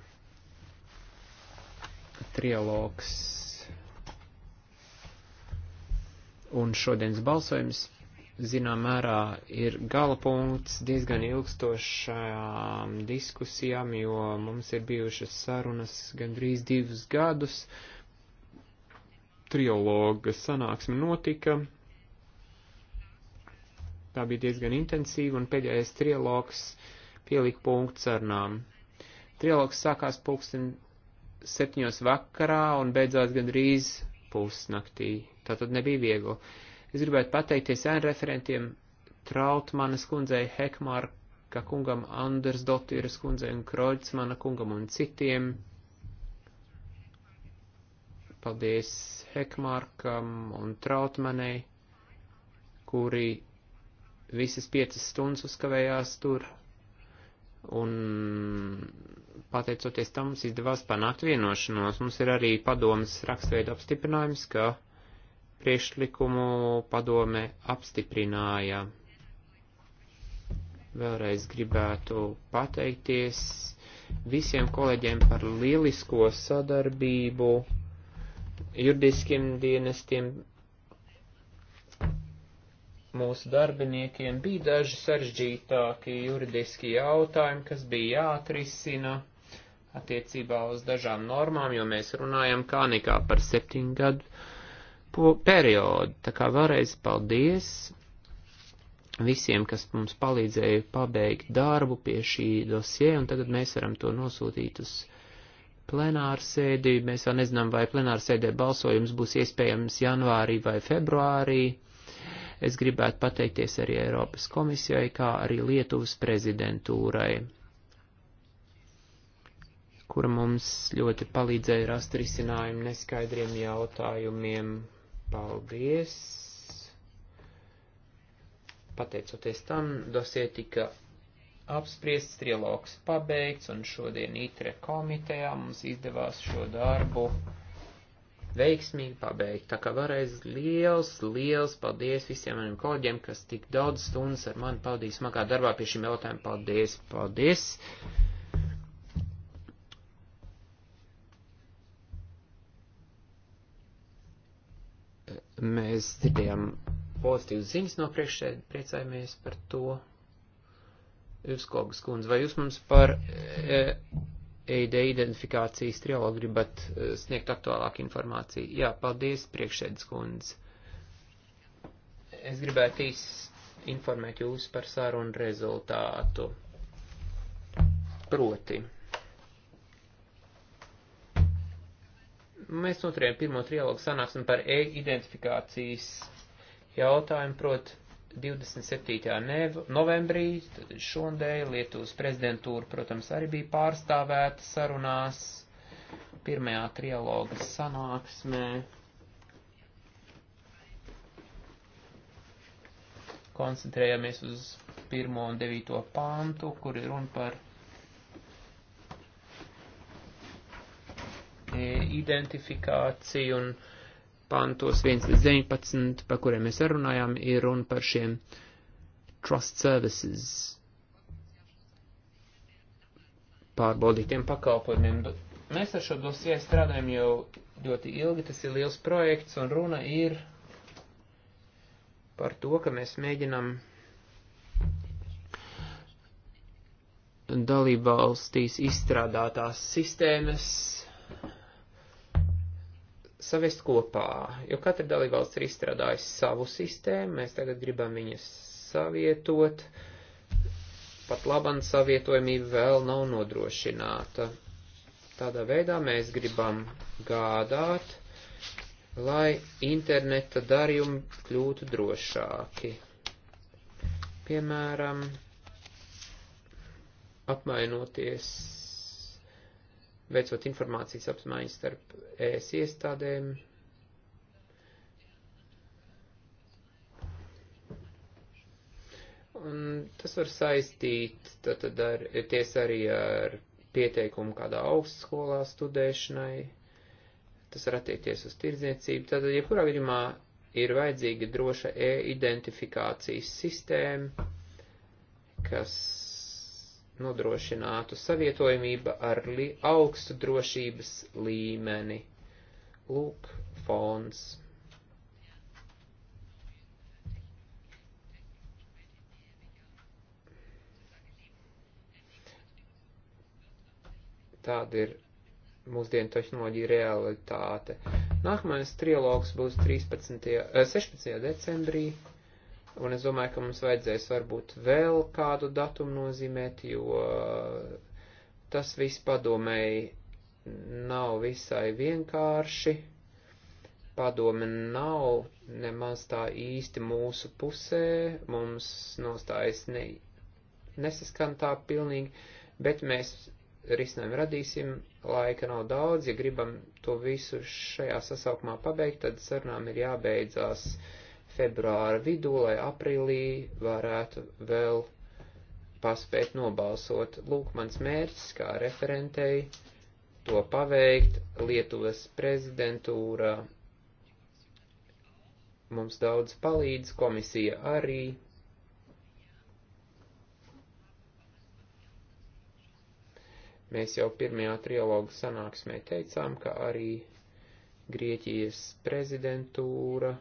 S3: trialogs un šodienas balsojums zinām mērā ir gala punkts diezgan ilgstošām diskusijām, jo mums ir bijušas sarunas gandrīz divus gadus. Triologa sanāksme notika. Tā bija diezgan intensīva un pēdējais trialogs pielika punktu sarunām. Trialogs sākās pulksten septiņos vakarā un beidzās gandrīz pusnaktī. Tā tad nebija viegli. Es gribētu pateikties ēnu referentiem Trautmanas kundzei, Hekmārka kungam, Anders Dotīras kundzei un Kroļcmana kungam un citiem. Paldies Hekmārkam un Trautmanai, kuri visas piecas stundas uzkavējās tur un pateicoties tam mums izdevās panākt vienošanos. Mums ir arī padomas rakstveida apstiprinājums, ka priešlikumu padome apstiprināja. Vēlreiz gribētu pateikties visiem kolēģiem par lielisko sadarbību juridiskiem dienestiem, mūsu darbiniekiem bija daži sarežģītāki juridiski jautājumi, kas bija jāatrisina attiecībā uz dažām normām, jo mēs runājam kā nekā par septiņu gadu periodu. Tā kā vēlreiz paldies visiem, kas mums palīdzēja pabeigt darbu pie šī dosie, un tagad mēs varam to nosūtīt uz plenārsēdi. Mēs vēl nezinām, vai plenārsēdē balsojums būs iespējams janvārī vai februārī. Es gribētu pateikties arī Eiropas komisijai, kā arī Lietuvas prezidentūrai, kura mums ļoti palīdzēja rast risinājumu neskaidriem jautājumiem. Paldies! Pateicoties tam, dosie tika apspriests, trilogs pabeigts, un šodien ITRE komitejā mums izdevās šo darbu veiksmīgi pabeigt. Tā kā vēlreiz liels, liels paldies visiem maniem kolēģiem, kas tik daudz stundas ar mani pavadīja smagā darbā pie šiem jautājumiem. Paldies, paldies! Mēs dzirdējām pozitīvas ziņas no priekšsēdē, priecājamies par to. Jūs, Kogas kundze, vai jūs mums par e, EID identifikācijas trialogu gribat eh, sniegt aktuālāku informāciju. Jā, paldies, priekšsēdus kundze. Es gribētu īs informēt jūs par sarunu rezultātu. Proti. Mēs noturējam pirmo trialogu sanāksim par e-identifikācijas jautājumu, proti 27. novembrī šodien Lietuvas prezidentūra, protams, arī bija pārstāvēta sarunās pirmajā trialoga sanāksmē. Koncentrējamies uz 1 un 9 pāntu, kur ir runa par e, identifikāciju un pantos 1 līdz 19, par kuriem mēs runājām, ir runa par šiem trust services pārbaudītiem pakalpojumiem. Bet mēs ar šo dosiju strādājam jau ļoti ilgi, tas ir liels projekts, un runa ir par to, ka mēs mēģinam dalībvalstīs izstrādātās sistēmas savest kopā, jo katra dalībvalsts ir izstrādājusi savu sistēmu, mēs tagad gribam viņas savietot, pat laban savietojamība vēl nav nodrošināta. Tādā veidā mēs gribam gādāt, lai interneta darījumi kļūtu drošāki. Piemēram, apmainoties veicot informācijas apmaiņu starp ES iestādēm. Un tas var saistīt tātad ar, ties arī ar pieteikumu kādā augstskolā studēšanai. Tas var attiekties uz tirdzniecību. Tātad, jebkurā ja gadījumā ir vajadzīga droša e-identifikācijas sistēma, kas nodrošinātu savietojamība ar li augstu drošības līmeni. Lūk, fons. Tāda ir mūsdienu tehnoloģija realitāte. Nākamais trialogs būs 13, 16. Eh, decembrī un es domāju, ka mums vajadzēs varbūt vēl kādu datumu nozīmēt, jo uh, tas viss padomēji nav visai vienkārši. Padome nav nemaz tā īsti mūsu pusē, mums nostājas ne, nesaskan tā pilnīgi, bet mēs risinājumu radīsim, laika nav daudz, ja gribam to visu šajā sasaukumā pabeigt, tad sarunām ir jābeidzās uh, februāra vidū, lai aprīlī varētu vēl paspēt nobalsot. Lūk, mans mērķis kā referentei to paveikt. Lietuvas prezidentūra mums daudz palīdz, komisija arī. Mēs jau pirmajā trialogu sanāksmē teicām, ka arī Grieķijas prezidentūra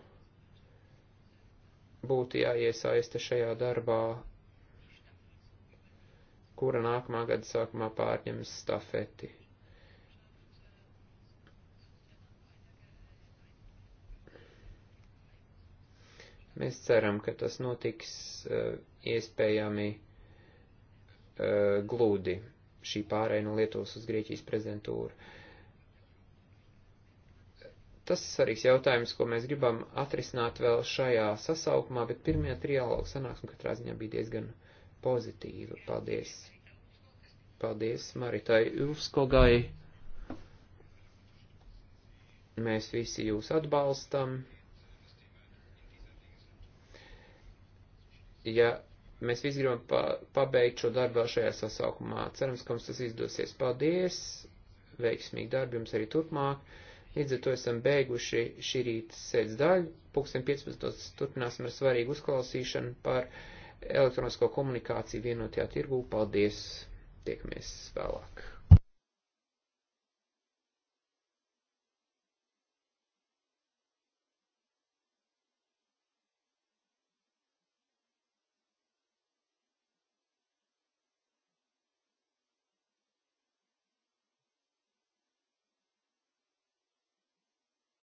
S3: būtu jāiesaista šajā darbā, kura nākamā gada sākumā pārņems stafeti. Mēs ceram, ka tas notiks uh, iespējami uh, glūdi šī pārēja no Lietuvas uz Grieķijas prezidentūru. Uh, Tas ir svarīgs jautājums, ko mēs gribam atrisināt vēl šajā sasaukumā, bet pirmajā trialogu sanāksme katrā ziņā bija diezgan pozitīva. Paldies! Paldies Maritai Ulfskogai! Mēs visi jūs atbalstam. Ja mēs visi gribam pa, pabeigt šo darbu vēl šajā sasaukumā. Cerams, ka mums tas izdosies. Paldies! Veiksmīgi darbi jums arī turpmāk! Līdz ar to esam beiguši šī rīta sēdz daļu. Pūkstiem 15. turpināsim ar svarīgu uzklausīšanu par elektronisko komunikāciju vienotajā tirgū. Paldies! Tiekamies vēlāk!